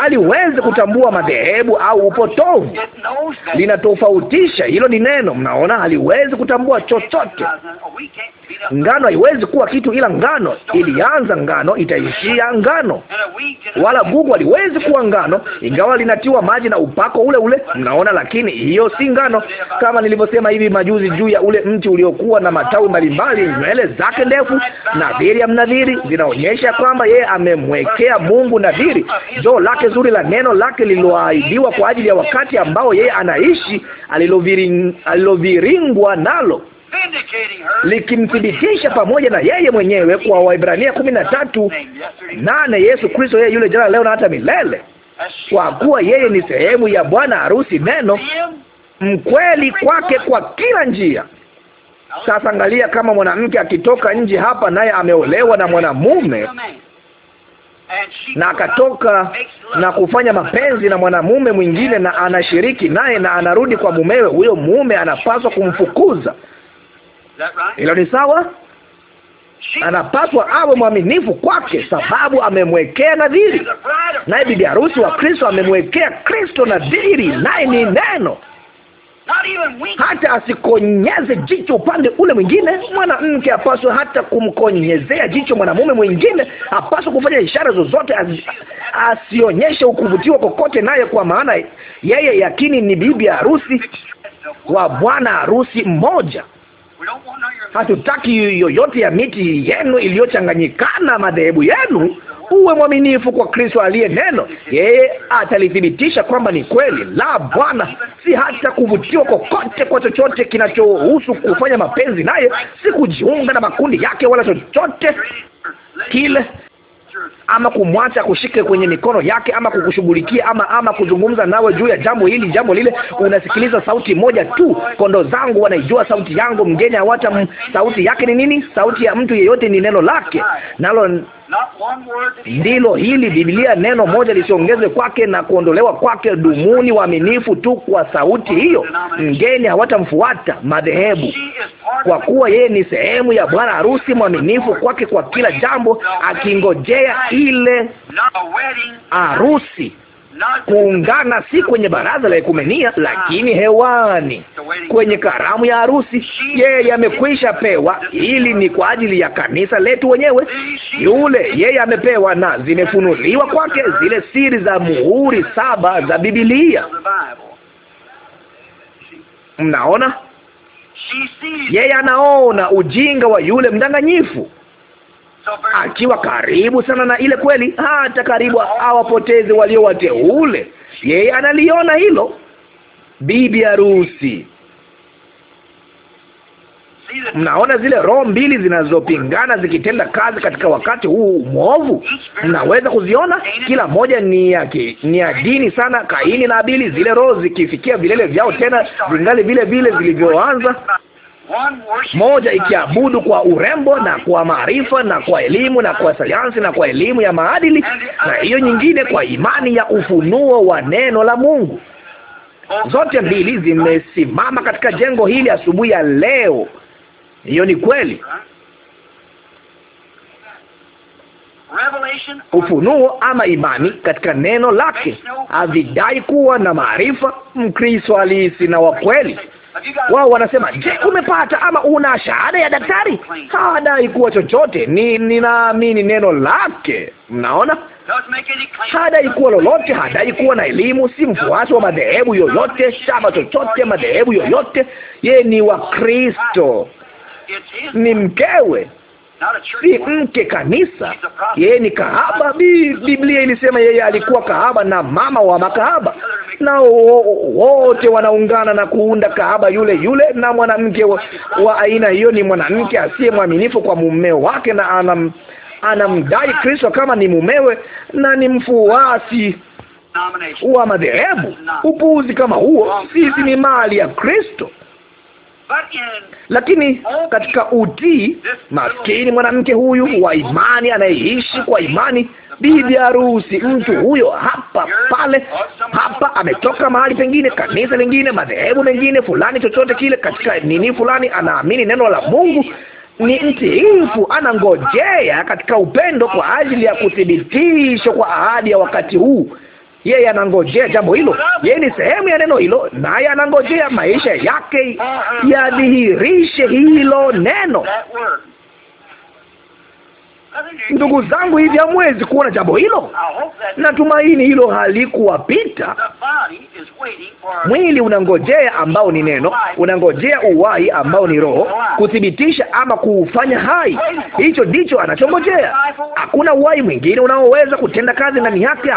aliwezi kutambua madhehebu au upotovu. Linatofautisha, hilo ni neno. Mnaona, aliwezi kutambua chochote. Ngano haiwezi kuwa kitu, ila ngano ilianza ngano, itaishia ngano, wala gugu aliwezi kuwa ngano, ingawa linatiwa maji na upako ule ule. Mnaona, lakini hiyo si ngano, kama nilivyosema hivi majuzi juu ya ule mti uliokuwa na matawi mbalimbali, nywele zake ndefu. Nadhiri ya mnadhiri zinaonyesha kwamba yeye amemwekea Mungu nadhiri jo andiko lake zuri la neno lake lililoahidiwa kwa ajili ya wakati ambao yeye anaishi, aliloviringwa nalo likimthibitisha pamoja na yeye mwenyewe kwa Waibrania kumi na tatu nane Yesu Kristo yeye yule jana leo na hata milele, kwa kuwa yeye ni sehemu ya bwana harusi, neno mkweli kwake kwa kila njia. Sasa angalia, kama mwanamke akitoka nje hapa, naye ameolewa na mwanamume, na akatoka na kufanya mapenzi na mwanamume mwingine, na anashiriki naye na anarudi kwa mumewe, huyo mume anapaswa kumfukuza. Hilo ni sawa? Anapaswa awe mwaminifu kwake, sababu amemwekea nadhiri, naye bibi harusi wa Kristo amemwekea Kristo nadhiri, naye ni neno hata asikonyeze jicho upande ule mwingine. Mwanamke apaswe hata kumkonyezea jicho mwanamume mwingine, apaswe kufanya ishara zozote, asionyeshe ukuvutiwa kokote naye, kwa maana yeye yakini ni bibi harusi wa bwana harusi mmoja. Hatutaki yoyote ya miti yenu iliyochanganyikana madhehebu yenu uwe mwaminifu kwa Kristo aliye neno, yeye atalithibitisha kwamba ni kweli. La, Bwana, si hata kuvutiwa kokote kwa chochote kinachohusu kufanya mapenzi naye, si kujiunga na makundi yake wala chochote kile ama kumwacha kushike kwenye mikono yake ama kukushughulikia ama ama kuzungumza nawe juu ya jambo hili jambo lile. Unasikiliza sauti moja tu. Kondoo zangu wanaijua sauti yangu, mgeni hawata. Sauti yake ni nini? Sauti ya mtu yeyote ni neno lake, nalo ndilo hili Biblia, neno moja lisiongezwe kwake na kuondolewa kwake. Dumuni waaminifu tu kwa sauti hiyo, mgeni hawatamfuata madhehebu, kwa kuwa yeye ni sehemu ya bwana harusi, mwaminifu kwake kwa kila jambo, akingojea ile harusi kuungana si kwenye baraza la ekumenia, ah. lakini hewani kwenye karamu ya harusi. Yeye amekwisha pewa, ili ni kwa ajili ya kanisa letu wenyewe. Yule yeye amepewa, na zimefunuliwa kwake zile siri za muhuri saba za Biblia. Mnaona, yeye anaona ujinga wa yule mdanganyifu akiwa karibu sana na ile kweli, hata karibu awapoteze walio wateule. Yeye analiona hilo, bibi harusi. Mnaona zile roho mbili zinazopingana zikitenda kazi katika wakati huu mwovu, mnaweza kuziona. Kila moja ni ya ki, ni ya dini sana. Kaini na Abili, zile roho zikifikia vilele vyao tena, vingali vile vile vilivyoanza moja ikiabudu kwa urembo na kwa maarifa na kwa elimu na kwa sayansi na kwa elimu ya maadili, na hiyo nyingine kwa imani ya ufunuo wa neno la Mungu. Oh, Zote mbili zimesimama katika jengo hili asubuhi ya leo. Hiyo ni kweli. Ufunuo ama imani katika neno lake havidai kuwa na maarifa. Mkristo halisi na wa kweli wao wanasema, je, umepata ama una shahada ya daktari? Hadai kuwa chochote. Ni ninaamini neno lake. Mnaona, hadai kuwa lolote, hadai kuwa na elimu, si mfuasi wa madhehebu yoyote, chama chochote, madhehebu yoyote. Ye ni wa Kristo, ni mkewe si mke kanisa. Yeye ni kahaba. Biblia ilisema yeye alikuwa kahaba na mama wa makahaba na wote wanaungana na kuunda kahaba yule yule. Na mwanamke wa, wa aina hiyo ni mwanamke asiye mwaminifu kwa mume wake na anam, anamdai Kristo kama ni mumewe na ni mfuasi wa madhehebu. Upuuzi kama huo! Sisi ni mali ya Kristo. Lakini katika utii, maskini mwanamke huyu wa imani anayeishi kwa imani bibi harusi, mtu huyo hapa pale hapa ametoka mahali pengine, kanisa lingine, madhehebu mengine fulani, chochote kile, katika nini fulani, anaamini neno la Mungu ni mtiifu, anangojea katika upendo kwa ajili ya kuthibitishwa kwa ahadi ya wakati huu. Yeye anangojea jambo hilo, yeye ni sehemu ya neno hilo, naye anangojea maisha yake yadhihirishe hilo neno. Ndugu zangu, hivi hamwezi kuona jambo hilo? Natumaini hilo halikuwapita. Mwili unangojea ambao ni neno, unangojea uwai ambao ni roho, kuthibitisha ama kuufanya hai. Hicho ndicho anachongojea. Hakuna uwai mwingine unaoweza kutenda kazi ndani yake.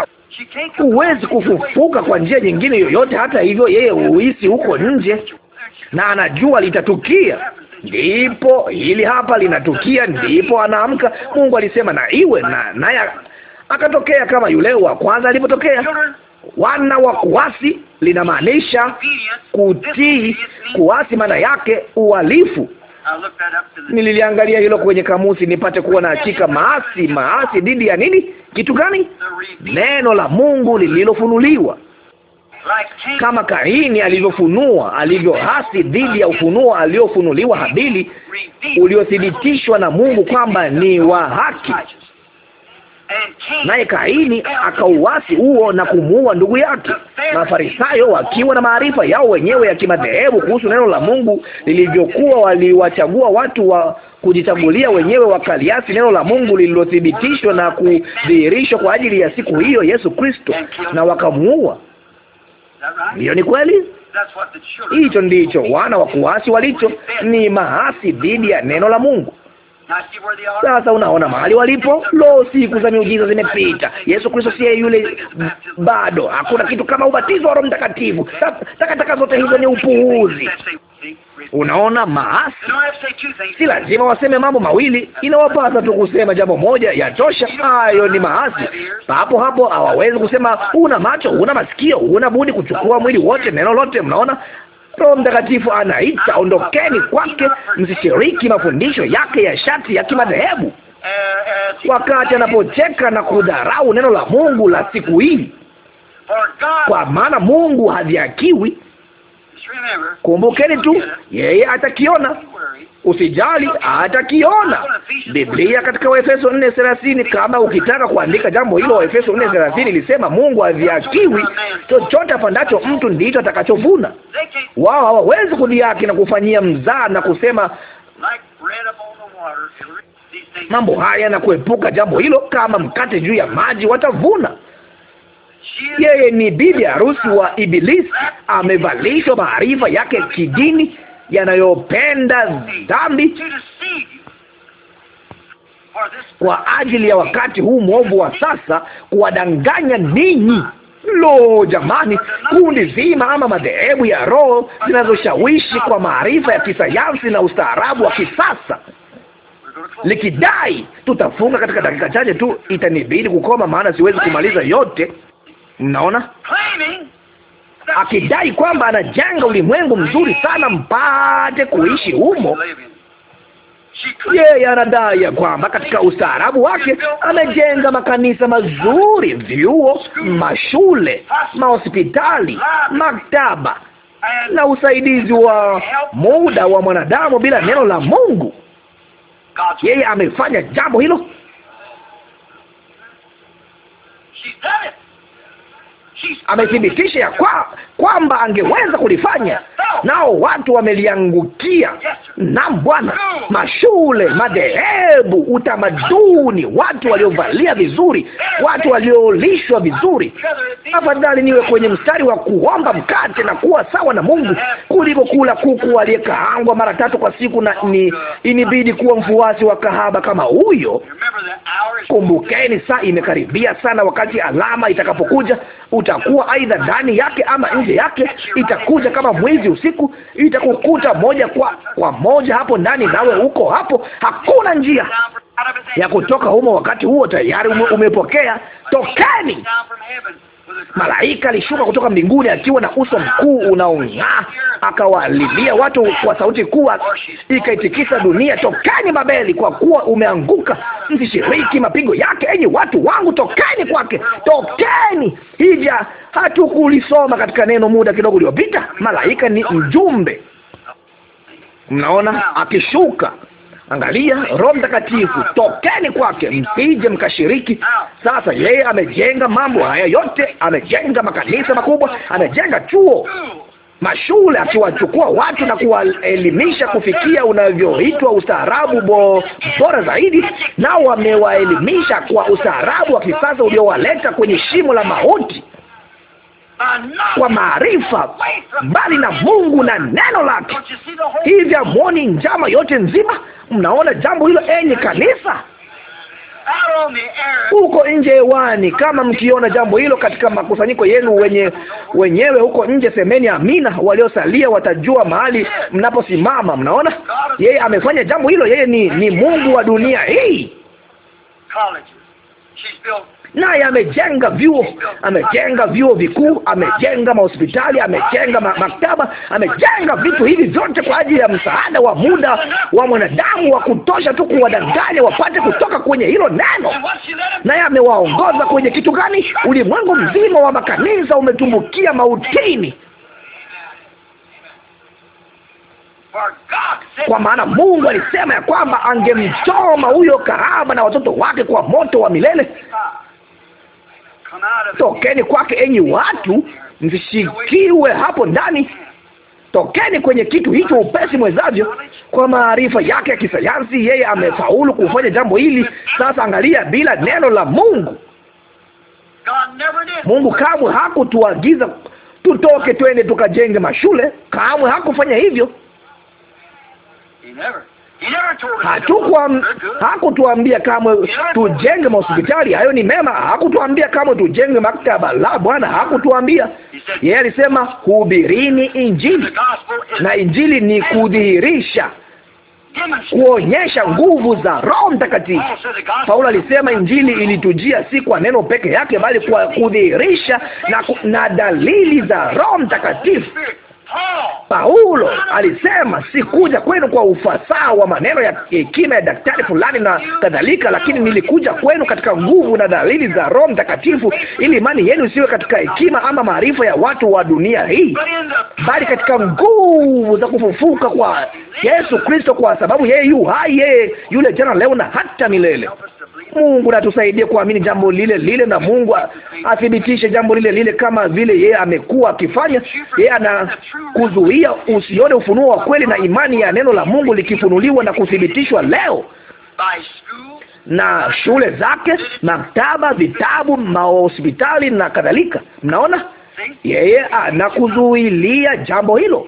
Huwezi kufufuka kwa njia nyingine yoyote. Hata hivyo, yeye huisi huko nje na anajua litatukia ndipo hili hapa linatukia. Ndipo anaamka, Mungu alisema na iwe, na naye akatokea kama yule wa kwanza alipotokea. Wana wa kuasi linamaanisha kutii, kuasi maana yake uhalifu. Nililiangalia hilo kwenye kamusi nipate kuwa na hakika. Maasi, maasi dhidi ya nini? Kitu gani? Neno la Mungu lililofunuliwa kama Kaini alivyofunua, alivyohasi dhidi ya ufunuo aliofunuliwa Habili, uliothibitishwa na Mungu kwamba ni wa haki, naye Kaini akauasi huo na kumuua ndugu yake. Mafarisayo wakiwa na maarifa yao wenyewe ya kimadhehebu kuhusu neno la Mungu lilivyokuwa, waliwachagua watu wa kujichagulia wenyewe wakaliasi neno la Mungu lililothibitishwa na kudhihirishwa kwa ajili ya siku hiyo Yesu Kristo, na wakamuua. Hiyo ni kweli. Hicho ndicho wana wa kuasi walicho, ni maasi dhidi ya neno la Mungu. Sasa unaona mahali walipo. Lo, siku za miujiza zimepita. Yesu Kristo siye yule bado. Hakuna kitu kama ubatizo wa Roho Mtakatifu. Takataka zote hizo ni upuuzi. Unaona, maasi si lazima waseme mambo mawili, inawapasa tu kusema jambo moja, ya tosha Hayo ni maasi. Papo hapo hawawezi kusema una macho, una masikio, una budi kuchukua mwili wote, neno lote. Mnaona, Roho Mtakatifu anaita, ondokeni kwake, msishiriki mafundisho yake ya shati ya kimadhehebu, wakati anapocheka na kudharau neno la Mungu la siku hii, kwa maana Mungu hadhiakiwi Kumbukeni tu, yeye atakiona. Usijali atakiona Biblia katika Waefeso 4:30 kama ukitaka kuandika jambo hilo, Waefeso 4:30 ilisema Mungu haviakiwi chochote apandacho mtu ndicho atakachovuna. Wao hawawezi kudiaki na kufanyia mzaa na kusema mambo haya na kuepuka jambo hilo kama mkate juu ya maji, watavuna. Yeye ni bibi harusi wa Ibilisi, amevalishwa maarifa yake kidini yanayopenda dhambi kwa ajili ya wakati huu mwovu wa sasa, kuwadanganya ninyi. Lo, jamani, kundi zima ama madhehebu ya roho zinazoshawishi kwa maarifa ya kisayansi na ustaarabu wa kisasa likidai tutafunga katika dakika chache tu, itanibidi kukoma, maana siwezi kumaliza yote. Mnaona akidai kwamba anajenga ulimwengu mzuri sana mpate kuishi humo. Yeye anadai ya kwamba katika ustaarabu wake amejenga makanisa mazuri, vyuo, mashule, mahospitali, maktaba na usaidizi wa muda wa mwanadamu bila neno la Mungu. Yeye amefanya jambo hilo amethibitisha ya kwa kwamba angeweza kulifanya, nao watu wameliangukia. Naam Bwana, mashule, madhehebu, utamaduni, watu waliovalia vizuri, watu waliolishwa vizuri. Afadhali niwe kwenye mstari wa kuomba mkate na kuwa sawa na Mungu kuliko kula kuku aliyekaangwa mara tatu kwa siku, na ni inibidi kuwa mfuasi wa kahaba kama huyo. Kumbukeni, saa imekaribia sana, wakati alama itakapokuja uta itakuwa aidha ndani yake ama nje yake. Itakuja kama mwizi usiku, itakukuta moja kwa kwa moja hapo ndani, nawe uko hapo. Hakuna njia ya kutoka humo wakati huo, tayari umepokea. Tokeni Malaika alishuka kutoka mbinguni akiwa na uso mkuu unaong'aa, akawalilia watu kwa sauti kuwa ikaitikisa dunia, tokeni Babeli, kwa kuwa umeanguka, msishiriki mapigo yake, enyi watu wangu, tokeni kwake, tokeni hija. Hatukulisoma katika neno muda kidogo uliopita. Malaika ni mjumbe, mnaona, akishuka Angalia, Roho Mtakatifu, tokeni kwake, msije mkashiriki. Sasa yeye amejenga mambo haya yote, amejenga makanisa makubwa, amejenga chuo mashule akiwachukua watu na kuwaelimisha kufikia unavyoitwa ustaarabu bo, bora zaidi. Nao wamewaelimisha kwa ustaarabu wa kisasa uliowaleta kwenye shimo la mauti kwa maarifa, mbali na Mungu na neno lake. Hivyo amwoni njama yote nzima? Mnaona jambo hilo, enye kanisa huko nje hewani. Kama mkiona jambo hilo katika makusanyiko yenu wenye wenyewe huko nje, semeni amina. Waliosalia watajua mahali mnaposimama. Mnaona, yeye amefanya jambo hilo. Yeye ni, ni Mungu wa dunia hii naye amejenga vyuo, amejenga vyuo vikuu, amejenga mahospitali, amejenga ma maktaba, amejenga vitu hivi vyote kwa ajili ya msaada wa muda wa mwanadamu wa kutosha tu kuwadanganya wapate kutoka kwenye hilo neno. Naye amewaongoza kwenye kitu gani? Ulimwengu mzima wa makanisa umetumbukia mautini. Kwa maana Mungu alisema ya kwamba angemchoma huyo kahaba na watoto wake kwa moto wa milele. Tokeni kwake, enyi watu, msishikiwe hapo ndani. Tokeni kwenye kitu hicho upesi mwezavyo. Kwa maarifa yake ya kisayansi, yeye amefaulu kufanya jambo hili. Sasa angalia, bila neno la Mungu, Mungu kamwe hakutuagiza tutoke twende tukajenge mashule. Kamwe hakufanya hivyo hakutuambia kamwe tujenge mahospitali, hayo ni mema. Hakutuambia kamwe tujenge maktaba, la Bwana, hakutuambia. Yeye alisema hubirini Injili, na Injili ni kudhihirisha kuonyesha nguvu za Roho Mtakatifu. Paulo alisema injili ilitujia si kwa neno peke yake, bali kwa kudhihirisha na, na dalili za Roho Mtakatifu. Paulo alisema sikuja kwenu kwa ufasaha wa maneno ya hekima ya daktari fulani na kadhalika, lakini nilikuja kwenu katika nguvu na dalili za Roho Mtakatifu, ili imani yenu isiwe katika hekima ama maarifa ya watu wa dunia hii, bali katika nguvu za kufufuka kwa Yesu Kristo, kwa sababu yeye yu hai, yeye yule jana, leo na hata milele. Mungu tusaidie kuamini jambo lile lile, na Mungu athibitishe jambo lile lile kama vile yeye amekuwa akifanya. Yeye anakuzuia usione ufunuo wa kweli na imani ya neno la Mungu likifunuliwa na kuthibitishwa leo na shule zake, maktaba, vitabu, mahospitali na kadhalika. Mnaona, yeye anakuzuilia jambo hilo.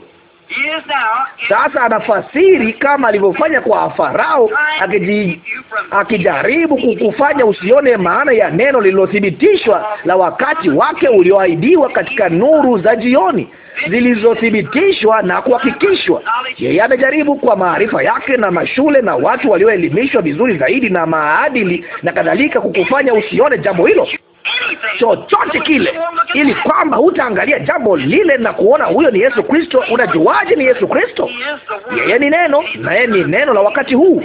Sasa anafasiri kama alivyofanya kwa Farao, akijaribu kukufanya usione maana ya neno lililothibitishwa la wakati wake ulioahidiwa katika nuru za jioni zilizothibitishwa na kuhakikishwa. Yeye amejaribu kwa maarifa yake na mashule na watu walioelimishwa vizuri zaidi na maadili na kadhalika, kukufanya usione jambo hilo chochote kile, ili kwamba hutaangalia jambo lile na kuona huyo ni Yesu Kristo. Unajuaje ni Yesu Kristo? Yeye ni neno, na yeye ni neno la wakati huu,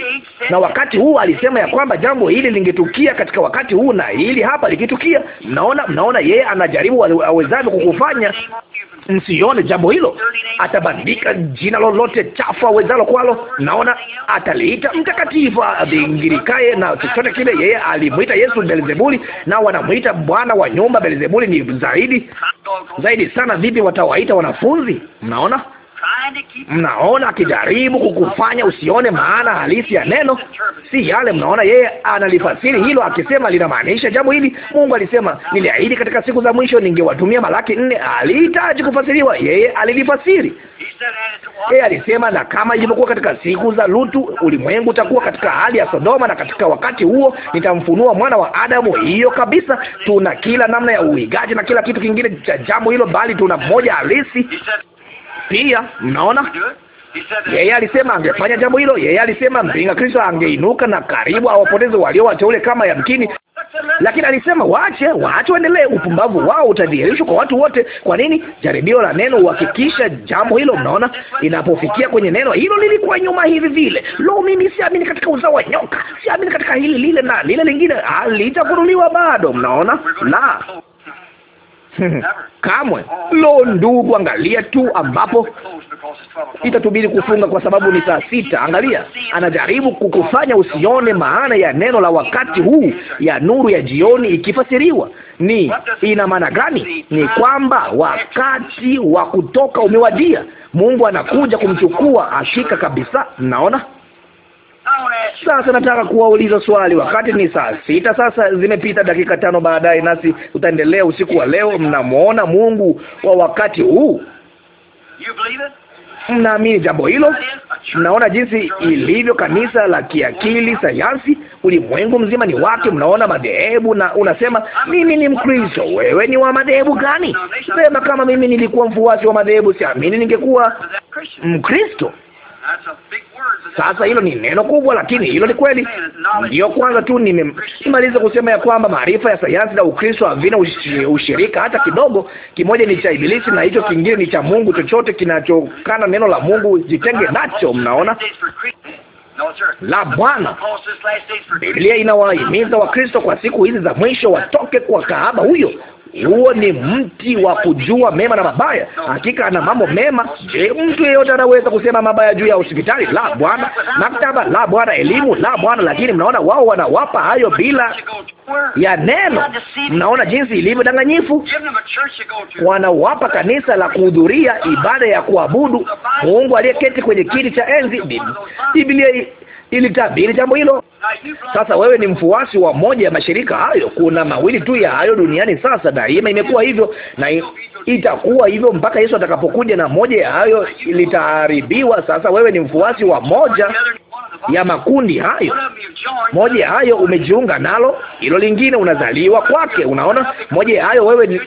na wakati huu alisema ya kwamba jambo hili lingetukia katika wakati huu, na hili hapa likitukia. Mnaona, mnaona yeye anajaribu awezavyo kukufanya msione jambo hilo. Atabandika jina lolote chafu awezalo kwalo. Naona ataliita mtakatifu abingirikaye na chochote kile. Yeye alimwita Yesu Belzebuli, na wanamwita kumwita bwana wa nyumba Beelzebuli ni zaidi zaidi sana. Vipi watawaita wanafunzi? Mnaona Mnaona akijaribu kukufanya usione maana halisi ya neno, si yale mnaona. Yeye analifasiri hilo akisema linamaanisha jambo hili. Mungu alisema, niliahidi katika siku za mwisho ningewatumia Malaki nne. Alihitaji kufasiriwa, yeye alilifasiri. Yeye alisema, na kama ilivyokuwa katika siku za Lutu, ulimwengu utakuwa katika hali ya Sodoma, na katika wakati huo nitamfunua mwana wa Adamu. Hiyo kabisa, tuna kila namna ya uigaji na kila kitu kingine cha jambo hilo, bali tuna mmoja halisi. Pia mnaona yeye alisema angefanya jambo hilo. Yeye alisema mpinga Kristo angeinuka na karibu awapoteze walio wateule kama yamkini, lakini alisema waache, waache waendelee. Upumbavu wao utadhihirishwa kwa watu wote. Kwa nini? Jaribio la neno uhakikisha jambo hilo. Mnaona, inapofikia kwenye neno hilo, lilikuwa nyuma hivi vile. Lo, mimi siamini katika uzao wa nyoka, siamini katika hili lile na lile lingine, halitafunuliwa bado. Mnaona la Kamwe. Lo, ndugu, angalia tu ambapo itatubidi kufunga kwa sababu ni saa sita. Angalia, anajaribu kukufanya usione maana ya neno la wakati huu, ya nuru ya jioni ikifasiriwa. Ni ina maana gani? Ni kwamba wakati wa kutoka umewadia. Mungu anakuja kumchukua, hakika kabisa. Mnaona? Sasa nataka kuwauliza swali. Wakati ni saa sita sasa, zimepita dakika tano baadaye, nasi utaendelea usiku wa leo. Mnamwona Mungu wa wakati huu? Mnaamini jambo hilo? Mnaona jinsi ilivyo kanisa la kiakili, sayansi, ulimwengu mzima ni wake. Mnaona madhehebu, na unasema mimi ni Mkristo. Wewe ni wa madhehebu gani? Sema kama mimi nilikuwa mfuasi wa madhehebu, siamini ningekuwa Mkristo. Sasa hilo ni neno kubwa, lakini hilo ni kweli. Ndiyo kwanza tu nimemaliza kusema ya kwamba maarifa ya sayansi na Ukristo havina ushirika hata kidogo. Kimoja ni cha Ibilisi na hicho kingine ni cha Mungu. Chochote kinachokana neno la Mungu jitenge nacho. Mnaona la Bwana. Biblia inawahimiza Wakristo kwa siku hizi za mwisho watoke kwa kahaba huyo, huo ni mti wa kujua mema na mabaya. Hakika ana mambo mema. Je, mtu yeyote anaweza kusema mabaya juu ya hospitali? La Bwana. Maktaba? La Bwana. Elimu? La Bwana. Lakini mnaona wao wanawapa hayo bila ya neno. Mnaona jinsi ilivyo danganyifu. Wanawapa kanisa la kuhudhuria, ibada ya kuabudu Mungu aliyeketi kwenye kiti cha enzi, Biblia ilitabiri jambo hilo. Sasa wewe ni mfuasi wa moja ya mashirika hayo. Kuna mawili tu ya hayo duniani. Sasa daima imekuwa hivyo na itakuwa hivyo mpaka Yesu atakapokuja, na moja ya hayo litaharibiwa. Sasa wewe ni mfuasi wa moja ya makundi hayo, moja hayo umejiunga nalo, hilo lingine unazaliwa kwake. Unaona, moja ya hayo wewe ni,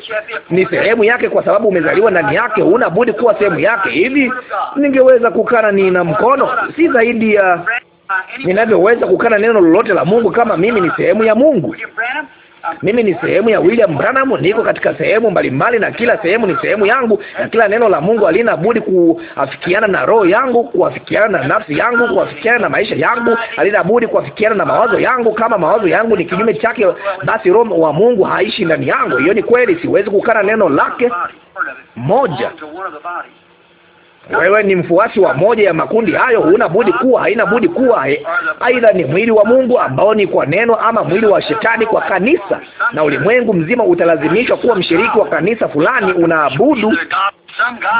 ni sehemu yake, kwa sababu umezaliwa ndani yake, unabudi budi kuwa sehemu yake. Hivi ningeweza kukana nina mkono, si zaidi ya uh, Uh, ninavyoweza kukana neno lolote la Mungu, kama mimi ni uh, sehemu ya Mungu. Uh, mimi ni sehemu ya William Branham, niko katika sehemu mbalimbali, na kila sehemu ni sehemu yangu, na kila neno la Mungu halina budi kuafikiana na roho yangu, kuafikiana na nafsi yangu, kuafikiana na maisha yangu, halina budi kuafikiana na mawazo yangu. Kama mawazo yangu ni kinyume chake, basi roho wa Mungu haishi ndani yangu. Hiyo ni kweli, siwezi kukana neno lake moja wewe ni mfuasi wa moja ya makundi hayo, huna budi kuwa, haina budi kuwa eh, aidha ni mwili wa Mungu ambao ni kwa neno, ama mwili wa shetani kwa kanisa, na ulimwengu mzima utalazimishwa kuwa mshiriki wa kanisa fulani. Unaabudu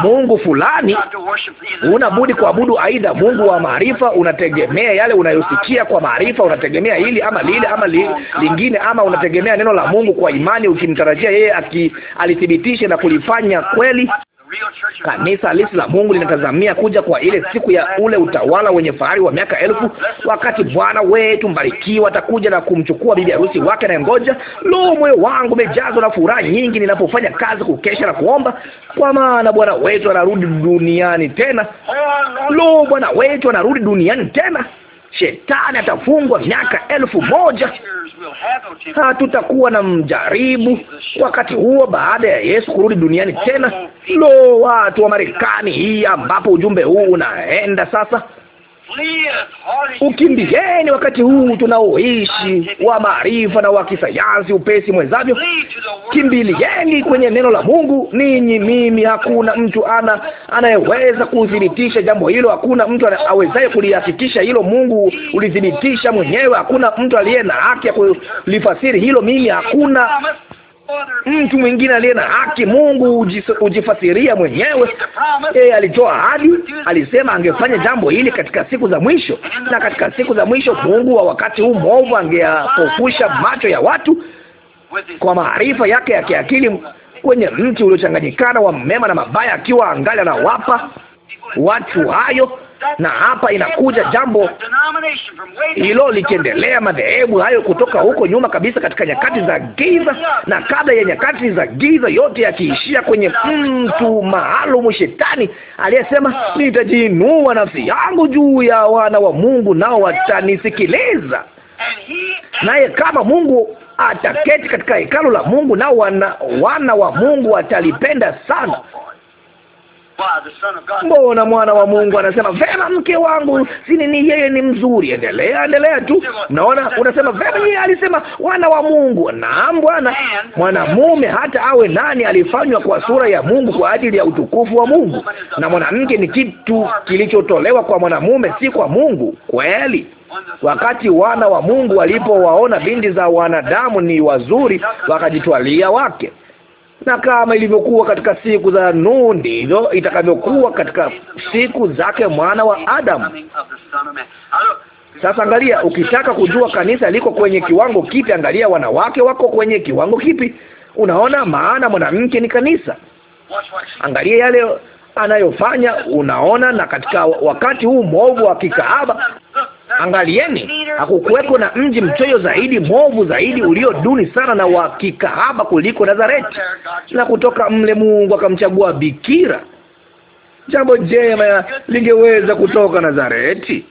Mungu fulani, huna budi kuabudu aidha Mungu wa maarifa, unategemea yale unayosikia kwa maarifa, unategemea hili ama lile ama li, lingine, ama unategemea neno la Mungu kwa imani, ukimtarajia yeye aki alithibitishe na kulifanya kweli. Kanisa halisi la Mungu linatazamia kuja kwa ile siku ya ule utawala wenye fahari wa miaka elfu, wakati Bwana wetu mbarikiwa atakuja na kumchukua bibi harusi wake ngoja Lo, moyo wangu umejazwa na furaha nyingi ninapofanya kazi, kukesha na kuomba, kwa maana Bwana wetu anarudi duniani tena. Lo, Bwana wetu anarudi duniani tena. Shetani atafungwa miaka elfu moja. Hatutakuwa na mjaribu wakati huo baada ya Yesu kurudi duniani tena. Lo, watu wa Marekani hii ambapo ujumbe huu unaenda sasa Ukimbieni wakati huu tunaoishi wa maarifa na wa kisayansi upesi mwenzavyo, kimbilieni kwenye neno la Mungu ninyi, mimi. Hakuna mtu ana anayeweza kuthibitisha jambo hilo, hakuna mtu awezaye kulihakikisha hilo. Mungu ulithibitisha mwenyewe, hakuna mtu aliye na haki ya kulifasiri hilo. Mimi hakuna mtu mwingine aliye na haki. Mungu hujifasiria mwenyewe. Yeye alitoa ahadi, alisema angefanya jambo hili katika siku za mwisho, na katika siku za mwisho Mungu wa wakati huu mwovu angeapofusha macho ya watu kwa maarifa yake ya kiakili kwenye mti uliochanganyikana wa mema na mabaya, akiwa angali anawapa watu hayo na hapa inakuja jambo hilo likiendelea, madhehebu hayo kutoka huko nyuma kabisa, katika nyakati za giza na kabla ya nyakati za giza, yote yakiishia kwenye mtu maalumu, shetani aliyesema, nitajiinua nafsi yangu juu ya wana wa Mungu nao watanisikiliza naye kama Mungu ataketi katika hekalu la Mungu, nao wana, wana wa Mungu watalipenda sana. Mbona mwana wa Mungu anasema vema, mke wangu sini ni yeye ni mzuri, endelea endelea tu. Naona unasema vema, yeye alisema wana wa Mungu. Naam Bwana, mwanamume hata awe nani alifanywa kwa sura ya Mungu kwa ajili ya utukufu wa Mungu, na mwanamke ni kitu kilichotolewa kwa mwanamume, si kwa Mungu. Kweli. Wakati wana wa Mungu walipowaona binti za wanadamu ni wazuri, wakajitwalia wake na kama ilivyokuwa katika siku za Nuhu ndivyo itakavyokuwa katika siku zake mwana wa Adamu. Sasa angalia, ukitaka kujua kanisa liko kwenye kiwango kipi, angalia wanawake wako kwenye kiwango kipi. Unaona, maana mwanamke ni kanisa. Angalia yale anayofanya, unaona. Na katika wakati huu mwovu wa kikaaba Angalieni, hakukuweko na mji mchoyo zaidi, mwovu zaidi, ulio duni sana na wa kikahaba kuliko Nazareti, na kutoka mle Mungu akamchagua bikira. Jambo jema lingeweza kutoka Nazareti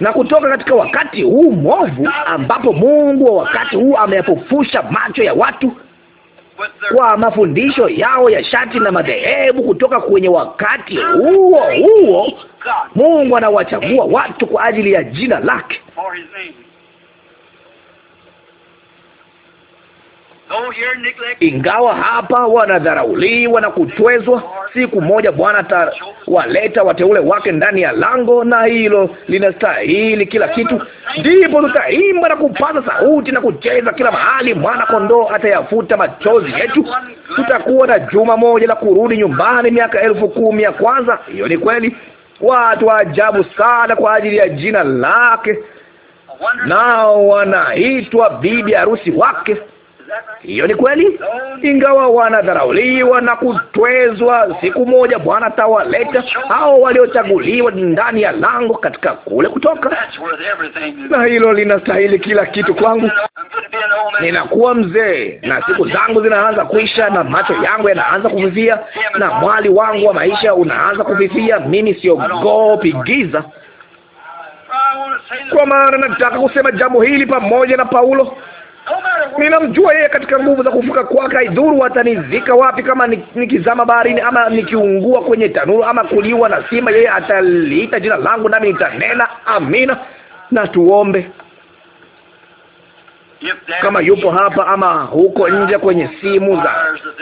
na kutoka katika wakati huu mwovu ambapo Mungu wa wakati huu ameyapofusha macho ya watu kwa mafundisho yao ya shati na madhehebu kutoka kwenye wakati huo huo. Mungu anawachagua watu kwa ajili ya jina lake. ingawa hapa wanadharauliwa na kutwezwa, siku moja Bwana atawaleta wateule wake ndani ya lango, na hilo linastahili kila kitu. Ndipo tutaimba na kupaza sauti na kucheza kila mahali. Mwana kondoo atayafuta machozi yetu. Tutakuwa na juma moja la kurudi nyumbani, miaka elfu kumi ya kwanza. Hiyo ni kweli, watu wa ajabu sana kwa ajili ya jina lake, nao wanaitwa bibi harusi wake. Hiyo ni kweli, ingawa wanadharauliwa na kutwezwa. Siku moja Bwana tawaleta hao waliochaguliwa ndani ya lango katika kule kutoka, na hilo linastahili kila kitu kwangu. Ninakuwa mzee na siku zangu zinaanza kuisha, na macho yangu yanaanza kufifia, na mwali wangu wa maisha unaanza kufifia. Mimi siogopi giza, kwa maana nataka kusema jambo hili pamoja na Paulo Ninamjua yeye katika nguvu za kufuka kwake. Haidhuru watanizika wapi, kama nikizama baharini ama nikiungua kwenye tanuru ama kuliwa na simba, yeye ataliita jina langu nami nitanena amina. Na tuombe kama yupo hapa ama huko nje kwenye simu za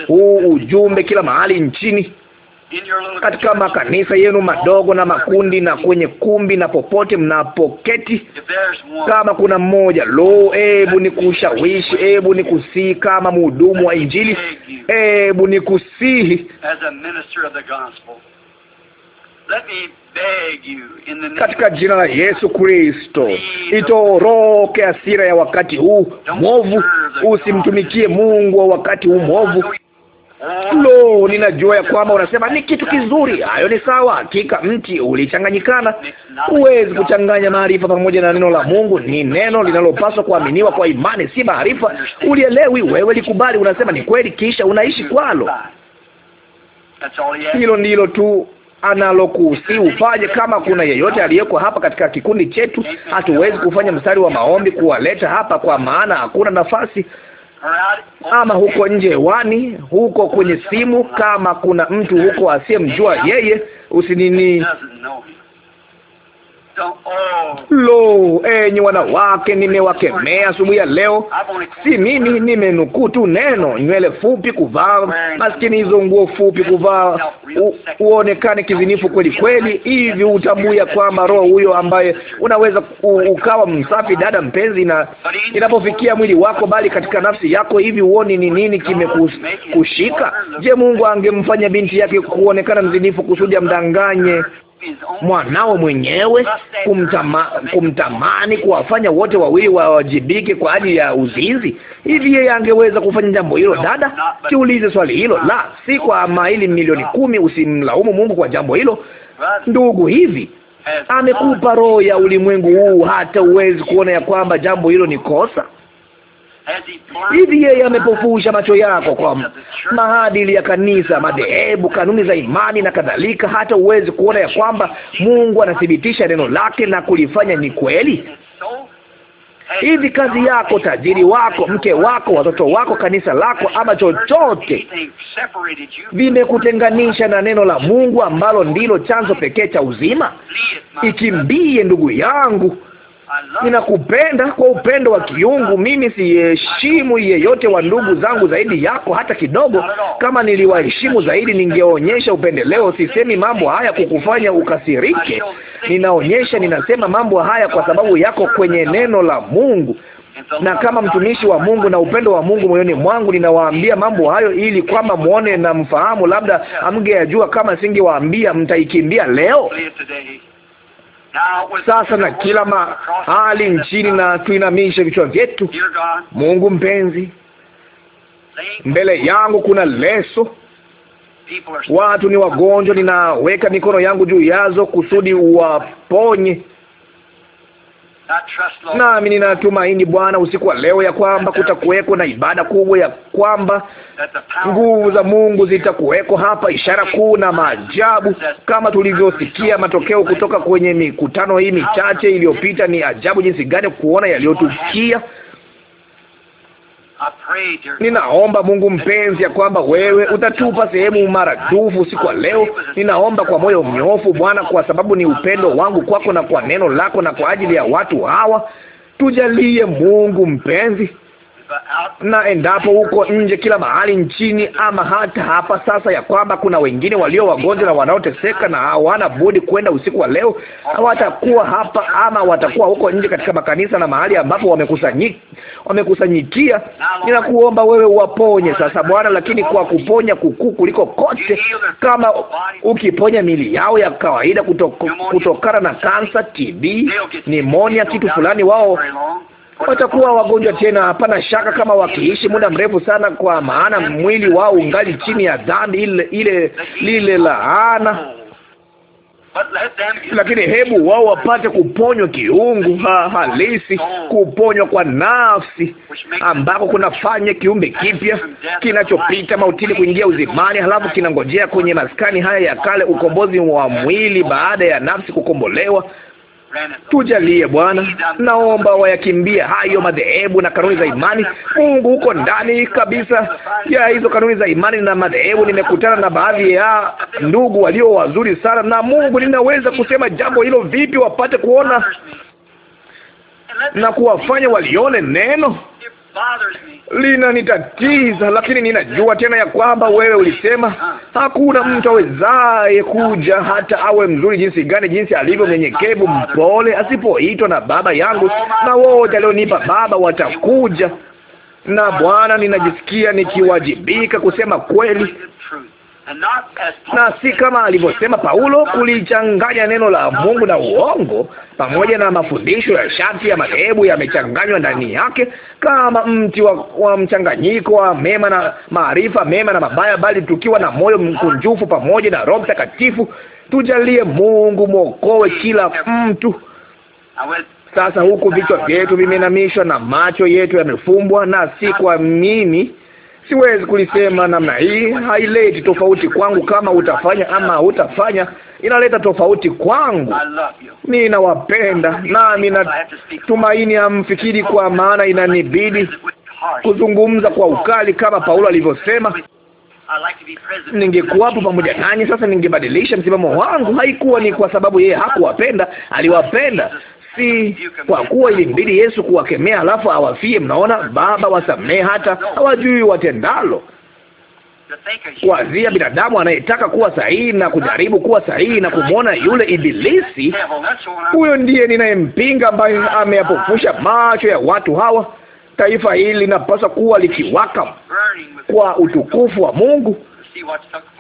huu ujumbe, kila mahali nchini katika makanisa yenu madogo na makundi na kwenye kumbi na popote mnapoketi. Kama kuna mmoja, lo, hebu ebu hebu kusihi kama mhudumu wa Injili, hebu kusihi katika jina la Yesu Kristo, itoroke asira ya wakati huu mwovu. Usimtumikie Mungu wa wakati huu mwovu. Lo, ninajua ya kwamba unasema ni kitu kizuri. Hayo ni sawa, hakika mti ulichanganyikana. Huwezi kuchanganya maarifa pamoja na neno la Mungu. Ni neno linalopaswa kuaminiwa kwa imani, si maarifa. Ulielewi wewe, likubali. Unasema ni kweli, kisha unaishi kwalo. Hilo ndilo tu analokusi ufanye. Kama kuna yeyote aliyeko hapa katika kikundi chetu, hatuwezi kufanya mstari wa maombi kuwaleta hapa, kwa maana hakuna nafasi ama huko nje wani huko kwenye simu, kama kuna mtu huko asiyemjua yeye, usinini Lo, enyi wanawake, nimewakemea asubuhi ya leo. Si mimi, nimenukuu tu neno. Nywele fupi kuvaa, maskini hizo nguo fupi kuvaa, uonekane kizinifu kweli kweli, hivi utambui kwamba roho huyo ambaye unaweza ukawa msafi, dada mpenzi, na inapofikia mwili wako, bali katika nafsi yako, hivi uoni ni nini kimekushika? Je, Mungu angemfanya binti yake kuonekana mzinifu kusudi amdanganye mwanao mwenyewe, kumtama, kumtamani kuwafanya wote wawili wawajibike kwa ajili ya uzinzi. Hivi yeye angeweza kufanya jambo hilo? Dada, siulize swali hilo, la si kwa maili milioni kumi. Usimlaumu Mungu kwa jambo hilo, ndugu. Hivi amekupa roho ya ulimwengu huu, hata uwezi kuona ya kwamba jambo hilo ni kosa. Hivi yeye amepofusha macho yako kwa maadili ya kanisa, madhehebu, kanuni za imani na kadhalika, hata uwezi kuona ya kwamba Mungu anathibitisha neno lake na kulifanya ni kweli. Hivi kazi yako, tajiri wako, mke wako, watoto wako, kanisa lako, ama chochote vimekutenganisha na neno la Mungu ambalo ndilo chanzo pekee cha uzima? Ikimbie ndugu yangu ninakupenda kwa upendo wa kiungu. Mimi siheshimu yeyote wa ndugu zangu zaidi yako hata kidogo. Kama niliwaheshimu zaidi, ningeonyesha upendeleo. Sisemi mambo haya kukufanya ukasirike, ninaonyesha, ninasema mambo haya kwa sababu yako kwenye neno la Mungu na kama mtumishi wa Mungu na upendo wa Mungu moyoni mwangu, ninawaambia mambo hayo ili kwamba mwone na mfahamu. Labda amgeyajua kama singewaambia, mtaikimbia leo sasa na kila mahali nchini, na tuinamishe vichwa vyetu. Mungu mpenzi, mbele yangu kuna leso Watu ni wagonjwa, ninaweka mikono yangu juu yazo kusudi uwaponye. Nami ninatumaini Bwana usiku wa leo ya kwamba kutakuweko na ibada kubwa, ya kwamba nguvu za Mungu zitakuweko hapa, ishara kuu na maajabu, kama tulivyosikia matokeo kutoka kwenye mikutano hii michache iliyopita. Ni ajabu jinsi gani kuona yaliyotukia. Ninaomba Mungu mpenzi, ya kwamba wewe utatupa sehemu maradufu siku ya leo. Ninaomba kwa moyo mnyofu Bwana, kwa sababu ni upendo wangu kwako na kwa neno lako na kwa ajili ya watu hawa. Tujalie Mungu mpenzi na endapo huko nje, kila mahali nchini, ama hata hapa sasa, ya kwamba kuna wengine walio wagonjwa na wanaoteseka na hawana budi kwenda usiku wa leo, hawatakuwa hapa ama watakuwa huko nje katika makanisa na mahali ambapo wamekusanyika wamekusanyikia. Ninakuomba wewe uwaponye sasa Bwana, lakini kwa kuponya kukuu kuliko kote, kama ukiponya mili yao ya kawaida kutok, kutokana na kansa, TB, nimonia, kitu fulani wao watakuwa wagonjwa tena. Hapana shaka kama wakiishi muda mrefu sana, kwa maana mwili wao ungali chini ya dhambi ile ile lile laana lakini hebu wao wapate kuponywa kiungu ha, halisi, kuponywa kwa nafsi, ambako kunafanya kiumbe kipya kinachopita mautini kuingia uzimani, halafu kinangojea kwenye maskani haya ya kale, ukombozi wa mwili baada ya nafsi kukombolewa. Tujalie Bwana, naomba wayakimbia hayo madhehebu na kanuni za imani. Mungu, uko ndani kabisa ya hizo kanuni za imani na madhehebu. Nimekutana na baadhi ya ndugu walio wazuri sana, na Mungu, ninaweza kusema jambo hilo vipi wapate kuona na kuwafanya walione neno linanitatiza, lakini ninajua tena ya kwamba wewe ulisema hakuna mtu awezaye kuja hata awe mzuri jinsi gani, jinsi alivyo mnyenyekevu, mpole, asipoitwa na Baba yangu, na wote alionipa Baba watakuja. Na Bwana, ninajisikia nikiwajibika kusema kweli na si kama alivyosema Paulo, kulichanganya neno la Mungu na uongo pamoja na mafundisho ya shati ya madhehebu yamechanganywa ndani yake kama mti wa, wa mchanganyiko wa mema na maarifa mema na mabaya, bali tukiwa na moyo mkunjufu pamoja na Roho Mtakatifu, tujalie Mungu mwokoe kila mtu. Sasa huku vichwa vyetu vimenamishwa na macho yetu yamefumbwa, na si kwa mimi siwezi kulisema namna hii. Haileti tofauti kwangu, kama utafanya ama utafanya inaleta tofauti kwangu. Ninawapenda nami natumaini amfikiri, kwa maana inanibidi kuzungumza kwa ukali kama Paulo alivyosema. Ningekuwapo pamoja nanyi sasa, ningebadilisha msimamo wangu. Haikuwa ni kwa sababu yeye hakuwapenda, aliwapenda si kwa kuwa ilimbidi Yesu kuwakemea alafu awafie. Mnaona, Baba wasamehe, hata hawajui watendalo. Kuanzia binadamu anayetaka kuwa sahihi na kujaribu kuwa sahihi na kumwona yule Ibilisi, huyo ndiye ninayempinga, ambaye ameyapofusha macho ya watu hawa. Taifa hili linapaswa kuwa likiwaka kwa utukufu wa Mungu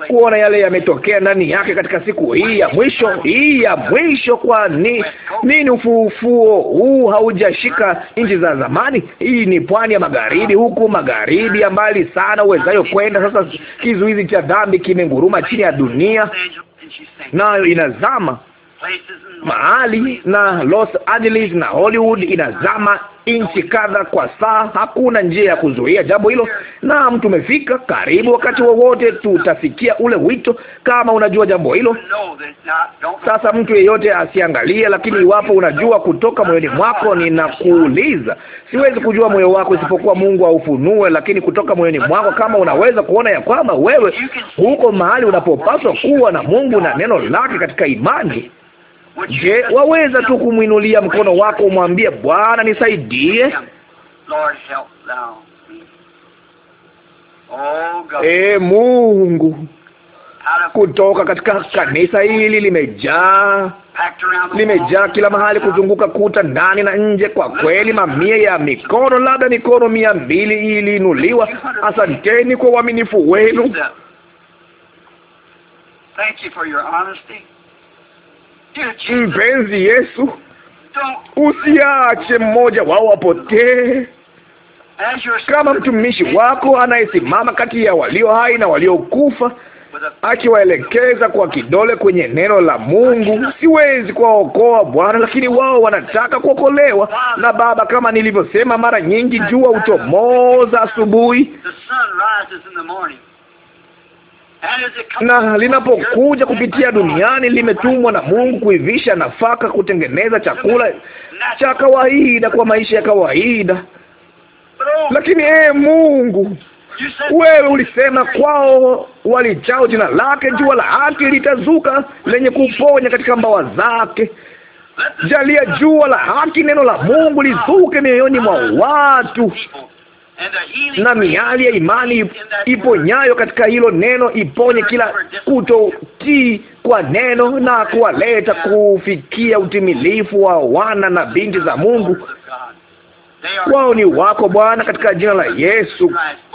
kuona yale yametokea ndani yake katika siku hii ya mwisho, hii ya mwisho. Kwa ni nini ufufuo huu haujashika nchi za zamani? Hii ni pwani ya magharibi, huku magharibi ya mbali sana uwezayo kwenda. Sasa kizuizi cha dhambi kimenguruma chini ya dunia, nayo inazama mahali na Los Angeles na Hollywood inazama inchi kadha kwa saa. Hakuna njia ya kuzuia jambo hilo, na tumefika karibu, wakati wowote tutafikia ule wito, kama unajua jambo hilo. Sasa mtu yeyote asiangalie, lakini iwapo unajua kutoka moyoni mwako, ninakuuliza, siwezi kujua moyo wako isipokuwa Mungu aufunue, lakini kutoka moyoni mwako, kama unaweza kuona ya kwamba wewe huko mahali unapopaswa kuwa na Mungu na neno lake katika imani Je, waweza tu kumwinulia mkono wako umwambie Bwana nisaidie? Oh, e Mungu, kutoka katika kanisa hili limejaa limejaa kila mahali, kuzunguka kuta ndani na nje. Kwa kweli, mamia ya mikono, labda mikono mia mbili iliinuliwa. Asanteni kwa uaminifu wenu. Mpenzi Yesu, usiache mmoja wao apotee. Kama mtumishi wako anayesimama kati ya walio hai na waliokufa, akiwaelekeza kwa kidole kwenye neno la Mungu, siwezi kuwaokoa Bwana, lakini wao wanataka kuokolewa. Na Baba, kama nilivyosema mara nyingi, jua uchomoza asubuhi na linapokuja kupitia duniani limetumwa na Mungu kuivisha nafaka, kutengeneza chakula cha kawaida kwa maisha ya kawaida. Lakini ee Mungu, wewe ulisema kwao walijao jina lake, jua la haki litazuka lenye kuponya katika mbawa zake. Jalia jua la haki, neno la Mungu lizuke mioyoni mwa watu na miali ya imani iponyayo katika hilo neno iponye kila kutotii kwa neno na kuwaleta kufikia utimilifu wa wana na binti za Mungu. Wao ni wako Bwana, katika jina la Yesu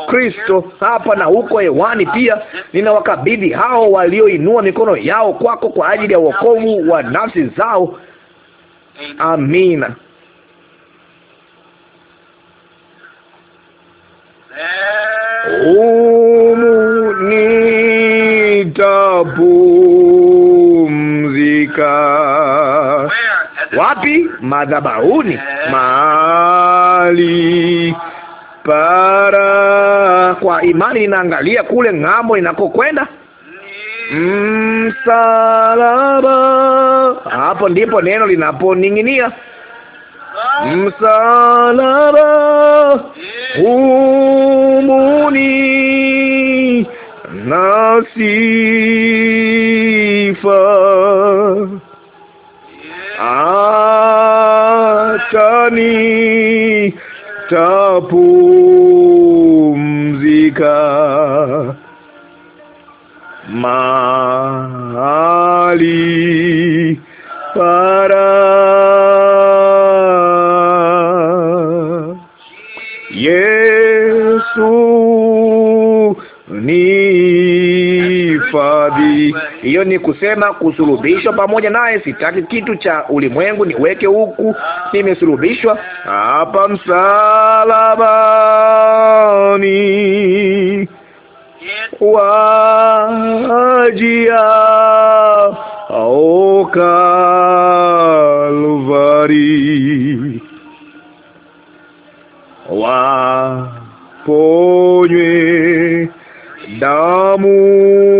Kristo, hapa na huko hewani pia. Ninawakabidhi hao walioinua mikono yao kwako kwa ajili ya wokovu wa nafsi zao. Amina. humu nitapumzika. Wapi? Madhabahuni, mahali para kwa imani. Ninaangalia kule ng'ambo ninakokwenda, msalaba. Hapo ndipo neno linaponing'inia msalaba humuni na sifa achani tapumzika mahali Hiyo ni kusema kusulubishwa pamoja naye. Sitaki kitu cha ulimwengu, niweke huku, nimesulubishwa hapa msalabani, wajia o Kalvari, waponywe damu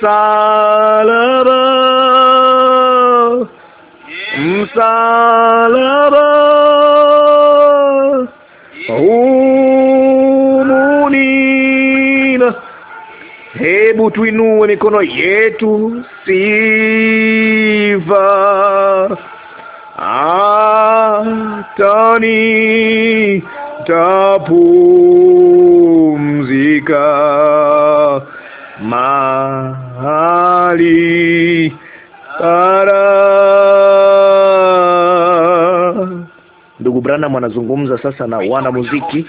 msalaba, msalaba umunina Hebu tuinue mikono yetu, sifa atani tapumzika ma hali Ndugu Branham anazungumza sasa na wana muziki.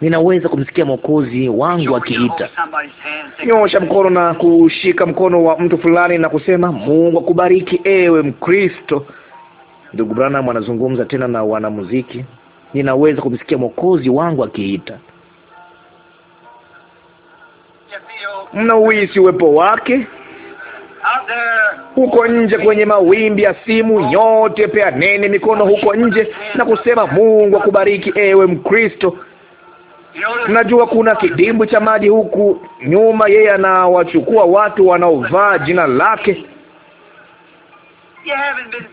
Ninaweza kumsikia Mwokozi wangu akiita, nyosha mkono na kushika mkono wa mtu fulani na kusema Mungu akubariki ewe Mkristo. Ndugu Branham anazungumza tena na wanamuziki. Ninaweza kumsikia Mwokozi wangu akiita. mnauisi uwepo wake huko nje kwenye mawimbi ya simu. Nyote peaneni mikono huko nje na kusema, Mungu akubariki ewe Mkristo. Najua kuna kidimbwi cha maji huku nyuma. Yeye anawachukua watu wanaovaa jina lake.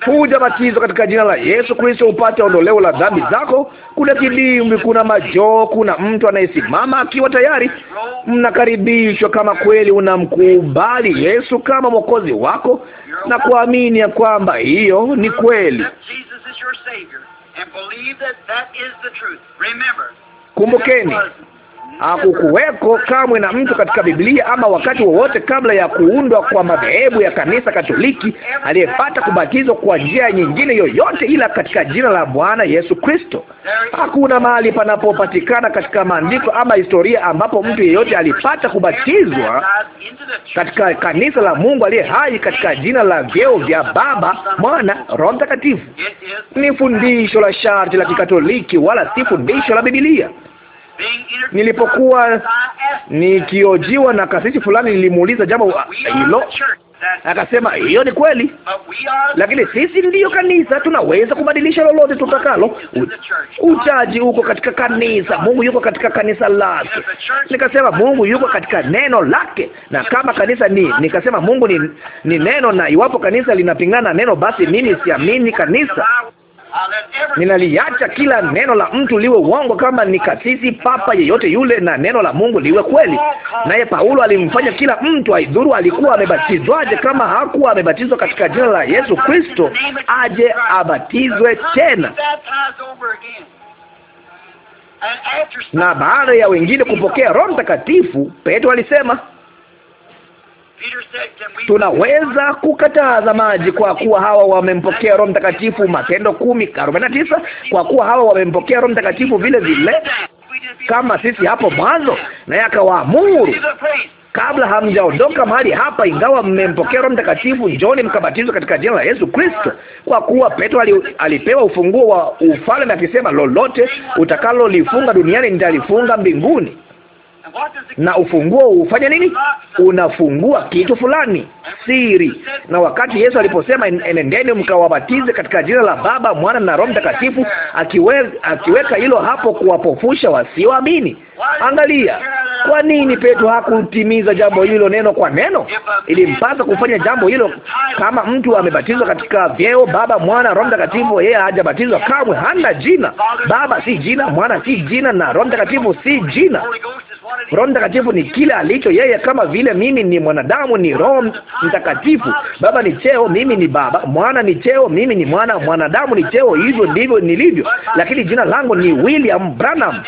Kuja katika jina la Yesu Kristo upate ondoleo la dhambi zako. Kuna kidimbwi, kuna majoo, kuna mtu anayesimama akiwa tayari. Mnakaribishwa kama kweli unamkubali Yesu kama mwokozi wako na kuamini ya kwamba hiyo ni kweli. Kumbukeni, hakukuweko kamwe na mtu katika Biblia ama wakati wowote kabla ya kuundwa kwa madhehebu ya kanisa Katoliki aliyepata kubatizwa kwa njia nyingine yoyote ila katika jina la Bwana Yesu Kristo. Hakuna mahali panapopatikana katika maandiko ama historia ambapo mtu yeyote alipata kubatizwa katika kanisa la Mungu aliye hai katika jina la vyeo vya Baba, Mwana, Roho Mtakatifu. Ni fundisho la sharti la Kikatoliki wala si fundisho la Biblia nilipokuwa nikiojiwa na kasisi fulani, nilimuuliza jambo ah, hilo, akasema hiyo ni kweli, lakini sisi ndiyo kanisa, tunaweza kubadilisha lolote tutakalo. Uchaji uko katika kanisa, Mungu yuko katika kanisa lake. Nikasema Mungu yuko katika neno lake, na kama kanisa ni, nikasema Mungu ni, ni neno, na iwapo kanisa linapingana na neno, basi mimi siamini kanisa Ninaliacha kila neno la mtu liwe uongo, kama ni kasisi, papa yeyote yule, na neno la Mungu liwe kweli. Naye Paulo alimfanya kila mtu, aidhuru alikuwa amebatizwaje, kama hakuwa amebatizwa katika jina la Yesu Kristo, aje abatizwe tena na baada ya wengine kupokea Roho Mtakatifu, Petro alisema Tunaweza kukataza maji kwa kuwa hawa wamempokea Roho Mtakatifu, Matendo kumi arobaini na tisa kwa kuwa hawa wamempokea Roho Mtakatifu vile vile kama sisi hapo mwanzo, naye akawaamuru kabla hamjaondoka mahali hapa, ingawa mmempokea Roho Mtakatifu, njoni mkabatizwe katika jina la Yesu Kristo. Kwa kuwa Petro ali, alipewa ufunguo wa ufalme akisema, lolote utakalolifunga duniani nitalifunga mbinguni na ufunguo ufanya nini? Unafungua kitu fulani, siri. Na wakati Yesu aliposema enendeni mkawabatize katika jina la Baba, Mwana na Roho Mtakatifu, akiwe, akiweka hilo hapo kuwapofusha wasioamini. Angalia, kwa nini Petro hakutimiza jambo hilo neno kwa neno? Ilimpasa kufanya jambo hilo. Kama mtu amebatizwa katika vyeo Baba, Mwana, Roho Mtakatifu, yeye hajabatizwa kamwe, hana jina. Baba si jina, Mwana si jina, na Roho Mtakatifu si jina Roho Mtakatifu ni kile alicho yeye, kama vile mimi ni mwanadamu, ni Roho Mtakatifu. Baba ni cheo, mimi ni baba. Mwana ni cheo, mimi ni mwana. Mwanadamu ni cheo, hivyo ndivyo nilivyo. Lakini jina langu ni William Branham,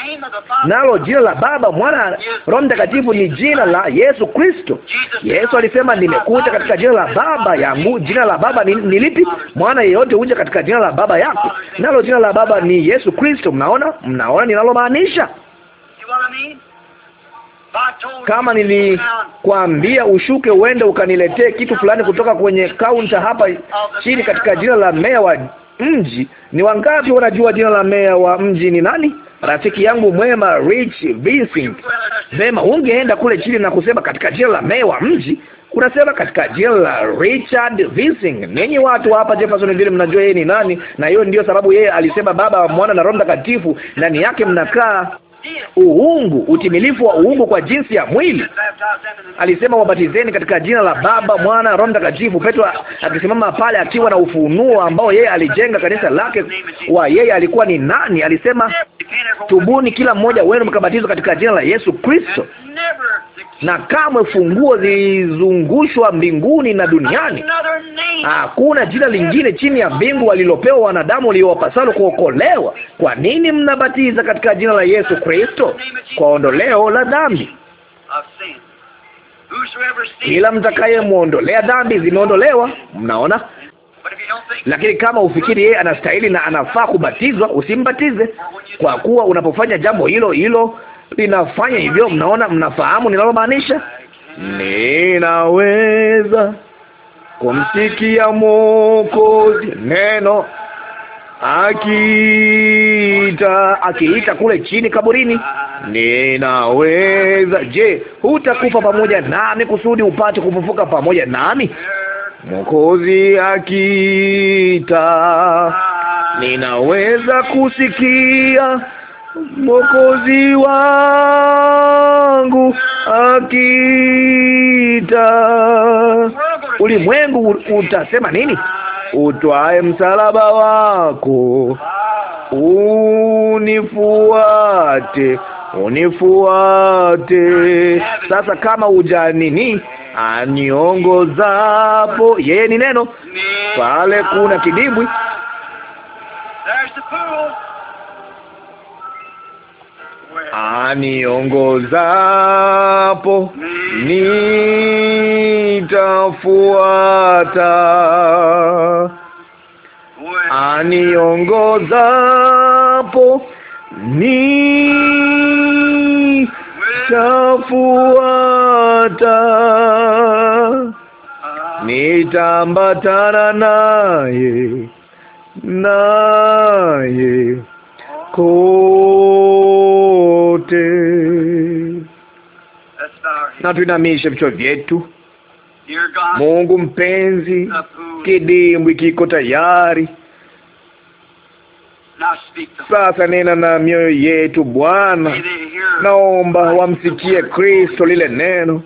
nalo jina la Baba, Mwana, Roho Mtakatifu ni jina la Yesu Kristo. Yesu alisema, nimekuja katika jina la baba yangu. Jina la baba ni, ni lipi? Mwana yeyote huja katika jina la baba yako, nalo jina la baba ni Yesu Kristo. Mnaona, mnaona ninalomaanisha? Kama nilikwambia ushuke uende ukaniletee kitu fulani kutoka kwenye kaunta hapa chini, katika jina la meya wa mji. Ni wangapi wanajua jina la meya wa mji ni nani? Rafiki yangu mwema Rich Vincent. Vema, ungeenda kule chini na kusema katika jina la meya wa mji unasema katika jina la Richard Vising. Ninyi watu hapa Jeffersonville mnajua yeye ni nani, na hiyo ndiyo sababu yeye alisema Baba, Mwana na Roho Mtakatifu, ndani yake mnakaa uungu, utimilifu wa uungu kwa jinsi ya mwili. Alisema, wabatizeni katika jina la Baba, Mwana, Roho Mtakatifu. Petro akisimama pale akiwa na ufunuo ambao yeye alijenga kanisa lake wa yeye alikuwa ni nani. Alisema, tubuni kila mmoja wenu mkabatizwe katika jina la Yesu Kristo na kamwe funguo zilizungushwa mbinguni na duniani. Hakuna jina lingine chini ya mbingu walilopewa wanadamu waliowapasalo kuokolewa. Kwa nini mnabatiza katika jina la Yesu Kristo kwa ondoleo la dhambi? Kila mtakayemwondolea dhambi zimeondolewa. Mnaona? Lakini kama ufikiri yeye anastahili na anafaa kubatizwa, usimbatize, kwa kuwa unapofanya jambo hilo hilo linafanya hivyo. Mnaona, mnafahamu ninalomaanisha? Ninaweza kumsikia Mwokozi neno akiita akiita kule chini kaburini, ninaweza. Je, hutakufa pamoja nami kusudi upate kufufuka pamoja nami? Mwokozi akiita, ninaweza kusikia Mwokozi wangu akita Ulimwengu utasema nini? Utwae msalaba wako unifuate, unifuate. Sasa kama ujanini aniongozapo, yeye ni neno pale, kuna kidibwi aniongozapo nitafuata, aniongozapo nitafuata, nitambatana naye naye kote, na tuinamishe vichwa vyetu. Mungu mpenzi, kidimbwi kiko tayari sasa. Nena na mioyo yetu Bwana, naomba wamsikie Kristo lile neno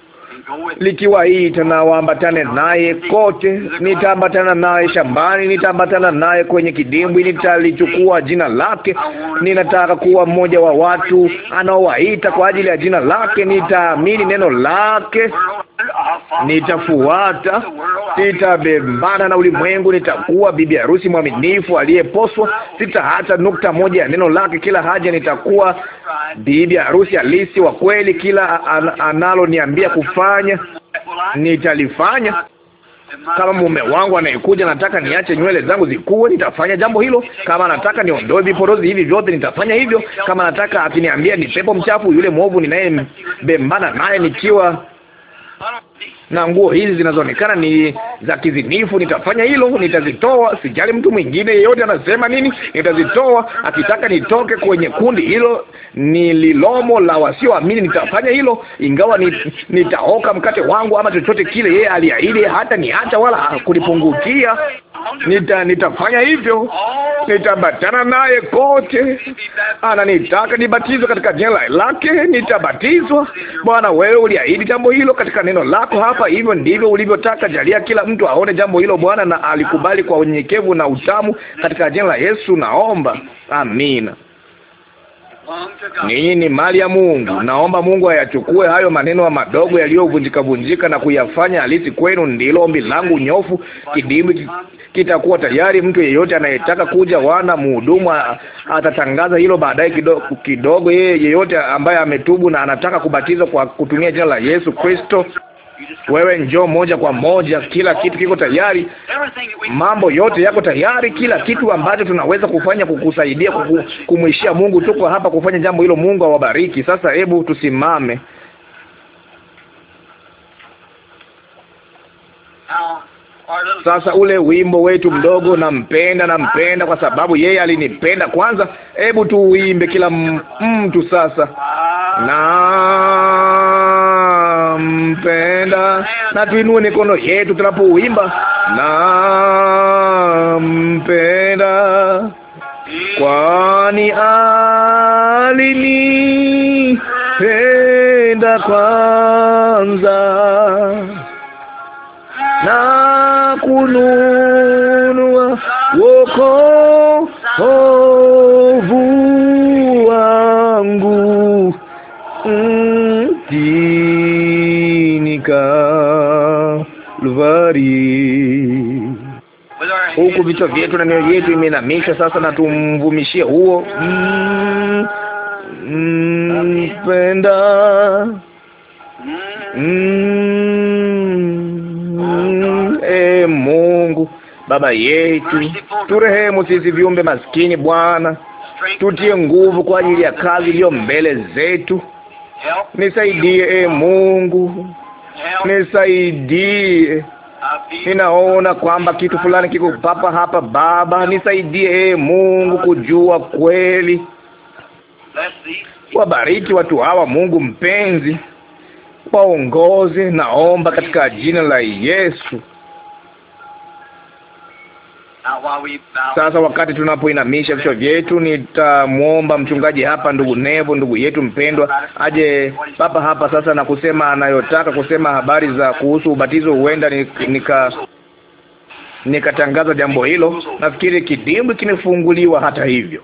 likiwaita na waambatane naye kote. Nitaambatana naye shambani, nitaambatana naye kwenye kidimbwi, nitalichukua jina lake. Ninataka kuwa mmoja wa watu anaowaita kwa ajili ya jina lake. Nitaamini neno lake nitafuata, sitabebana na ulimwengu, nitakuwa bibi harusi mwaminifu aliyeposwa, sita hata nukta moja ya neno lake. Kila haja nitakuwa bibi harusi halisi wa kweli. Kila an analoniambia kufanya nitalifanya. Kama mume wangu anayekuja nataka niache nywele zangu zikuwe, nitafanya jambo hilo. Kama nataka niondoe viporozi hivi vyote, nitafanya hivyo. Kama nataka akiniambia ni pepo mchafu, yule mwovu ninayembembana naye nikiwa na nguo hizi zinazoonekana ni za kizinifu. Nitafanya hilo, nitazitoa. Sijali mtu mwingine yeyote anasema nini, nitazitoa. Akitaka nitoke kwenye kundi hilo nililomo la wasioamini, nitafanya hilo, ingawa nitaoka mkate wangu ama chochote kile yeye aliahidi, hata niacha wala kunipungukia nita, nitafanya hivyo, nitabatana naye kote. Ananitaka nibatizwe katika jina lake, nitabatizwa. Bwana, wewe uliahidi jambo hilo katika neno lako hapa, hivyo ndivyo ulivyotaka. Jalia kila mtu aone jambo hilo Bwana, na alikubali kwa unyenyekevu na utamu, katika jina la Yesu naomba, amina. Ninyi ni mali ya Mungu. Naomba Mungu ayachukue hayo maneno madogo yaliyovunjikavunjika na kuyafanya halisi kwenu. Ndilo ombi langu nyofu. Kidimbwi kitakuwa tayari. Mtu yeyote anayetaka kuja, wana muhudumu atatangaza hilo baadaye kidogo kidogo. Yeye yeyote ambaye ametubu na anataka kubatizwa kwa kutumia jina la Yesu Kristo wewe njoo moja kwa moja, kila kitu kiko tayari, mambo yote yako tayari, kila kitu ambacho tunaweza kufanya kukusaidia kuku, kumwishia Mungu. Tuko hapa kufanya jambo hilo. Mungu awabariki. Sasa hebu tusimame. Sasa ule wimbo wetu mdogo, nampenda, nampenda kwa sababu yeye alinipenda kwanza. Hebu tuuimbe kila mtu sasa, nampenda, na tuinue mikono yetu tunapouimba, nampenda kwani alinipenda kwanza na kununua wokovu wangu mtini mm, Kalvari, huku vichwa vyetu na mioyo yetu imeinamishwa sasa, na tumvumishie huo mm, mm, mpenda mm, mm, Mungu Baba yetu, turehemu sisi viumbe maskini Bwana, tutie nguvu kwa ajili ya kazi iliyo mbele zetu. Nisaidie e Mungu, nisaidie. Ninaona kwamba kitu fulani kiko papa hapa Baba, nisaidie e Mungu kujua kweli. Wabariki watu hawa, Mungu mpenzi, waongoze, naomba katika jina la Yesu. Sasa wakati tunapoinamisha vichwa vyetu, nitamwomba mchungaji hapa, ndugu Nevo, ndugu yetu mpendwa, aje papa hapa sasa na kusema anayotaka kusema habari za kuhusu ubatizo. Huenda nika nikatangaza jambo hilo. Nafikiri kidimbwi kimefunguliwa hata hivyo.